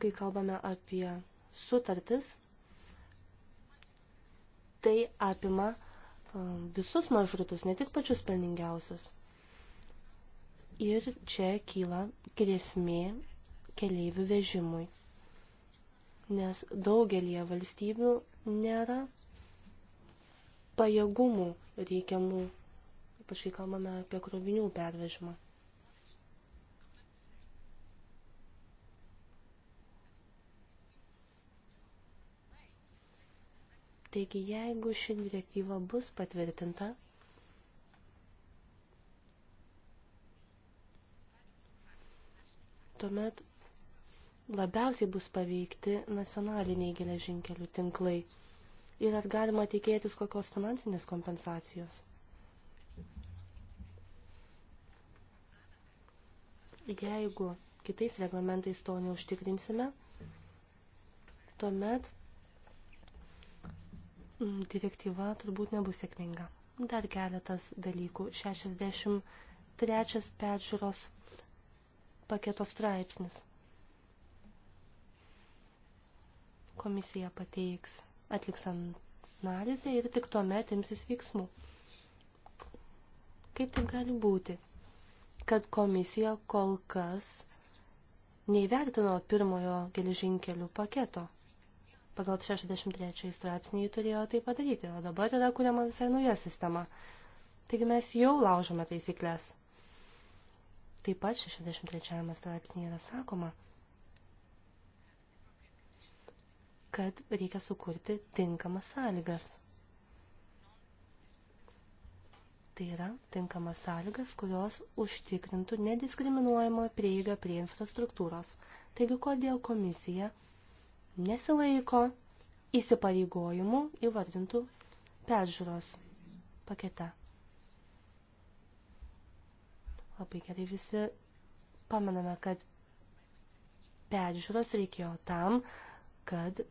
Kai kalbame apie sutartis, tai apima e, visus maršrutus, ne tik pačius pelningiausius. Ir čia kyla grėsmė keleivių vežimui nes daugelie valstybių nėra pajėgumų reikiamų, ypač kai kalbame apie krovinių pervežimą. Taigi, jeigu ši direktyva bus patvirtinta, tuomet Labiausiai bus paveikti nacionaliniai geležinkelių tinklai. Ir ar galima tikėtis kokios finansinės kompensacijos? Jeigu kitais reglamentais to neužtikrinsime, tuomet mm, direktyva turbūt nebus sėkminga. Dar keletas dalykų. 63 peržiūros paketo straipsnis. Komisija pateiks, atliks analizę ir tik tuomet imsis veiksmų. Kaip taip gali būti, kad komisija kol kas neįvertino pirmojo geležinkelių paketo? Pagal 63 straipsnį jį turėjo tai padaryti, o dabar yra kuriama visai nauja sistema. Taigi mes jau laužome taisyklės. Taip pat 63 straipsnėje yra sakoma, kad reikia sukurti tinkamas sąlygas. Tai yra tinkamas sąlygas, kurios užtikrintų nediskriminuojamą prieigą prie infrastruktūros. Taigi, kodėl komisija nesilaiko įsipareigojimų įvardintų peržiūros pakete. Labai gerai visi pamename, kad peržiūros reikėjo tam, kad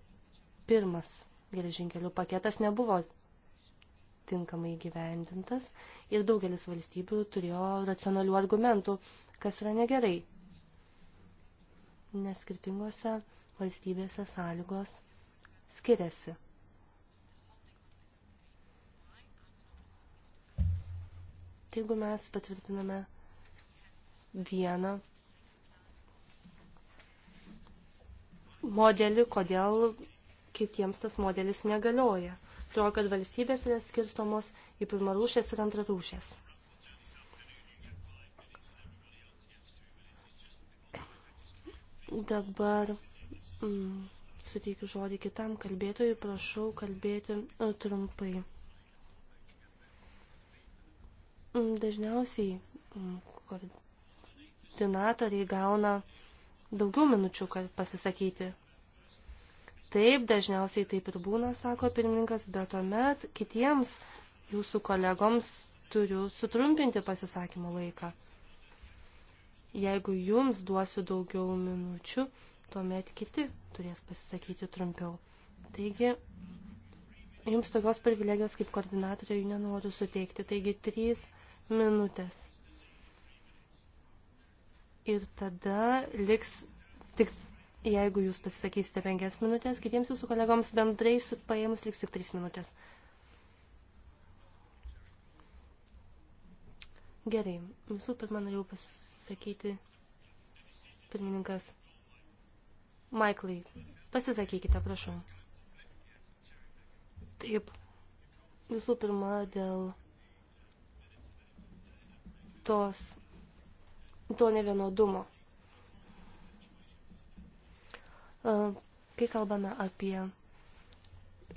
pirmas geležinkelių paketas nebuvo tinkamai gyvendintas ir daugelis valstybių turėjo racionalių argumentų, kas yra negerai. Nes skirtingose valstybėse sąlygos skiriasi. Tai jeigu mes patvirtiname vieną modelį, kodėl kitiems tas modelis negalioja. Atrodo, kad valstybės yra skirstomos į pirmarūšės ir antrarūšės. Dabar mm, suteikiu žodį kitam kalbėtojui, prašau kalbėti e, trumpai. Mm, dažniausiai mm, koordinatoriai gauna daugiau minučių pasisakyti Taip, dažniausiai taip ir būna, sako pirmininkas, bet tuomet kitiems jūsų kolegoms turiu sutrumpinti pasisakymo laiką. Jeigu jums duosiu daugiau minučių, tuomet kiti turės pasisakyti trumpiau. Taigi, jums tokios privilegijos kaip koordinatoriai nenoriu suteikti, taigi trys minutės. Ir tada liks tik Jeigu jūs pasisakysite penkias minutės, kitiems jūsų kolegoms bendrai su paėmus liks tik trys minutės. Gerai, visų pirma norėjau pasisakyti pirmininkas. Maiklai, pasisakykite, prašau. Taip, visų pirma dėl tos, to nevienodumo. E, kai kalbame apie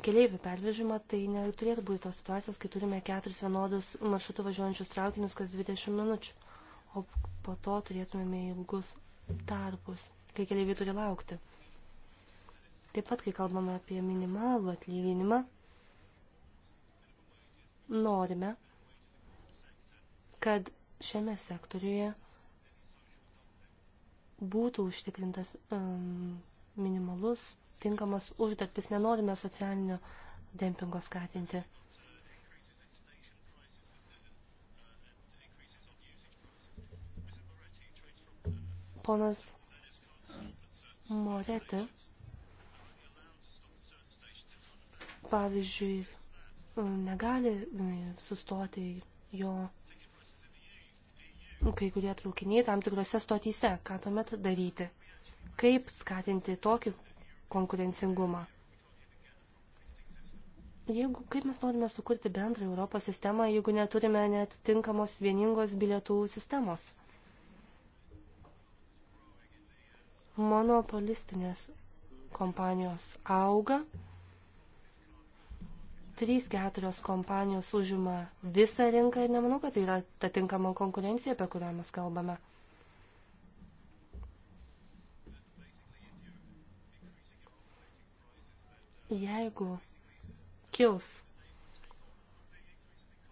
keleivių pervežimą, tai neturėtų būti tos situacijos, kai turime keturis vienodus maršrutų važiuojančius traukinius kas 20 minučių, o po to turėtumėme ilgus tarpus, kai keleiviai turi laukti. Taip pat, kai kalbame apie minimalų atlyginimą, norime, kad šiame sektoriuje būtų užtikrintas um, minimalus, tinkamas uždarbis. Nenorime socialinio dempingo skatinti. Ponas Moreti, pavyzdžiui, negali e, sustoti jo kai kurie traukiniai tam tikrose stotyse. Ką tuomet daryti? Kaip skatinti tokį konkurencingumą? Jeigu, kaip mes norime sukurti bendrą Europos sistemą, jeigu neturime net tinkamos vieningos bilietų sistemos? Monopolistinės kompanijos auga, 3-4 kompanijos užima visą rinką ir nemanau, kad tai yra ta tinkama konkurencija, apie kurią mes kalbame. Jeigu kils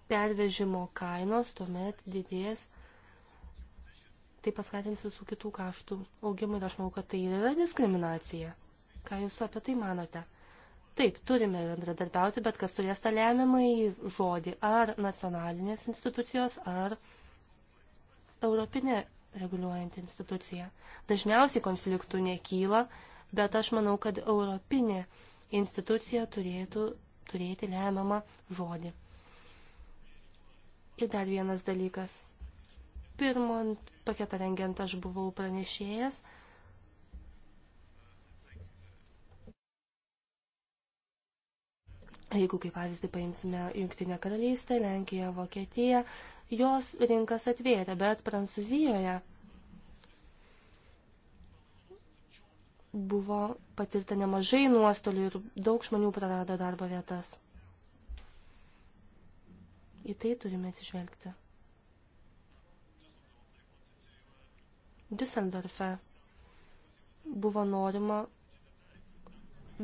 pervežimo kainos, tuomet didės, tai paskatins visų kitų kaštų augimą ir aš manau, kad tai yra diskriminacija. Ką jūs apie tai manote? Taip, turime bendradarbiauti, bet kas turės tą lemiamąjį žodį, ar nacionalinės institucijos, ar europinė reguliuojanti institucija. Dažniausiai konfliktų nekyla, bet aš manau, kad europinė institucija institucija turėtų turėti lemiamą žodį. Ir dar vienas dalykas. Pirmą paketą rengiant aš buvau pranešėjas. Jeigu kaip pavyzdį paimsime Junktinę karalystę, Lenkiją, Vokietiją, jos rinkas atvėrė, bet Prancūzijoje – buvo patirta nemažai nuostolių ir daug žmonių prarado darbo vietas. Į tai turime atsižvelgti. Düsseldorfe buvo norima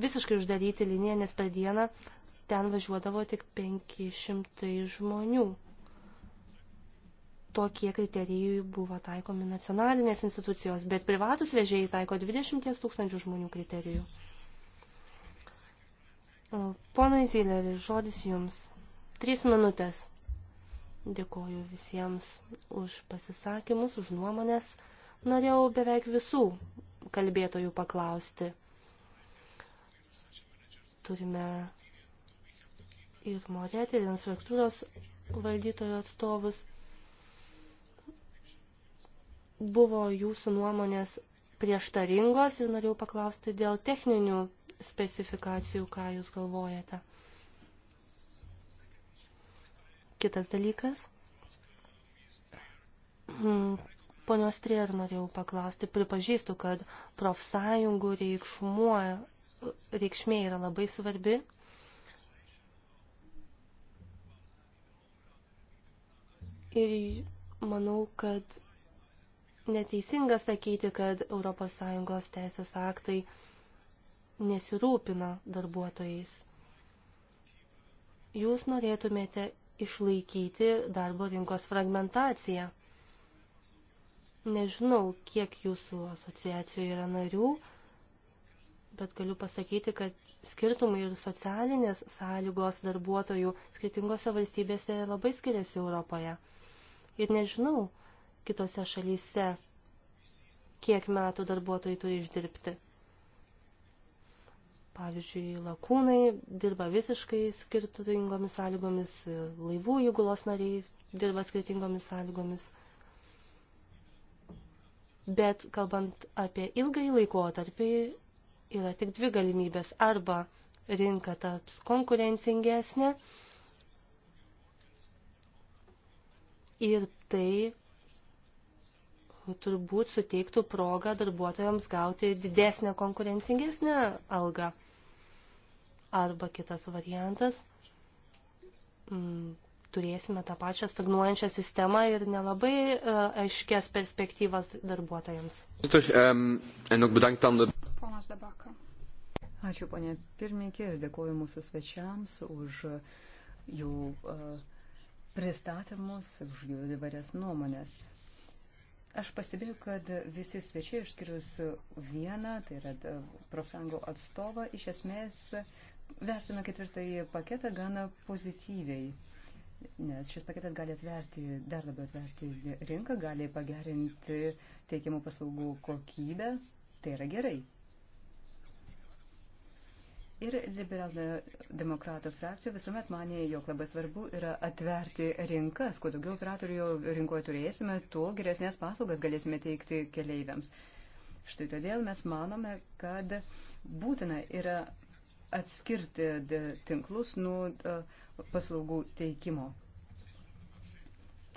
visiškai uždaryti liniją, nes per dieną ten važiuodavo tik 500 žmonių tokie kriterijai buvo taikomi nacionalinės institucijos, bet privatus vežėjai taiko 20 tūkstančių žmonių kriterijų. Ponai Zileri, žodis jums. Trys minutės. Dėkoju visiems už pasisakymus, už nuomonės. Norėjau beveik visų kalbėtojų paklausti. Turime ir morėti, ir infrastruktūros valdytojų atstovus buvo jūsų nuomonės prieštaringos ir norėjau paklausti dėl techninių specifikacijų, ką jūs galvojate. Kitas dalykas. Hmm, ponios Trier norėjau paklausti, pripažįstu, kad profsąjungų reikšmuo, reikšmė yra labai svarbi. Ir manau, kad neteisinga sakyti, kad ES teisės aktai nesirūpina darbuotojais. Jūs norėtumėte išlaikyti darbo rinkos fragmentaciją. Nežinau, kiek jūsų asociacijoje yra narių, bet galiu pasakyti, kad skirtumai ir socialinės sąlygos darbuotojų skirtingose valstybėse labai skiriasi Europoje. Ir nežinau, kitose šalyse, kiek metų darbuotojai turi išdirbti. Pavyzdžiui, lakūnai dirba visiškai skirtingomis sąlygomis, laivų įgulos nariai dirba skirtingomis sąlygomis. Bet kalbant apie ilgąjį laikotarpį, yra tik dvi galimybės. Arba rinka taps konkurencingesnė ir tai turbūt suteiktų progą darbuotojams gauti didesnę konkurencingesnę algą. Arba kitas variantas, m, mm, turėsime tą pačią stagnuojančią sistemą ir nelabai uh, e, aiškės perspektyvas darbuotojams. Ponas Debaka. Ačiū, ponė pirmininkė, ir dėkuoju mūsų svečiams už e, jų e, pristatymus, už jų įvairias nuomonės. Aš pastebėjau, kad visi svečiai, išskyrus vieną, tai yra e, profsąjungų atstovą, iš esmės vertino ketvirtąjį paketą gana pozityviai. Nes šis paketas gali atverti, dar labiau atverti rinką, gali pagerinti teikiamų paslaugų kokybę. Tai yra gerai. Ir liberalų demokratų frakcija visuomet manė, jog labai svarbu yra atverti rinkas. Kuo daugiau operatorių rinkoje turėsime, tuo geresnės paslaugas galėsime teikti keleiviams. Štai todėl mes manome, kad būtina yra atskirti tinklus nuo paslaugų teikimo.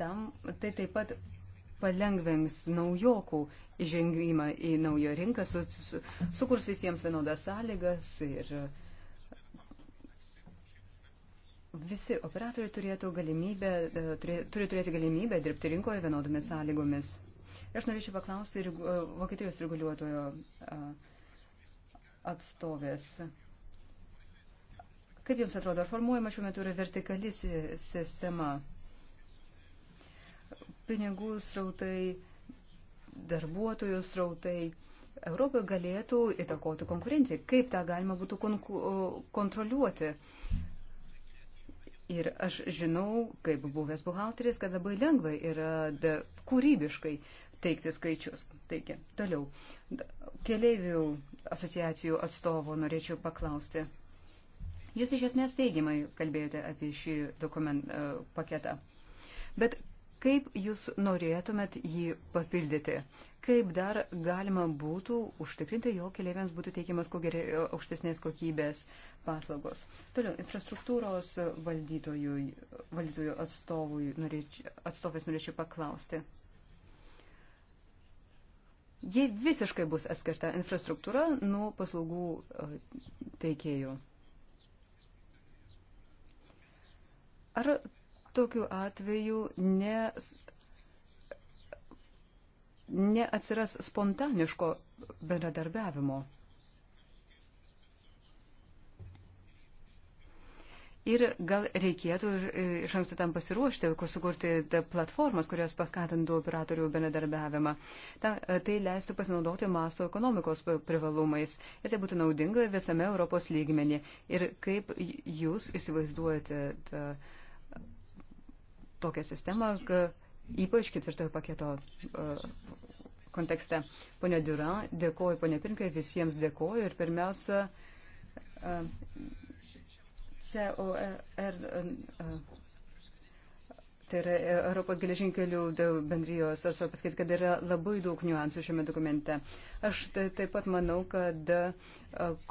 Tam tai taip pat palengvins naujokų žengimą į naują rinką, su, su, sukurs visiems vienodas sąlygas ir visi operatoriai turėtų galimybę, e, turė, turi turėti galimybę dirbti rinkoje vienodomis sąlygomis. Aš norėčiau paklausti ir e, Vokietijos reguliuotojo e, atstovės. Kaip Jums atrodo, ar formuojama šiuo metu yra vertikali sistema? pinigų srautai, darbuotojų srautai Europą galėtų įtakoti konkurenciją. Kaip tą galima būtų kontroliuoti? Ir aš žinau, kaip buvęs buhalteris, kad labai lengva yra da, kūrybiškai teikti skaičius. Taigi, toliau. Keleivių asociacijų atstovo norėčiau paklausti. Jūs iš esmės teigiamai kalbėjote apie šį dokument, e, paketą. Bet Kaip jūs norėtumėt jį papildyti? Kaip dar galima būtų užtikrinti, jo keliaiviams būtų teikiamas kuo geriai e, aukštesnės kokybės paslaugos? Toliau, infrastruktūros valdytojų atstovui norėčiau, atstovės norėčiau paklausti. Jie visiškai bus atskirta infrastruktūra nuo paslaugų e, teikėjų. Ar tokiu atveju ne, neatsiras spontaniško bendradarbiavimo. Ir gal reikėtų e, iš anksto tam pasiruošti, sukurti platformas, kurios paskatintų operatorių bendradarbiavimą. Ta, e, tai leistų pasinaudoti masto ekonomikos privalumais. Ir tai būtų naudinga visame Europos lygmenį. Ir kaip jūs įsivaizduojate ta, tokią sistemą, ypač ketvirtojo paketo e, kontekste. Pone Dura, dėkoju, pone Pirinkai, visiems dėkoju ir pirmiausia, e, COR, e tai yra Europos geležinkelių bendrijos, aš noriu pasakyti, kad yra labai daug niuansų šiame dokumente. Aš tai taip pat manau, kad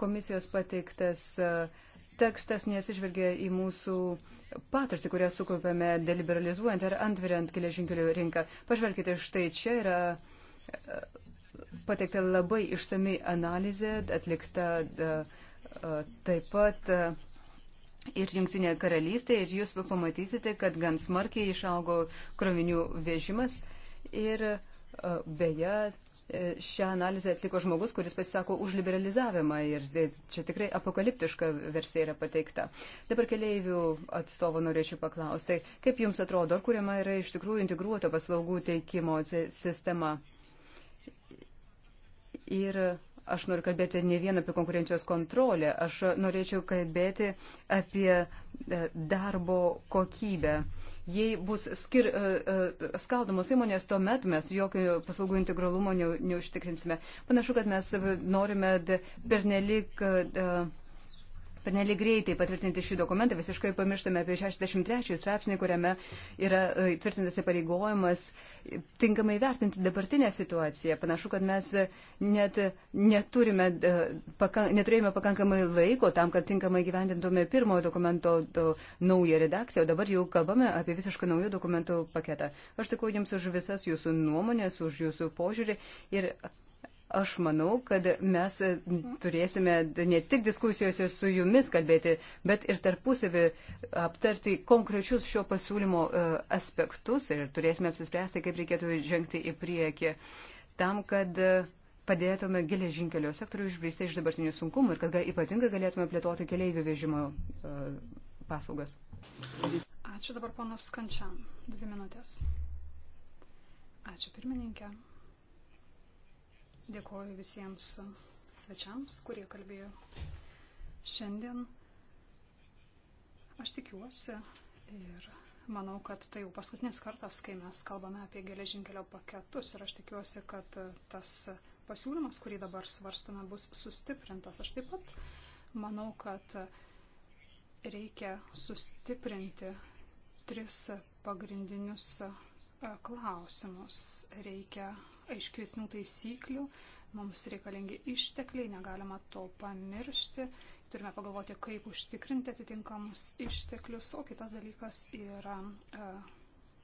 komisijos pateiktas uh, tekstas nesižvelgia į mūsų patirtį, kurią sukaupėme deliberalizuojant ir antveriant geležinkelių rinką. Pažvelkite, štai čia yra e, pateikta labai išsami analizė, atlikta e, e, taip pat ir Junktinė karalystė ir jūs pamatysite, kad gan smarkiai išaugo krovinių vežimas ir beje E, šią analizę atliko žmogus, kuris pasisako už liberalizavimą ir e, čia tikrai apokaliptiška versija yra pateikta. Dabar keliaivių atstovo norėčiau paklausti, kaip Jums atrodo, ar kuriama yra iš tikrųjų integruota paslaugų teikimo sistema? Ir Aš noriu kalbėti ne vien apie konkurencijos kontrolę, aš norėčiau kalbėti apie e, darbo kokybę. Jei bus skir, e, e, skaldomos įmonės, tuomet mes jokių paslaugų integralumo neužtikrinsime. Panašu, kad mes norime pernelik. Uh, Pernelyg greitai patvirtinti šį dokumentą visiškai pamirštame apie 63 straipsnį, kuriame yra e, tvirtintas įpareigojimas tinkamai vertinti dabartinę situaciją. Panašu, kad mes net neturime, e, pakan, neturėjome pakankamai laiko tam, kad tinkamai gyvendintume pirmojo dokumento naują redakciją, o dabar jau kalbame apie visiškai naujo dokumento paketą. Aš dėkuoju Jums už visas Jūsų nuomonės, už Jūsų požiūrį ir Aš manau, kad mes e, turėsime ne tik diskusijose su jumis kalbėti, bet ir tarpusavį aptarti konkrečius šio pasiūlymo e, aspektus ir turėsime apsispręsti, kaip reikėtų žengti į priekį tam, kad e, padėtume geležinkelio sektoriu išbristi iš dabartinių sunkumų ir kad ypatingai galėtume plėtoti keliaivių vežimo paslaugas. Ačiū dabar ponas Kančian. Dvi minutės. Ačiū pirmininkė. Dėkoju visiems svečiams, kurie kalbėjo šiandien. Aš tikiuosi ir manau, kad tai jau paskutinis kartas, kai mes kalbame apie geležinkelio paketus ir aš tikiuosi, kad tas pasiūlymas, kurį dabar svarstame, bus sustiprintas. Aš taip pat manau, kad reikia sustiprinti tris pagrindinius e, klausimus. Reikia aiškesnių taisyklių, mums reikalingi ištekliai, negalima to pamiršti, turime pagalvoti, kaip užtikrinti atitinkamus išteklius, o kitas dalykas yra e,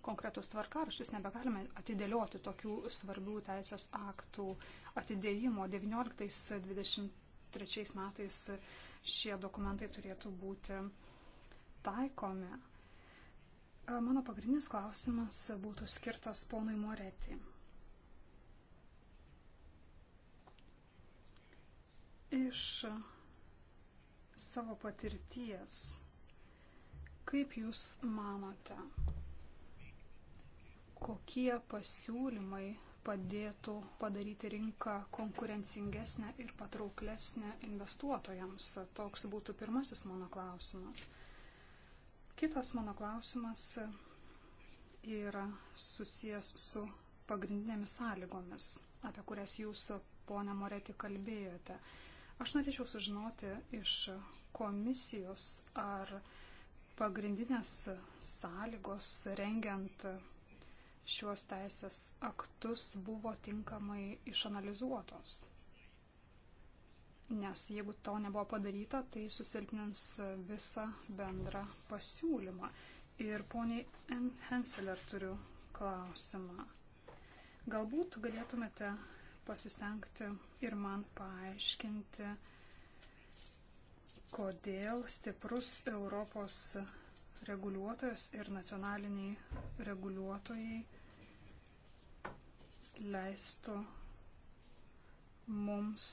konkretus tvarkaraštis, nebegalime atidėlioti tokių svarbių teisės aktų atidėjimo 19-23 metais šie dokumentai turėtų būti taikomi. E, mano pagrindinis klausimas būtų skirtas ponui Moretį. iš savo patirties, kaip Jūs manote, kokie pasiūlymai padėtų padaryti rinką konkurencingesnę ir patrauklesnę investuotojams? Toks būtų pirmasis mano klausimas. Kitas mano klausimas yra susijęs su pagrindinėmis sąlygomis, apie kurias Jūs, ponė Moreti, kalbėjote. Aš norėčiau sužinoti iš komisijos, ar pagrindinės sąlygos rengiant šiuos teisės aktus buvo tinkamai išanalizuotos. Nes jeigu to nebuvo padaryta, tai susilpnins visą bendrą pasiūlymą. Ir poniai Henseler turiu klausimą. Galbūt galėtumėte pasistengti ir man paaiškinti, kodėl stiprus Europos reguliuotojas ir nacionaliniai reguliuotojai leistų mums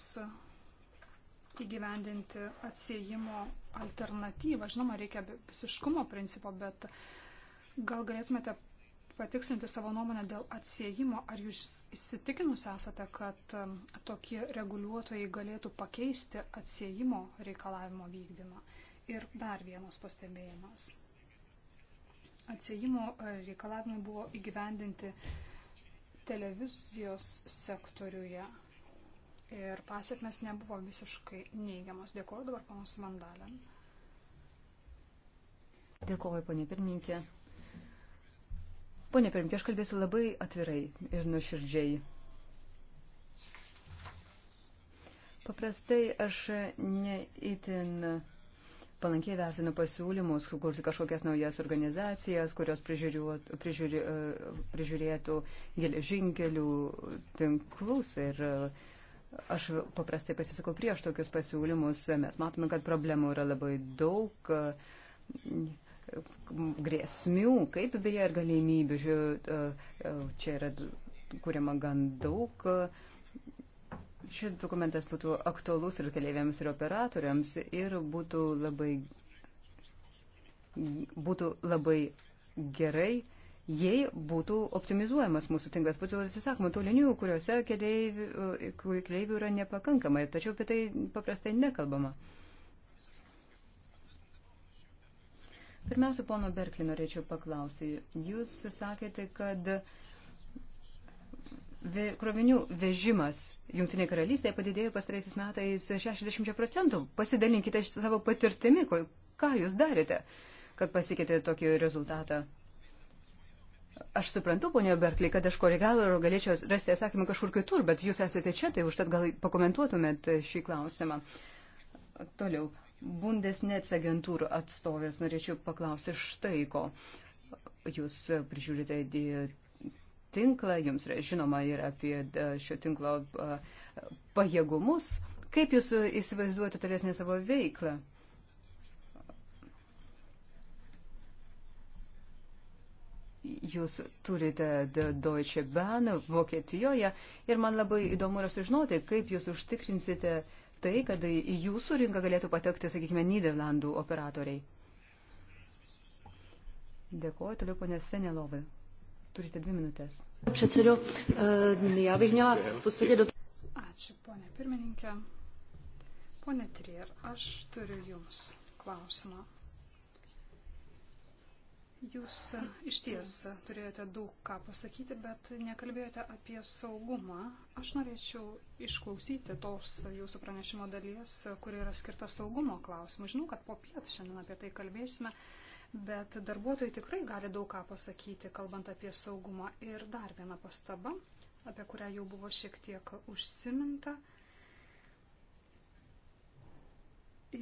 įgyvendinti atsiejimo alternatyvą. Žinoma, reikia visiškumo principo, bet gal galėtumėte patikslinti savo nuomonę dėl atsiejimo. Ar jūs įsitikinus esate, kad um, tokie reguliuotojai galėtų pakeisti atsiejimo reikalavimo vykdymą? Ir dar vienas pastebėjimas. Atsiejimo e, reikalavimai buvo įgyvendinti televizijos sektoriuje ir pasiekmes nebuvo visiškai neigiamos. Dėkuoju dabar panas Vandalin. Dėkuoju, ponė pirmininkė. Pone Pirmke, aš kalbėsiu labai atvirai ir nuširdžiai. Paprastai aš neįtin palankiai vertinu pasiūlymus, kurti kažkokias naujas organizacijas, kurios prižiūri, prižiūrėtų geležinkelių tinklus. Ir e, aš paprastai pasisakau prieš tokius pasiūlymus. Mes matome, kad problemų yra labai daug grėsmių, kaip beje ir galimybių. Žiūrėjau, e, e, čia yra kuriama gan daug. Šis dokumentas būtų aktualus ir keliaiviams, ir operatoriams, ir būtų labai, būtų labai gerai, jei būtų optimizuojamas mūsų tinklas, būtų atsisakoma tų linijų, kuriuose keliaivių e, yra nepakankamai, tačiau apie tai paprastai nekalbama. Uh, Pirmiausia, pono Berklį norėčiau paklausyti. Jūs sakėte, kad krovinių vežimas Junktinėje karalystėje padidėjo pastaraisiais metais 60 procentų. Pasidalinkite savo patirtimi, ką jūs darėte, kad pasikėtė tokį rezultatą. Aš suprantu, ponio Berklį, kad aš koregalo galėčiau rasti atsakymą kažkur kitur, bet jūs esate čia, tai užtat gal pakomentuotumėt šį klausimą. Toliau. Bundesnets agentūrų atstovės norėčiau paklausti štai ko. Jūs prižiūrite tinklą, jums yra žinoma ir apie e, šio tinklo e, pajėgumus. Kaip jūs įsivaizduojate tolesnę savo veiklą? jūs turite Deutsche Bahn Vokietijoje ir man labai įdomu yra sužinoti, kaip jūs užtikrinsite uh, tai, kad į jūsų rinką galėtų patekti, sakykime, Niderlandų operatoriai? Dėkuoju, toliau ponė Senelovai. Turite dvi minutės. Eh, Ačiū, ponė pirmininkė. Pone Trier, aš turiu Jums klausimą. Jūs e, iš ties turėjote daug ką pasakyti, bet nekalbėjote apie saugumą. Aš norėčiau išklausyti tos jūsų pranešimo dalies, kuri yra skirta saugumo klausimui. Žinau, kad po piet šiandien apie tai kalbėsime, bet darbuotojai tikrai gali daug ką pasakyti, kalbant apie saugumą. Ir dar viena pastaba, apie kurią jau buvo šiek tiek užsiminta,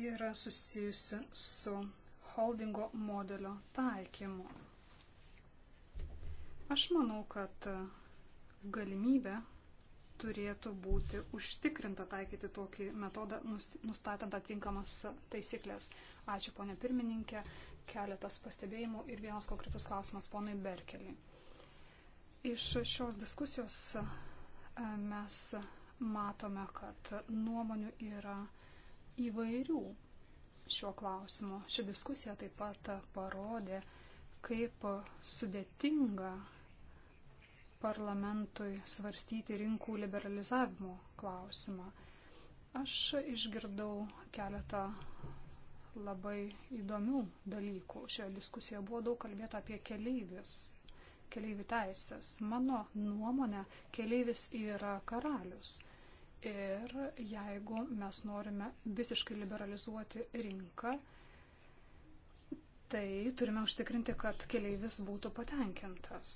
yra susijusi su holdingo modelio taikymu. Aš manau, kad galimybė turėtų būti užtikrinta taikyti tokį metodą, nustatant atitinkamas taisyklės. Ačiū, ponė pirmininkė, keletas pastebėjimų ir vienas konkretus klausimas ponui Berkeliui. Iš šios diskusijos e, mes matome, kad nuomonių yra įvairių šiuo klausimu. Ši diskusija taip pat parodė, kaip sudėtinga parlamentui svarstyti rinkų liberalizavimo klausimą. Aš išgirdau keletą labai įdomių dalykų. Šioje diskusijoje buvo daug kalbėta apie keleivis, keleivių teisės. Mano nuomonė, keleivis yra karalius. Ir jeigu mes norime visiškai liberalizuoti rinką, tai turime užtikrinti, kad keleivis būtų patenkintas.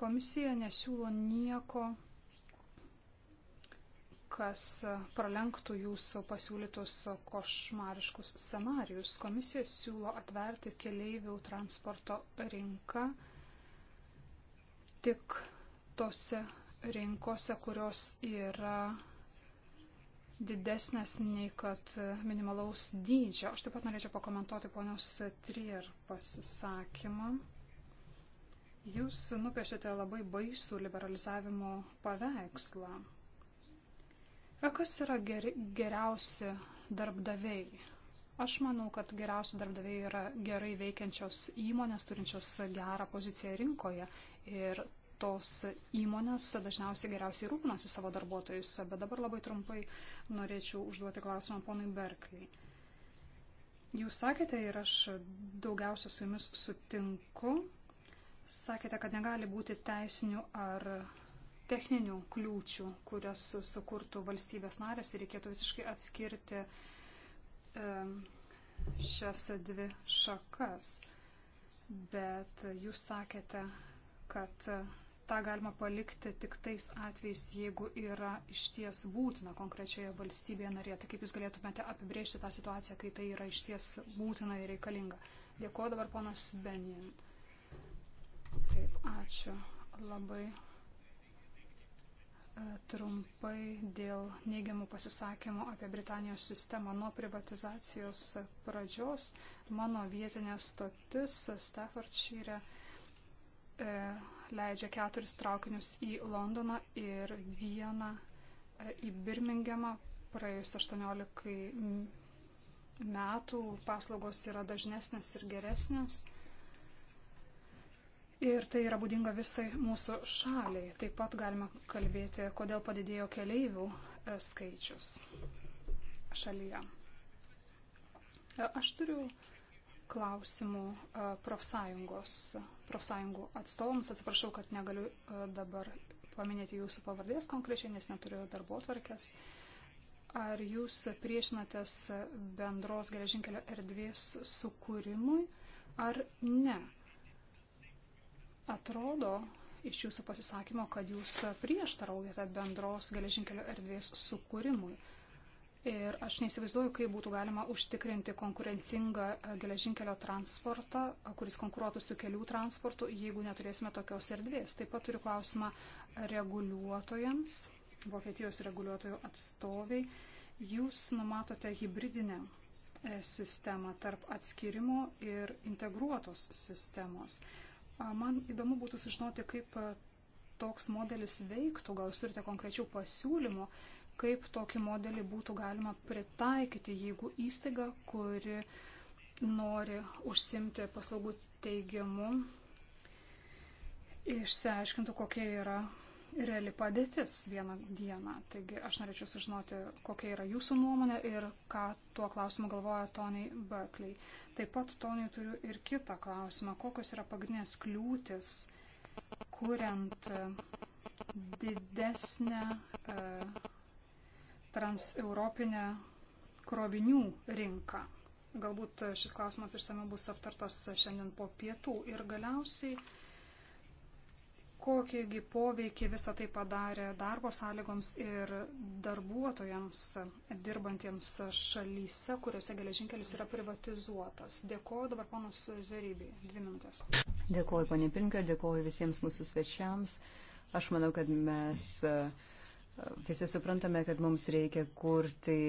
Komisija nesiūlo nieko, kas pralenktų jūsų pasiūlytus košmariškus scenarius. Komisija siūlo atverti keleivių transporto rinką tik tose rinkose, kurios yra didesnės nei kad minimalaus dydžio. Aš taip pat norėčiau pakomentuoti ponios Trier pasisakymą. Jūs nupiešėte labai baisų liberalizavimo paveikslą. Kas yra geri, geriausi darbdaviai? Aš manau, kad geriausi darbdaviai yra gerai veikiančios įmonės, turinčios gerą poziciją rinkoje. Ir tos įmonės dažniausiai geriausiai rūpinosi savo darbuotojais, bet dabar labai trumpai norėčiau užduoti klausimą ponui Berkliai. Jūs sakėte ir aš daugiausia su jumis sutinku, sakėte, kad negali būti teisinių ar techninių kliūčių, kurias sukurtų valstybės narės ir reikėtų visiškai atskirti šias dvi šakas. Bet jūs sakėte, kad tą galima palikti tik tais atvejais, jeigu yra išties būtina konkrečioje valstybėje narėje. Tai kaip Jūs galėtumėte apibrėžti tą situaciją, kai tai yra išties būtina ir reikalinga? Dėkuoju dabar ponas Benin. Taip, ačiū labai e, trumpai dėl neigiamų pasisakymų apie Britanijos sistemą nuo privatizacijos pradžios. Mano vietinė stotis Staffordshire e, leidžia keturis traukinius į Londoną ir vieną e, į Birmingemą. Praėjus 18 metų paslaugos yra dažnesnės ir geresnės. Ir tai yra būdinga visai mūsų šaliai. Taip pat galima kalbėti, kodėl padidėjo keleivių e, skaičius šalyje. E, aš turiu klausimų e, profsąjungos, profsąjungų atstovams. Atsiprašau, kad negaliu e, dabar paminėti jūsų pavardės konkrečiai, nes neturiu darbo tvarkės. Ar jūs priešinatės bendros geležinkelio erdvės sukūrimui ar ne? Atrodo iš jūsų pasisakymo, kad jūs prieštaraujate bendros geležinkelio erdvės sukūrimui. Ir aš neįsivaizduoju, kaip būtų galima užtikrinti konkurencingą e, geležinkelio transportą, e, kuris konkuruotų su kelių transportu, jeigu neturėsime tokios erdvės. Taip pat turiu klausimą reguliuotojams, Vokietijos reguliuotojų atstoviai. Jūs numatote hybridinę e, sistemą tarp atskirimo ir integruotos sistemos. Man įdomu būtų sužinoti, kaip toks modelis veiktų, gal jūs turite konkrečių pasiūlymų kaip tokį modelį būtų galima pritaikyti, jeigu įstaiga, kuri nori užsimti paslaugų teigimu, išsiaiškintų, kokia yra reali padėtis vieną dieną. Taigi aš norėčiau sužinoti, kokia yra jūsų nuomonė ir ką tuo klausimu galvoja Tony Berkeley. Taip pat, Tony, turiu ir kitą klausimą. Kokios yra pagrindinės kliūtis, kuriant e, didesnę e, transeuropinę krovinių rinką. Galbūt šis klausimas išsame bus aptartas šiandien po pietų. Ir galiausiai, kokiegi poveikį visą tai padarė darbo sąlygoms ir darbuotojams dirbantiems šalyse, kuriuose geležinkelis yra privatizuotas. Dėkuoju dabar ponas Zerybė. Dvi minutės. Dėkuoju, ponė Pirinka, dėkuoju visiems mūsų svečiams. Aš manau, kad mes. Uh, Visi suprantame, kad mums reikia kurti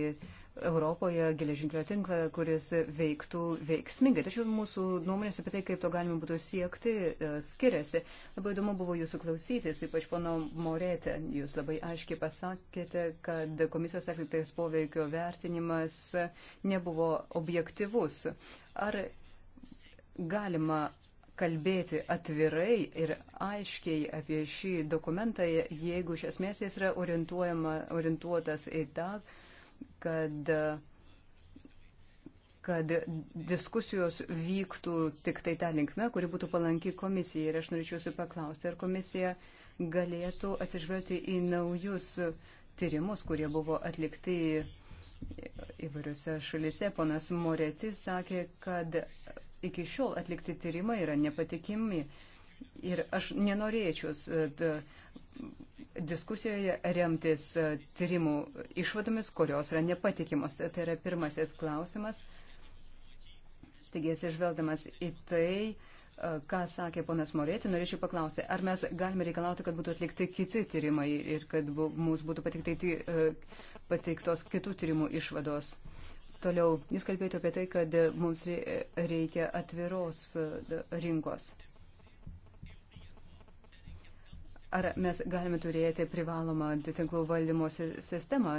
Europoje geležinkelio tinklą, kuris veiktų veiksmingai. Tačiau mūsų nuomonės apie tai, kaip to galima būtų siekti, e, skiriasi. Labai įdomu buvo jūsų klausytis, ypač pono Morėte. Jūs labai aiškiai pasakėte, kad komisijos atliktas poveikio vertinimas nebuvo objektivus. Ar galima kalbėti atvirai ir aiškiai apie šį dokumentą, jeigu iš esmės jis yra orientuotas į tą, kad, kad diskusijos vyktų tik tai tą linkme, kuri būtų palanki komisijai. Ir aš norėčiau jūsų paklausti, ar komisija galėtų atsižvelgti į naujus tyrimus, kurie buvo atlikti įvairiose šalise. Ponas Moretis sakė, kad iki šiol atlikti tyrimai yra nepatikimi. Ir aš nenorėčiau e, diskusijoje remtis e, tyrimų išvadomis, kurios yra nepatikimos. Tai, tai yra pirmasis klausimas. Taigi, atsižvelgdamas į tai, e, ką sakė ponas Morėti, norėčiau paklausti, ar mes galime reikalauti, kad būtų atlikti kiti tyrimai ir kad mums būtų pateiktos kitų tyrimų išvados. Toliau, jūs kalbėjote apie tai, kad mums reikia atviros e, rinkos. Ar mes galime turėti privalomą tinklų valdymo sistemą?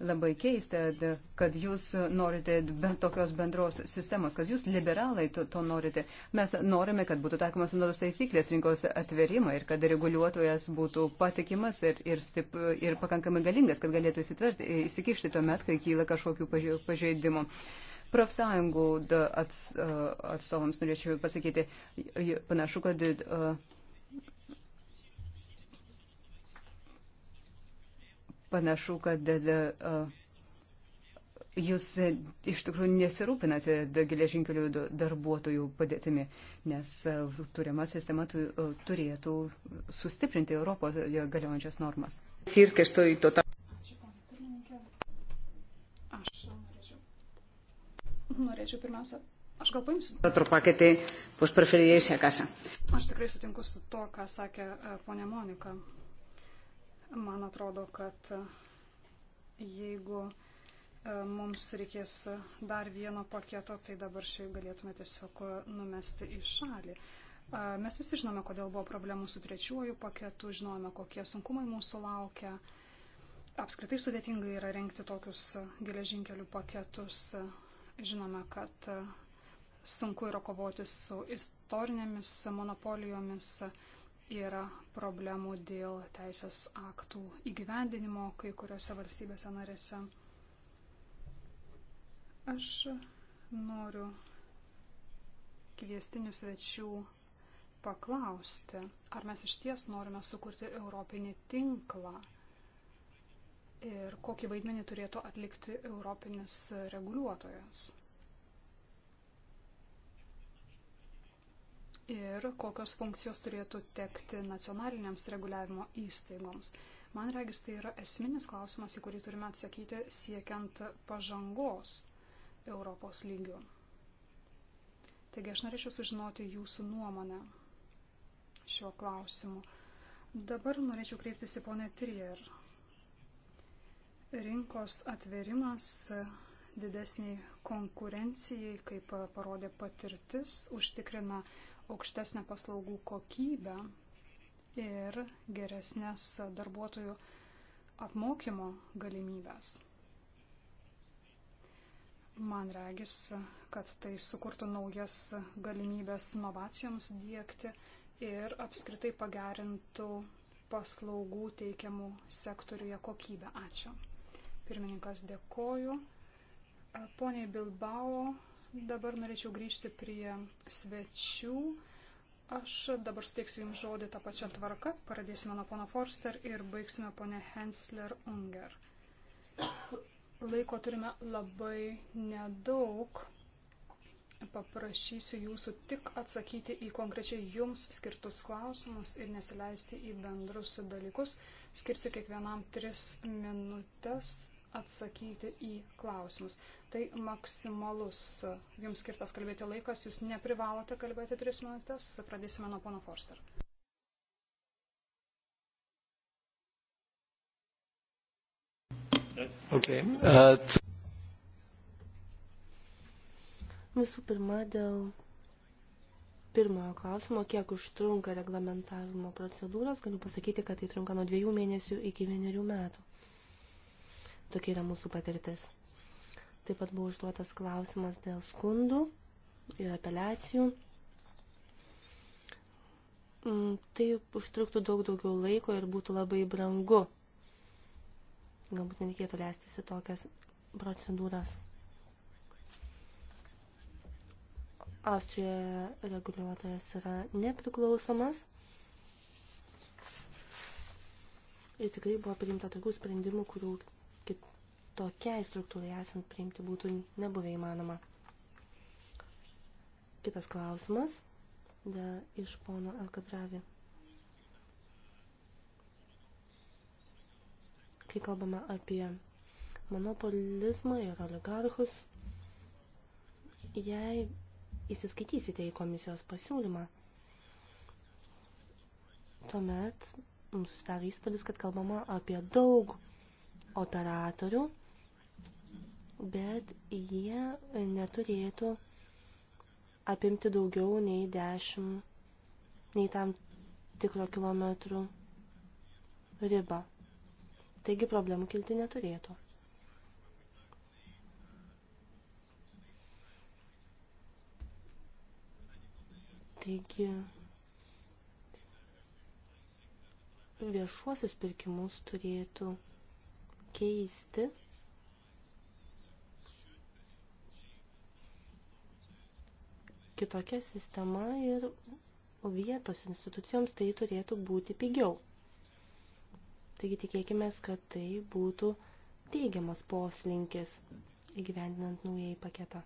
labai keista, kad jūs norite be tokios bendros sistemos, kad jūs liberalai to, to norite. Mes norime, kad būtų taikomas vienodos taisyklės rinkos atverimą ir kad reguliuotojas būtų patikimas ir, ir, stip, ir pakankamai galingas, kad galėtų įsikišti tuo met, kai kyla kažkokių pažeidimų. Profsąjungų atstovams norėčiau pasakyti, panašu, kad. Uh, panašu, kad e, e, jūs e, iš tikrųjų nesirūpinate geležinkelių darbuotojų padėtimi, nes turima sistema turėtų sustiprinti Europos galiojančias normas. Aš norėčiau. Norėčiau pirmiausia Aš gal paimsiu. Otro paketį, pues preferiríais a casa. Aš tikrai sutinku su to, ką sakė ponia Monika. Man atrodo, kad e, jeigu e, mums reikės dar vieno paketo, tai dabar šį galėtume tiesiog e, numesti į šalį. Mes visi žinome, kodėl buvo problemų su trečiuoju paketu, žinome, kokie sunkumai mūsų laukia. Apskritai sudėtinga yra renkti tokius geležinkelių paketus. Žinome, kad sunku yra kovoti su istorinėmis monopolijomis yra problemų dėl teisės aktų įgyvendinimo kai kuriuose valstybėse narėse. Aš noriu kviestinių svečių paklausti, ar mes iš ties norime sukurti europinį tinklą ir kokį vaidmenį turėtų atlikti europinis reguliuotojas. ir kokios funkcijos turėtų tekti nacionaliniams reguliavimo įstaigoms. Man regis, tai yra esminis klausimas, į kurį turime atsakyti siekiant pažangos Europos lygių. Taigi aš norėčiau sužinoti jūsų nuomonę šiuo klausimu. Dabar norėčiau kreiptis į ponę Trier. Rinkos atverimas didesniai konkurencijai, kaip parodė patirtis, užtikrina aukštesnę paslaugų kokybę ir geresnės darbuotojų apmokymo galimybės. Man regis, kad tai sukurtų naujas galimybės inovacijoms dėkti ir apskritai pagerintų paslaugų teikiamų sektoriuje kokybę. Ačiū. Pirmininkas dėkoju. Poniai Bilbao Dabar norėčiau grįžti prie svečių. Aš dabar steiksiu Jums žodį tą pačią tvarką. Pradėsime nuo pono Forster ir baigsime ponę Hensler Unger. Laiko turime labai nedaug. Paprašysiu Jūsų tik atsakyti į konkrečiai Jums skirtus klausimus ir nesileisti į bendrus dalykus. Skirsiu kiekvienam tris minutės atsakyti į klausimus tai maksimalus jums skirtas kalbėti laikas, jūs neprivalote kalbėti tris minutės. Pradėsime nuo pono Forster. Okay. Uh, Visų pirma, dėl pirmojo klausimo, kiek užtrunka reglamentavimo procedūros, galiu pasakyti, kad tai trunka nuo dviejų mėnesių iki vienerių metų. Tokia yra mūsų patirtis. Taip pat buvo užduotas klausimas dėl skundų ir apeliacijų. Mm, tai užtruktų daug daugiau laiko ir būtų labai brangu. Galbūt nereikėtų leistis į tokias procedūras. Austrijoje reguliuotojas yra nepriklausomas. Ir tikrai buvo priimta tokių sprendimų, kurių tokiai struktūrai esant priimti būtų nebuvę įmanoma. Kitas klausimas da, iš pono Alkadravi. Kai kalbame apie monopolizmą ir oligarchus, jei įsiskaitysite į komisijos pasiūlymą, tuomet mums susidaro įspūdis, kad kalbama apie daug operatorių bet jie neturėtų apimti daugiau nei 10, nei tam tikro kilometrų ribą. Taigi problemų kilti neturėtų. Taigi viešuosius pirkimus turėtų keisti kitokia sistema ir vietos institucijoms tai turėtų būti pigiau. Taigi tikėkime, kad tai būtų teigiamas poslinkis įgyvendinant naujai paketą.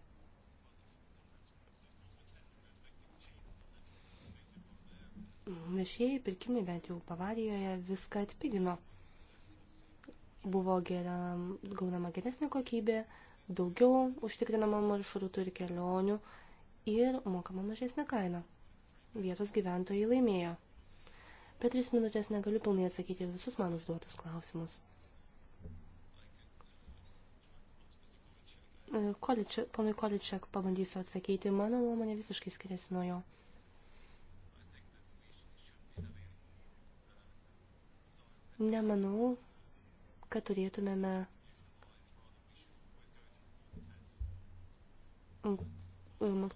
Viešieji pirkimai bent jau Bavarijoje viską atpigino. Buvo gera, gaunama geresnė kokybė, daugiau užtikrinama maršrutų ir kelionių, ir mokama mažesnė kaina. Vietos gyventojai laimėjo. Per tris minutės negaliu pilnai atsakyti visus man užduotus klausimus. E, Količia, ponui Količiak pabandysiu atsakyti, mano nuomonė visiškai skiriasi nuo jo. Nemanau, kad turėtumėme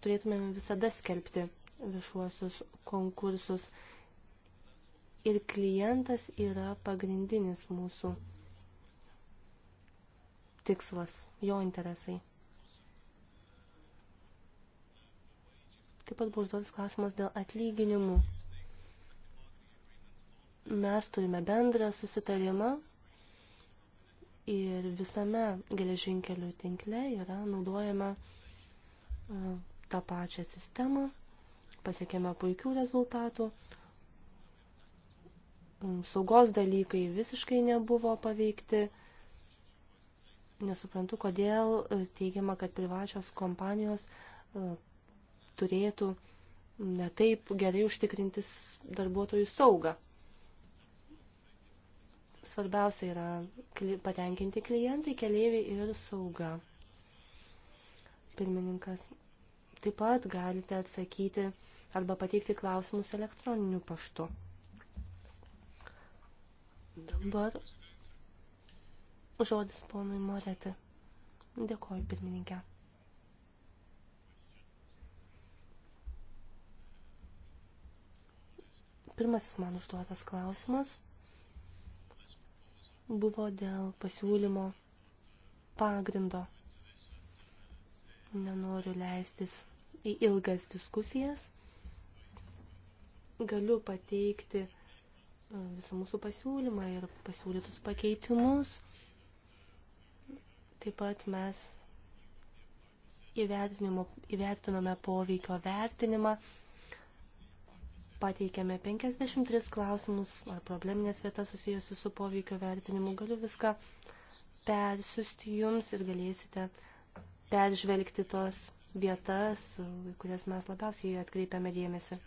turėtumėm visada skelbti viešuosius konkursus. Ir klientas yra pagrindinis mūsų tikslas, jo interesai. Taip pat buvo užduotas klausimas dėl atlyginimų. Mes turime bendrą susitarimą ir visame geležinkelių tinkle yra naudojama tą pačią sistemą, pasiekėme puikių rezultatų. Mm, saugos dalykai visiškai nebuvo paveikti. Nesuprantu, kodėl e, teigiama, kad privačios kompanijos e, turėtų mm, netaip gerai užtikrintis darbuotojų saugą. Svarbiausia yra patenkinti klientai, keleiviai ir sauga pirmininkas. Taip pat galite atsakyti arba pateikti klausimus elektroniniu paštu. Dabar žodis ponui Moretė. Dėkoju, pirmininkė. Pirmasis man užduotas klausimas buvo dėl pasiūlymo pagrindo nenoriu leistis į ilgas diskusijas. Galiu pateikti e, visą mūsų pasiūlymą ir pasiūlytus pakeitimus. Taip pat mes įvertinome poveikio vertinimą, pateikėme 53 klausimus ar probleminės vietas susijusius su poveikio vertinimu. Galiu viską persiusti jums ir galėsite uh, peržvelgti tos vietas, kurias mes labiausiai atkreipiame dėmesį.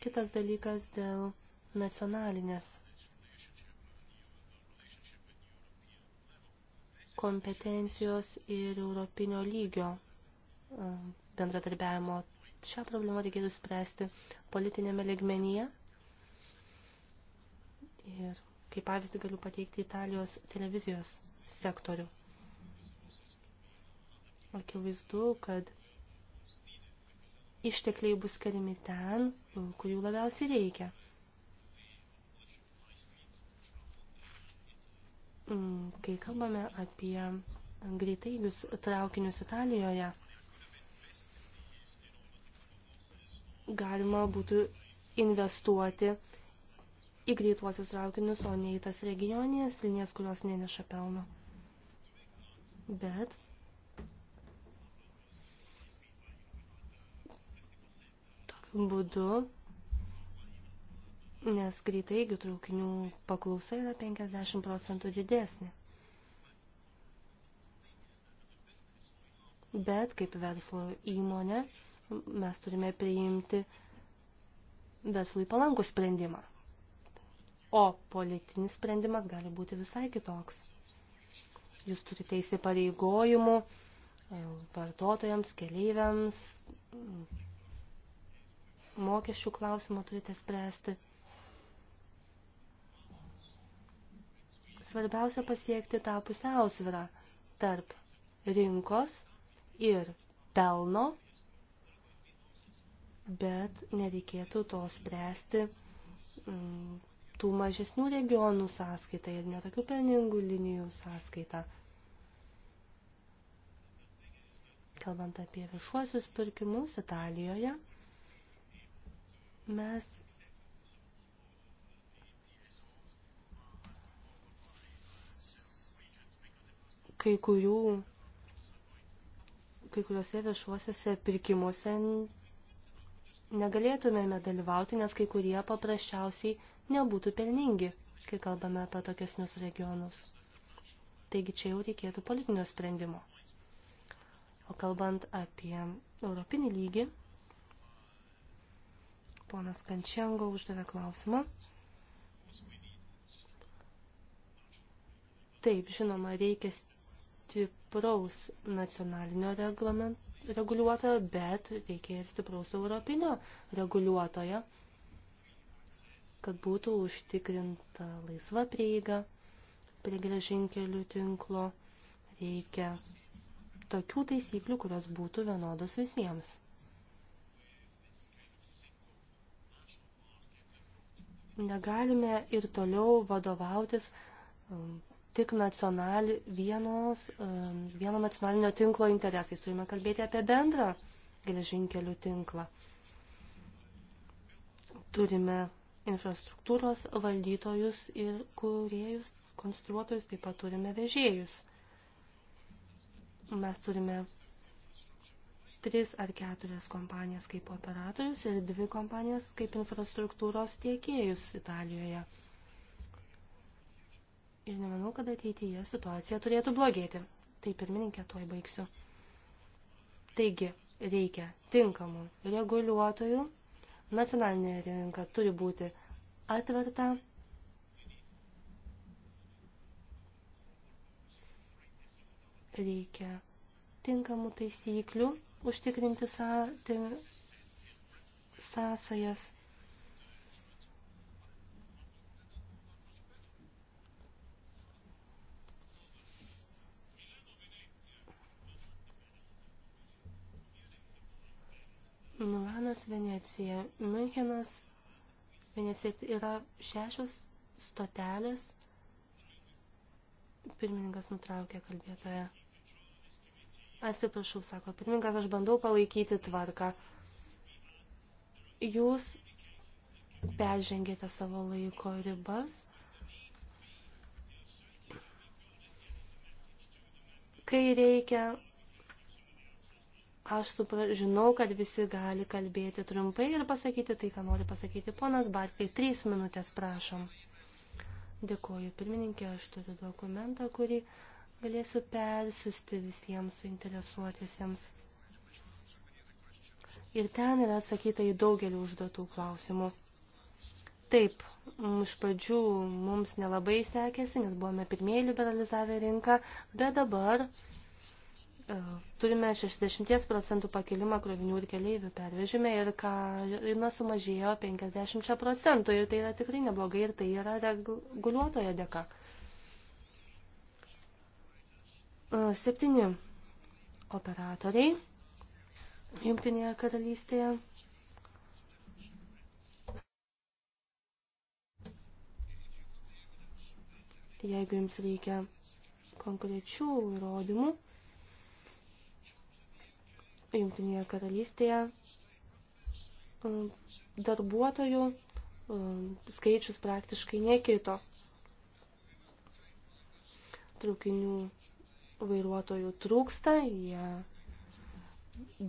Kitas dalykas dėl nacionalinės kompetencijos ir europinio lygio um, bendradarbiavimo šią problemą reikėtų spręsti politinėme legmenyje. Ir kaip pavyzdį galiu pateikti Italijos televizijos sektorių. Akivaizdu, kad ištekliai bus skiriami ten, kur jų labiausiai reikia. Mm, kai kalbame apie greitaigius traukinius Italijoje, galima būtų investuoti į greituosius traukinius, o ne į tas regioninės linijas, kurios neneša pelno. Bet tokiu būdu, nes greitaigių traukinių paklausa yra 50 procentų didesnė. Bet kaip verslo įmonė, mes turime priimti verslui palankų sprendimą. O politinis sprendimas gali būti visai kitoks. Jūs turite įsipareigojimų e, vartotojams, keleiviams, mokesčių klausimą turite spręsti. Svarbiausia pasiekti tą pusiausvyrą tarp rinkos ir pelno bet nereikėtų to spręsti mm, tų mažesnių regionų sąskaita ir netokių pelningų linijų sąskaita. Kalbant apie viešuosius pirkimus Italijoje, mes kai kurių kai kuriuose viešuosiuose pirkimuose negalėtumėme dalyvauti, nes kai kurie paprasčiausiai nebūtų pelningi, kai kalbame apie tokiesnius regionus. Taigi čia jau reikėtų politinio sprendimo. O kalbant apie europinį lygį, ponas Kančengo uždavė klausimą. Taip, žinoma, reikia stipraus nacionalinio reglamento reguliuotojo, bet reikia ir stipraus europinio reguliuotojo, kad būtų užtikrinta laisva prieiga prie geležinkelių tinklo. Reikia tokių taisyklių, kurios būtų vienodos visiems. Negalime ir toliau vadovautis um, tik nacionali, vienos, vieno nacionalinio tinklo interesais. Turime kalbėti apie bendrą geležinkelių tinklą. Turime infrastruktūros valdytojus ir kuriejus, konstruotojus, taip pat turime vežėjus. Mes turime tris ar keturias kompanijas kaip operatorius ir dvi kompanijas kaip infrastruktūros tiekėjus Italijoje. Ir nemanau, kad ateityje situacija turėtų blogėti. Tai pirmininkė, tuoj baigsiu. Taigi, reikia tinkamų reguliuotojų. Nacionalinė rinka turi būti atverta. Reikia tinkamų taisyklių užtikrinti sąsajas. Sa Milanas, Venecija, Münchenas, Venecija yra šešios stotelės. Pirmininkas nutraukė kalbėtoją. Atsiprašau, sako pirmininkas, aš bandau palaikyti tvarką. Jūs peržengėte savo laiko ribas. Kai reikia, Aš supra, žinau, kad visi gali kalbėti trumpai ir pasakyti tai, ką nori pasakyti. Ponas Bartkai, trys minutės prašom. Dėkuoju, pirmininkė, aš turiu dokumentą, kurį galėsiu persiusti visiems suinteresuotisiems. Ir ten yra atsakyta į daugelį užduotų klausimų. Taip, iš pradžių mums nelabai sekėsi, nes buvome pirmieji liberalizavę rinką, bet dabar E, turime 60 procentų pakilimą krovinių ir keleivių pervežime ir kaina sumažėjo 50 procentų ir tai yra tikrai neblogai ir tai yra reguliuotojo dėka. E, septyni operatoriai Jungtinėje karalystėje. Jeigu jums reikia konkrečių įrodymų, Jungtinėje karalystėje mm, darbuotojų mm, skaičius praktiškai nekito. Traukinių vairuotojų trūksta, jie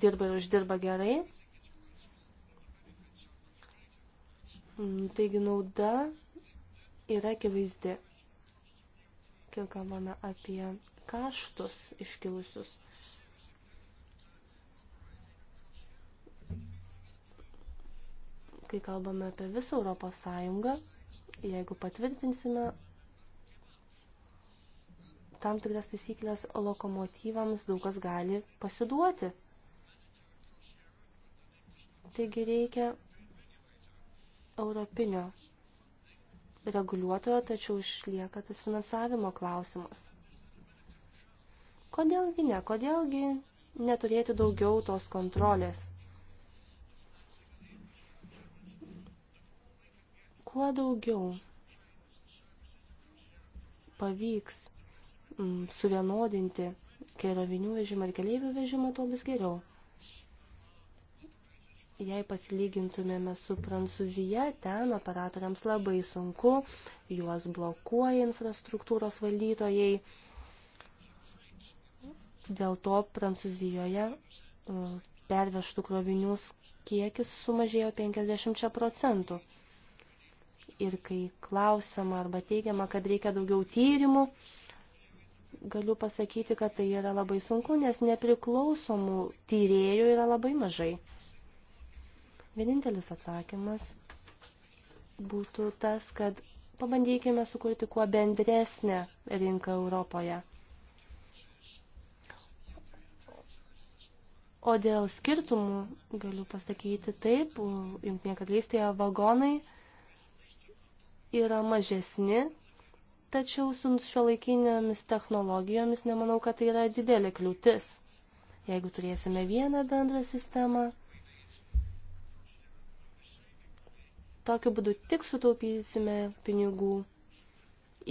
dirba ir uždirba gerai. Mm, taigi nauda yra akivaizdi, kai kalbame apie kaštus iškilusius kai kalbame apie visą Europos Sąjungą, jeigu patvirtinsime tam tikras taisyklės lokomotyvams, daug kas gali pasiduoti. Taigi reikia europinio reguliuotojo, tačiau išlieka tas finansavimo klausimas. Kodėlgi ne, kodėlgi neturėti daugiau tos kontrolės kuo daugiau pavyks mm, suvienodinti keliovinių vežimą ir keleivių vežimą, to bus geriau. Jei pasilygintumėme su Prancūzija, ten operatoriams labai sunku, juos blokuoja infrastruktūros valdytojai. Dėl to Prancūzijoje mm, perveštų krovinių kiekis sumažėjo 50 procentų ir kai klausama arba teigiama, kad reikia daugiau tyrimų, galiu pasakyti, kad tai yra labai sunku, nes nepriklausomų tyrėjų yra labai mažai. Vienintelis atsakymas būtų tas, kad pabandykime sukurti kuo bendresnę rinką Europoje. O dėl skirtumų galiu pasakyti taip, jungtinė karalystėje vagonai yra mažesni, tačiau su šiuolaikinėmis technologijomis nemanau, kad tai yra didelė kliūtis. Jeigu turėsime vieną bendrą sistemą, tokiu būdu tik sutaupysime pinigų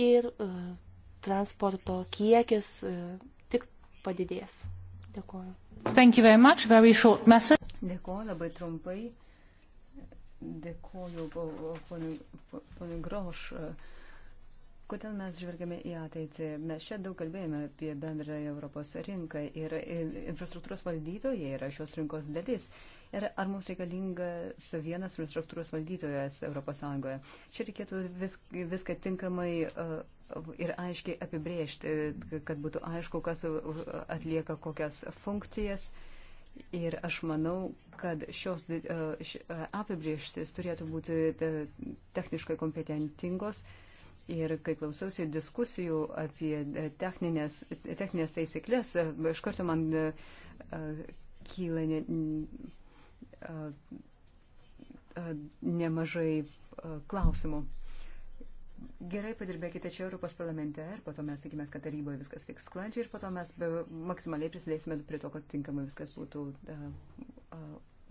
ir uh, transporto kiekis uh, tik padidės. Dėkuoju. Thank you very much. Very short message. Dėkuoju labai trumpai Dėkoju ponui Groš. Kodėl mes žvelgiame į ateitį? Mes čia daug kalbėjome apie bendrąją Europos rinką ir infrastruktūros valdytojai yra šios rinkos dalis. Ir ar mums reikalingas vienas infrastruktūros valdytojas Europos Sąjungoje? Čia reikėtų vis, viską tinkamai uh, ir aiškiai apibrėžti, kad būtų aišku, kas atlieka kokias funkcijas. Uh, Ir aš manau, kad šios e, e, apibrieštis turėtų būti e, techniškai kompetentingos. Ir kai klausiausi diskusijų apie techninės, techninės taisyklės, iš karto man kyla ne, nemažai klausimų. Gerai padirbėkite čia Europos parlamente ir po to mes tikimės, kad taryboje viskas vyks sklandžiai ir po to mes maksimaliai prisidėsime prie to, kad tinkamai viskas būtų uh, uh,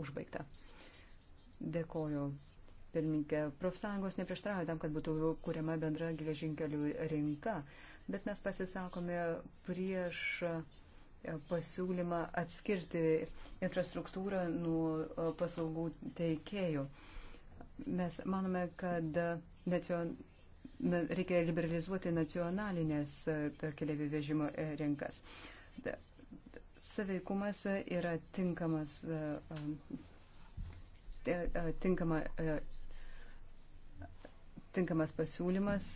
užbaigta. Dėkoju. Pirmininkė, profsąjungos neprieštrauja tam, kad būtų kuriama bendra geležinkelių rinka, bet mes pasisakome prieš e, pasiūlymą atskirti infrastruktūrą nuo paslaugų teikėjų. Mes manome, kad nacion, reikia liberalizuoti nacionalinės e, keliaivių vežimo e, rinkas. Saveikumas e, yra tinkamas, tinkama, tinkamas pasiūlymas.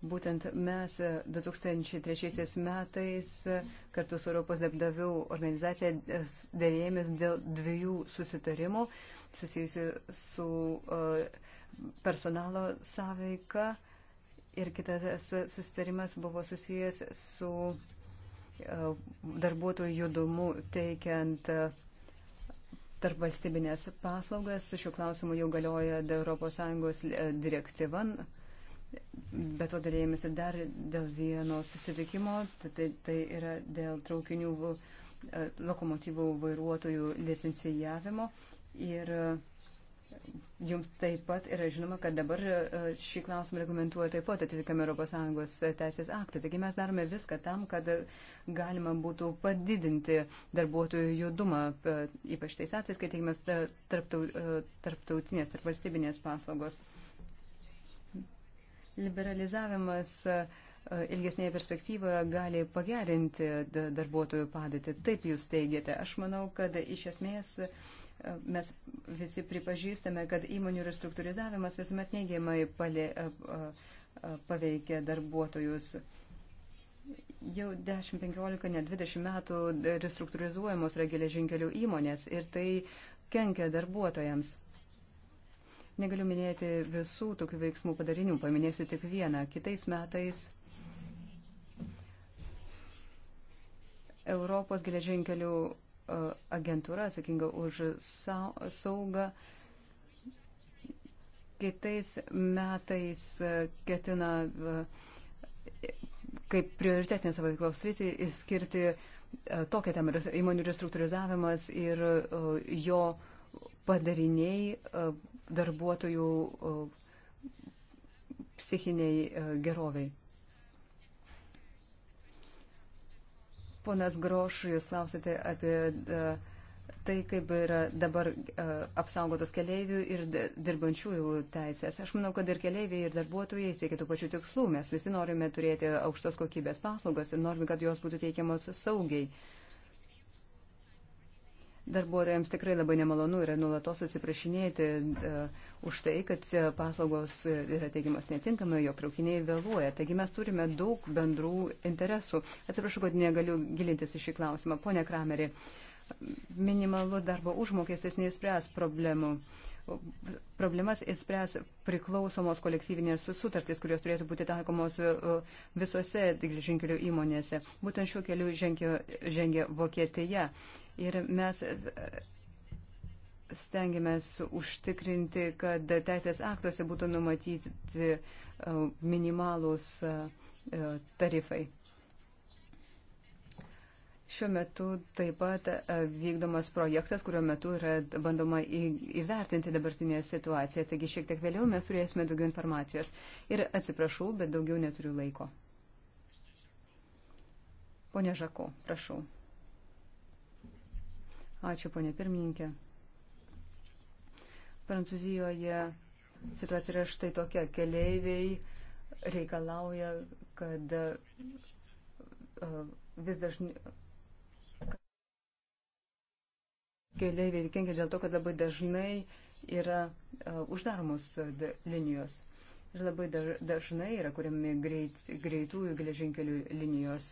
Būtent mes 2003 metais kartu su Europos darbdavių organizacija dėrėjomės dėl dviejų susitarimų susijusių su uh, personalo sąveika ir kitas sustarimas buvo susijęs su e, darbuotojų judumu teikiant e, tarp valstybinės paslaugas. Šiuo klausimu jau galioja ES e, direktyva, bet to darėjimėsi dar dėl vieno susitikimo, tai, tai yra dėl traukinių lokomotyvų vairuotojų licencijavimo. Ir uh, jums taip pat yra žinoma, kad dabar e, šį klausimą reglamentuoja taip pat atitikami ES teisės aktai. Taigi mes darome viską tam, kad galima būtų padidinti darbuotojų judumą, e, ypač tais atvejais, kai teikimas e, tarptautinės, tarpvalstybinės paslaugos. Liberalizavimas ilgesnėje perspektyvoje gali pagerinti darbuotojų padėtį. Taip jūs teigiate. Aš manau, kad iš esmės Mes visi pripažįstame, kad įmonių restruktūrizavimas visuomet neigiamai paveikia darbuotojus. Jau 10, 15, net 20 metų restruktūrizuojamos yra geležinkelių įmonės ir tai kenkia darbuotojams. Negaliu minėti visų tokių veiksmų padarinių, paminėsiu tik vieną. Kitais metais Europos geležinkelių E, agentūra atsakinga už saugą kitais metais ketina e, kaip prioritetinę savo veiklos sritį išskirti e, tokią temą įmonių restruktūrizavimas ir jo padariniai darbuotojų psichiniai geroviai. Ponas Groš, jūs klausėte apie e, tai, kaip yra dabar e, apsaugotos keleivių ir dirbančiųjų teisės. Aš manau, kad ir keleiviai, ir darbuotojai siekia tų pačių tikslų. Mes visi norime turėti aukštos kokybės paslaugas ir norime, kad jos būtų teikiamos saugiai. Darbuotojams tikrai labai nemalonu yra nulatos atsiprašinėti. Uh, už tai, kad paslaugos yra teigiamas netinkamai, jo traukiniai vėluoja. Taigi mes turime daug bendrų interesų. Atsiprašau, kad negaliu gilintis į šį klausimą. Pone Krameri, minimalus darbo užmokestis neįspręs problemų. Problemas įspręs priklausomos kolektyvinės sutartys, kurios turėtų būti taikomos e, visose geležinkelių įmonėse. Būtent šiuo keliu žengia, žengia Vokietija. Ir mes stengiamės užtikrinti, kad teisės aktuose būtų numatyti e, minimalūs e, tarifai. Šiuo metu taip pat e, vykdomas projektas, kurio metu yra bandoma įvertinti dabartinę situaciją. Taigi šiek tiek vėliau mes turėsime daugiau informacijos. Ir atsiprašau, bet daugiau neturiu laiko. Pone Žako, prašau. Ačiū, ponė pirmininkė. Prancūzijoje situacija yra štai tokia. Keleiviai reikalauja, kad vis dažniau. Keleiviai kenkia dėl to, kad labai dažnai yra uh, uždaromos linijos. Ir labai dažnai yra kuriami greit, greitųjų geležinkelių linijos.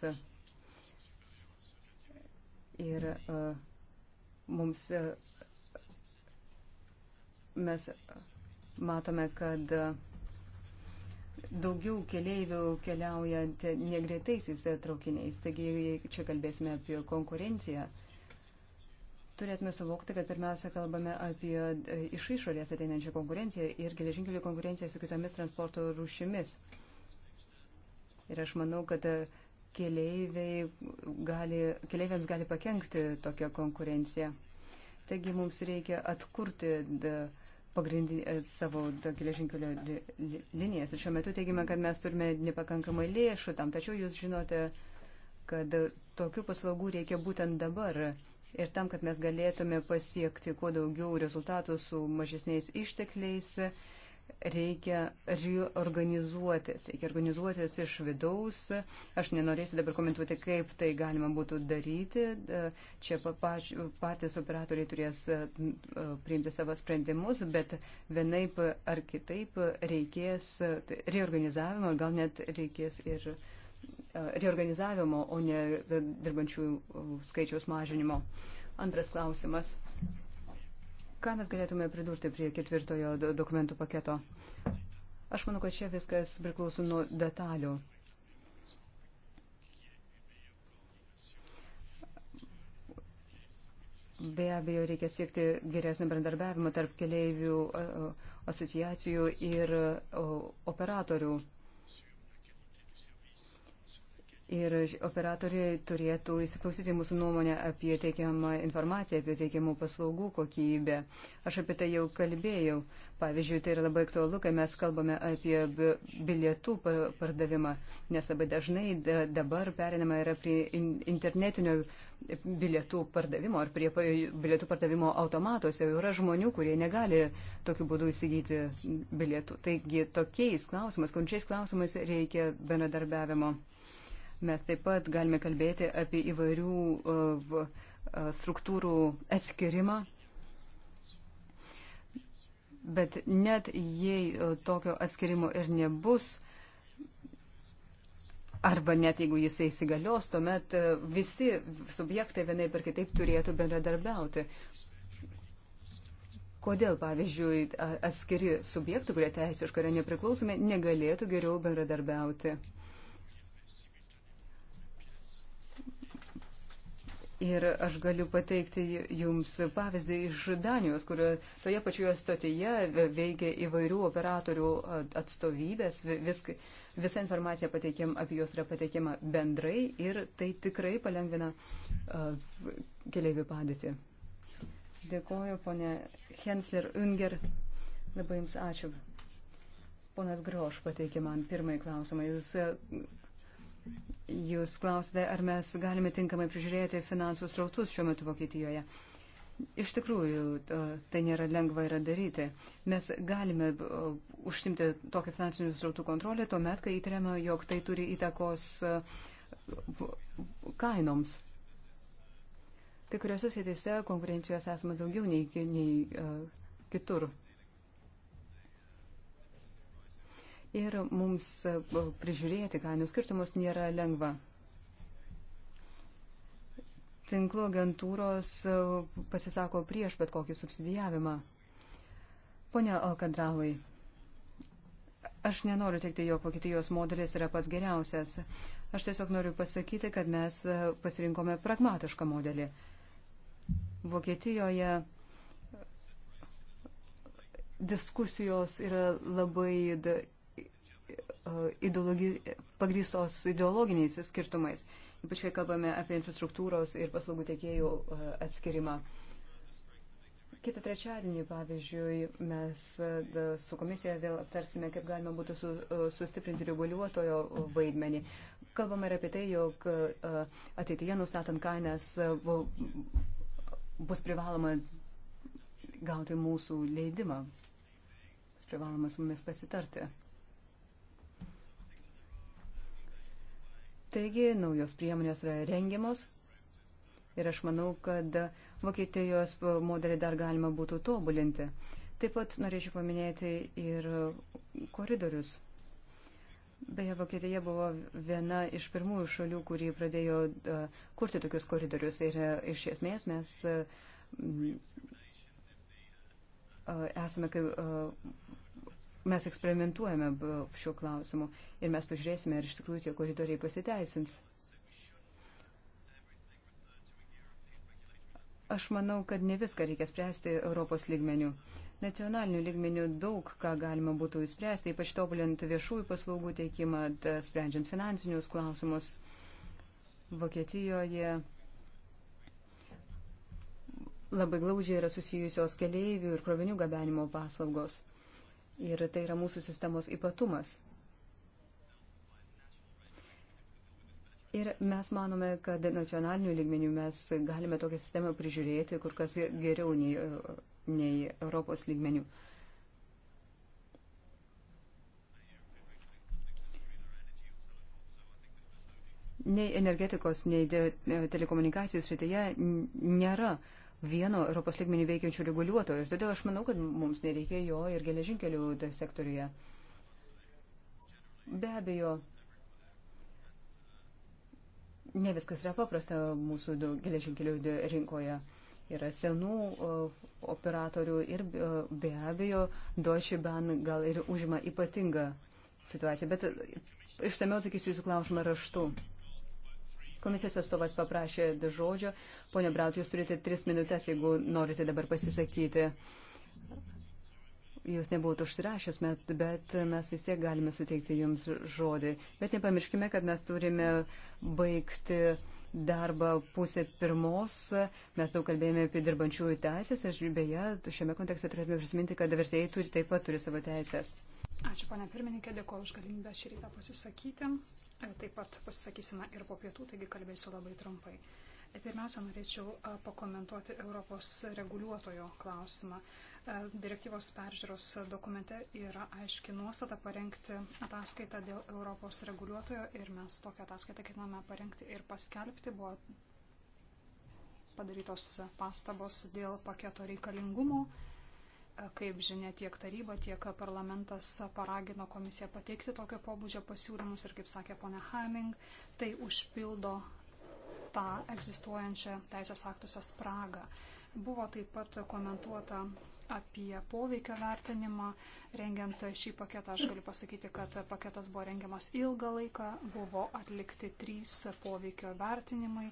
Ir uh, mums uh, mes matome, kad daugiau keleivių keliauja negreitaisiais traukiniais, taigi čia kalbėsime apie konkurenciją. Turėtume suvokti, kad pirmiausia kalbame apie e, iš išorės ateinančią konkurenciją ir geležinkelių konkurenciją su kitomis transporto rūšimis. Ir aš manau, kad e, gali, keleiviams gali pakengti tokią konkurenciją. Taigi mums reikia atkurti. Da, de E, savo geležinkelio linijas. Ir šiuo metu teigime, kad mes turime nepakankamai lėšų tam, tačiau jūs žinote, kad tokių paslaugų reikia būtent dabar. Ir tam, kad mes galėtume pasiekti kuo daugiau rezultatų su mažesniais ištekliais, reikia organizuotis, reikia organizuotis iš vidaus. Aš nenorėsiu dabar komentuoti, kaip tai galima būtų daryti. Čia patys operatoriai turės priimti savo sprendimus, bet vienaip ar kitaip reikės reorganizavimo, gal net reikės ir reorganizavimo, o ne dirbančių skaičiaus mažinimo. Antras klausimas. Ką mes galėtume pridurti prie ketvirtojo dokumentų paketo? Aš manau, kad čia viskas priklauso nuo detalių. Be abejo, reikia siekti geresnį bendarbiavimą tarp keleivių asociacijų ir operatorių. Ir operatoriai turėtų įsiklausyti mūsų nuomonę apie teikiamą informaciją, apie teikiamų paslaugų kokybę. Aš apie tai jau kalbėjau. Pavyzdžiui, tai yra labai aktualu, kai mes kalbame apie bilietų pardavimą, nes labai dažnai dabar perinama yra prie internetinio bilietų pardavimo ar prie bilietų pardavimo automatuose. Yra žmonių, kurie negali tokiu būdu įsigyti bilietų. Taigi tokiais klausimais, končiais klausimais reikia bendradarbiavimo. Mes taip pat galime kalbėti apie įvairių e, e, struktūrų atskirimą. Bet net jei e, tokio atskirimo ir nebus, Arba net jeigu jisai įsigalios, tuomet visi subjektai vienai per kitaip turėtų bendradarbiauti. Kodėl, pavyzdžiui, atskiri subjektų, kurie teisiškai yra nepriklausomi, negalėtų geriau bendradarbiauti? Ir aš galiu pateikti jums pavyzdį iš Danijos, kurio toje pačioje stotyje veikia įvairių operatorių atstovybės. Vis, visa informacija pateikiam, apie juos yra pateikiama bendrai ir tai tikrai palengvina uh, keliaivių padėtį. Dėkoju, ponė Hensler Unger. Labai jums ačiū. Ponas Groš pateikė man pirmąjį klausimą. Jūs Jūs klausite, ar mes galime tinkamai prižiūrėti finansų srautus šiuo metu Vokietijoje. Iš tikrųjų, tai nėra lengva yra daryti. Mes galime užsimti tokią finansinių srautų kontrolę tuomet, kai įtariama, jog tai turi įtakos kainoms. Kai kuriuose sėtėse konkurencijos esame daugiau nei, nei uh, kitur. ir mums e, prižiūrėti kainų skirtumus nėra lengva. Tinklo agentūros e, pasisako prieš bet kokį subsidijavimą. Pone Alkadravai, aš nenoriu teikti, jog Vokietijos modelis yra pats geriausias. Aš tiesiog noriu pasakyti, kad mes e, pasirinkome pragmatišką modelį. Vokietijoje diskusijos yra labai E, ideologi, pagrįstos ideologiniais skirtumais, ypač kai kalbame apie infrastruktūros ir paslaugų tiekėjų e, atskirimą. Kitą trečiadienį, pavyzdžiui, mes e, su komisija vėl aptarsime, kaip galima būtų su, sustiprinti reguliuotojo vaidmenį. Kalbame ir apie tai, jog ateityje nustatant kainas bus privaloma gauti mūsų leidimą, bus privaloma su mumis pasitarti. Taigi naujos priemonės yra rengiamos ir aš manau, kad Vokietijos modelį dar galima būtų tobulinti. Taip pat norėčiau paminėti ir koridorius. Beje, Vokietija buvo viena iš pirmųjų šalių, kuri pradėjo uh, kurti tokius koridorius ir uh, iš esmės mes uh, esame kaip mes eksperimentuojame šiuo klausimu ir mes pažiūrėsime, ar iš tikrųjų tie koridoriai pasiteisins. Aš manau, kad ne viską reikia spręsti Europos lygmenių. Nacionalinių lygmenių daug ką galima būtų įspręsti, ypač tobulint viešųjų paslaugų teikimą, sprendžiant finansinius klausimus. Vokietijoje labai glaudžiai yra susijusios keleivių ir krovinių gabenimo paslaugos. Ir tai yra mūsų sistemos ypatumas. Ir mes manome, kad nacionalinių lygmenių mes galime tokią sistemą prižiūrėti kur kas geriau nei, nei Europos lygmenių. Nei energetikos, nei telekomunikacijos srityje nėra uh, vieno Europos lygmenį veikiančių reguliuotojų. Ir todėl aš manau, kad mums nereikia jo ir geležinkelių sektoriuje. Be abejo, ne viskas yra paprasta mūsų geležinkelių rinkoje. Yra senų operatorių ir be abejo Deutsche Bahn gal ir užima ypatingą situaciją. Bet išsameu atsakysiu jūsų klausimą raštu. Komisijos atstovas paprašė žodžio. Pone Braut, jūs turite tris minutės, jeigu norite dabar pasisakyti. Jūs nebuvot užsirašęs, bet, bet mes vis tiek galime suteikti jums žodį. Bet nepamirškime, kad mes turime baigti darbą pusę pirmos. Mes daug kalbėjome apie dirbančiųjų teisės. Aš beje, šiame kontekste turėtume prisiminti, kad vertėjai turi, taip pat turi savo teisės. Ačiū, ponia pirmininkė, dėkuoju už galimybę šį rytą pasisakyti. Taip pat pasisakysime ir po pietų, taigi kalbėsiu labai trumpai. Pirmiausia, norėčiau pakomentuoti Europos reguliuotojo klausimą. Direktyvos peržiūros dokumente yra aiški nuostata parengti ataskaitą dėl Europos reguliuotojo ir mes tokią ataskaitą ketiname parengti ir paskelbti. Buvo padarytos pastabos dėl paketo reikalingumo Kaip žinia, tiek taryba, tiek parlamentas paragino komisiją pateikti tokio pobūdžio pasiūlymus ir, kaip sakė ponia Haming, tai užpildo tą egzistuojančią teisės aktuose spragą. Buvo taip pat komentuota apie poveikio vertinimą. Rengiant šį paketą, aš galiu pasakyti, kad paketas buvo rengiamas ilgą laiką, buvo atlikti trys poveikio vertinimai,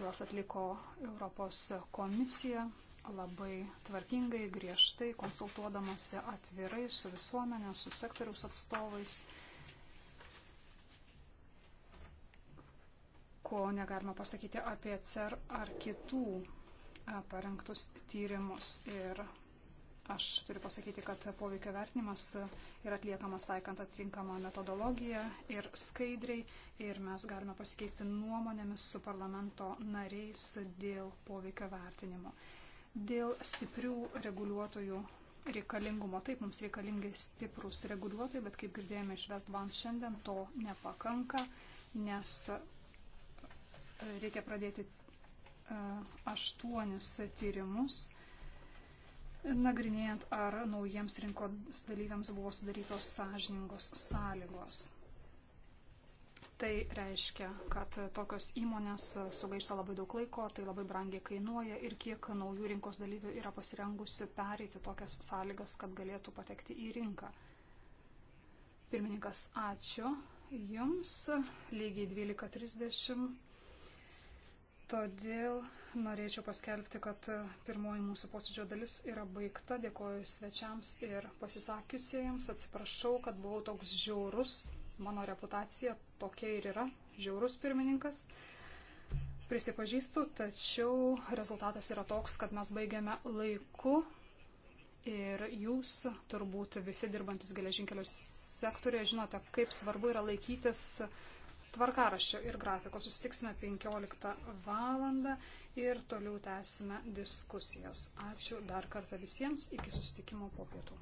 juos atliko Europos komisija labai tvarkingai, griežtai, konsultuodamasi atvirai su visuomenė, su sektoriaus atstovais, ko negalima pasakyti apie CER ar kitų e, parengtus tyrimus. Ir aš turiu pasakyti, kad poveikio vertinimas yra atliekamas taikant atitinkamą metodologiją ir skaidriai. Ir mes galime pasikeisti nuomonėmis su parlamento nariais dėl poveikio vertinimo. Dėl stiprių reguliuotojų reikalingumo. Taip, mums reikalingi stiprus reguliuotojai, bet kaip girdėjome iš Vestbank šiandien, to nepakanka, nes e, reikia pradėti e, aštuonis tyrimus, nagrinėjant, ar naujiems rinkos dalyviams buvo sudarytos sąžiningos sąlygos. Tai reiškia, kad tokios įmonės sugaišta labai daug laiko, tai labai brangiai kainuoja ir kiek naujų rinkos dalyvių yra pasirengusi pereiti tokias sąlygas, kad galėtų patekti į rinką. Pirmininkas, ačiū Jums, lygiai 12.30. Todėl norėčiau paskelbti, kad pirmoji mūsų posėdžio dalis yra baigta. Dėkoju svečiams ir pasisakiusiems. Atsiprašau, kad buvau toks žiaurus. Mano reputacija tokia ir yra, žiaurus pirmininkas. Prisipažįstu, tačiau rezultatas yra toks, kad mes baigiame laiku ir jūs turbūt visi dirbantis geležinkelio sektorėje žinote, kaip svarbu yra laikytis tvarkaraščio ir grafiko. Susitiksime 15 valandą ir toliau tęsime diskusijas. Ačiū dar kartą visiems. Iki susitikimo po pietų.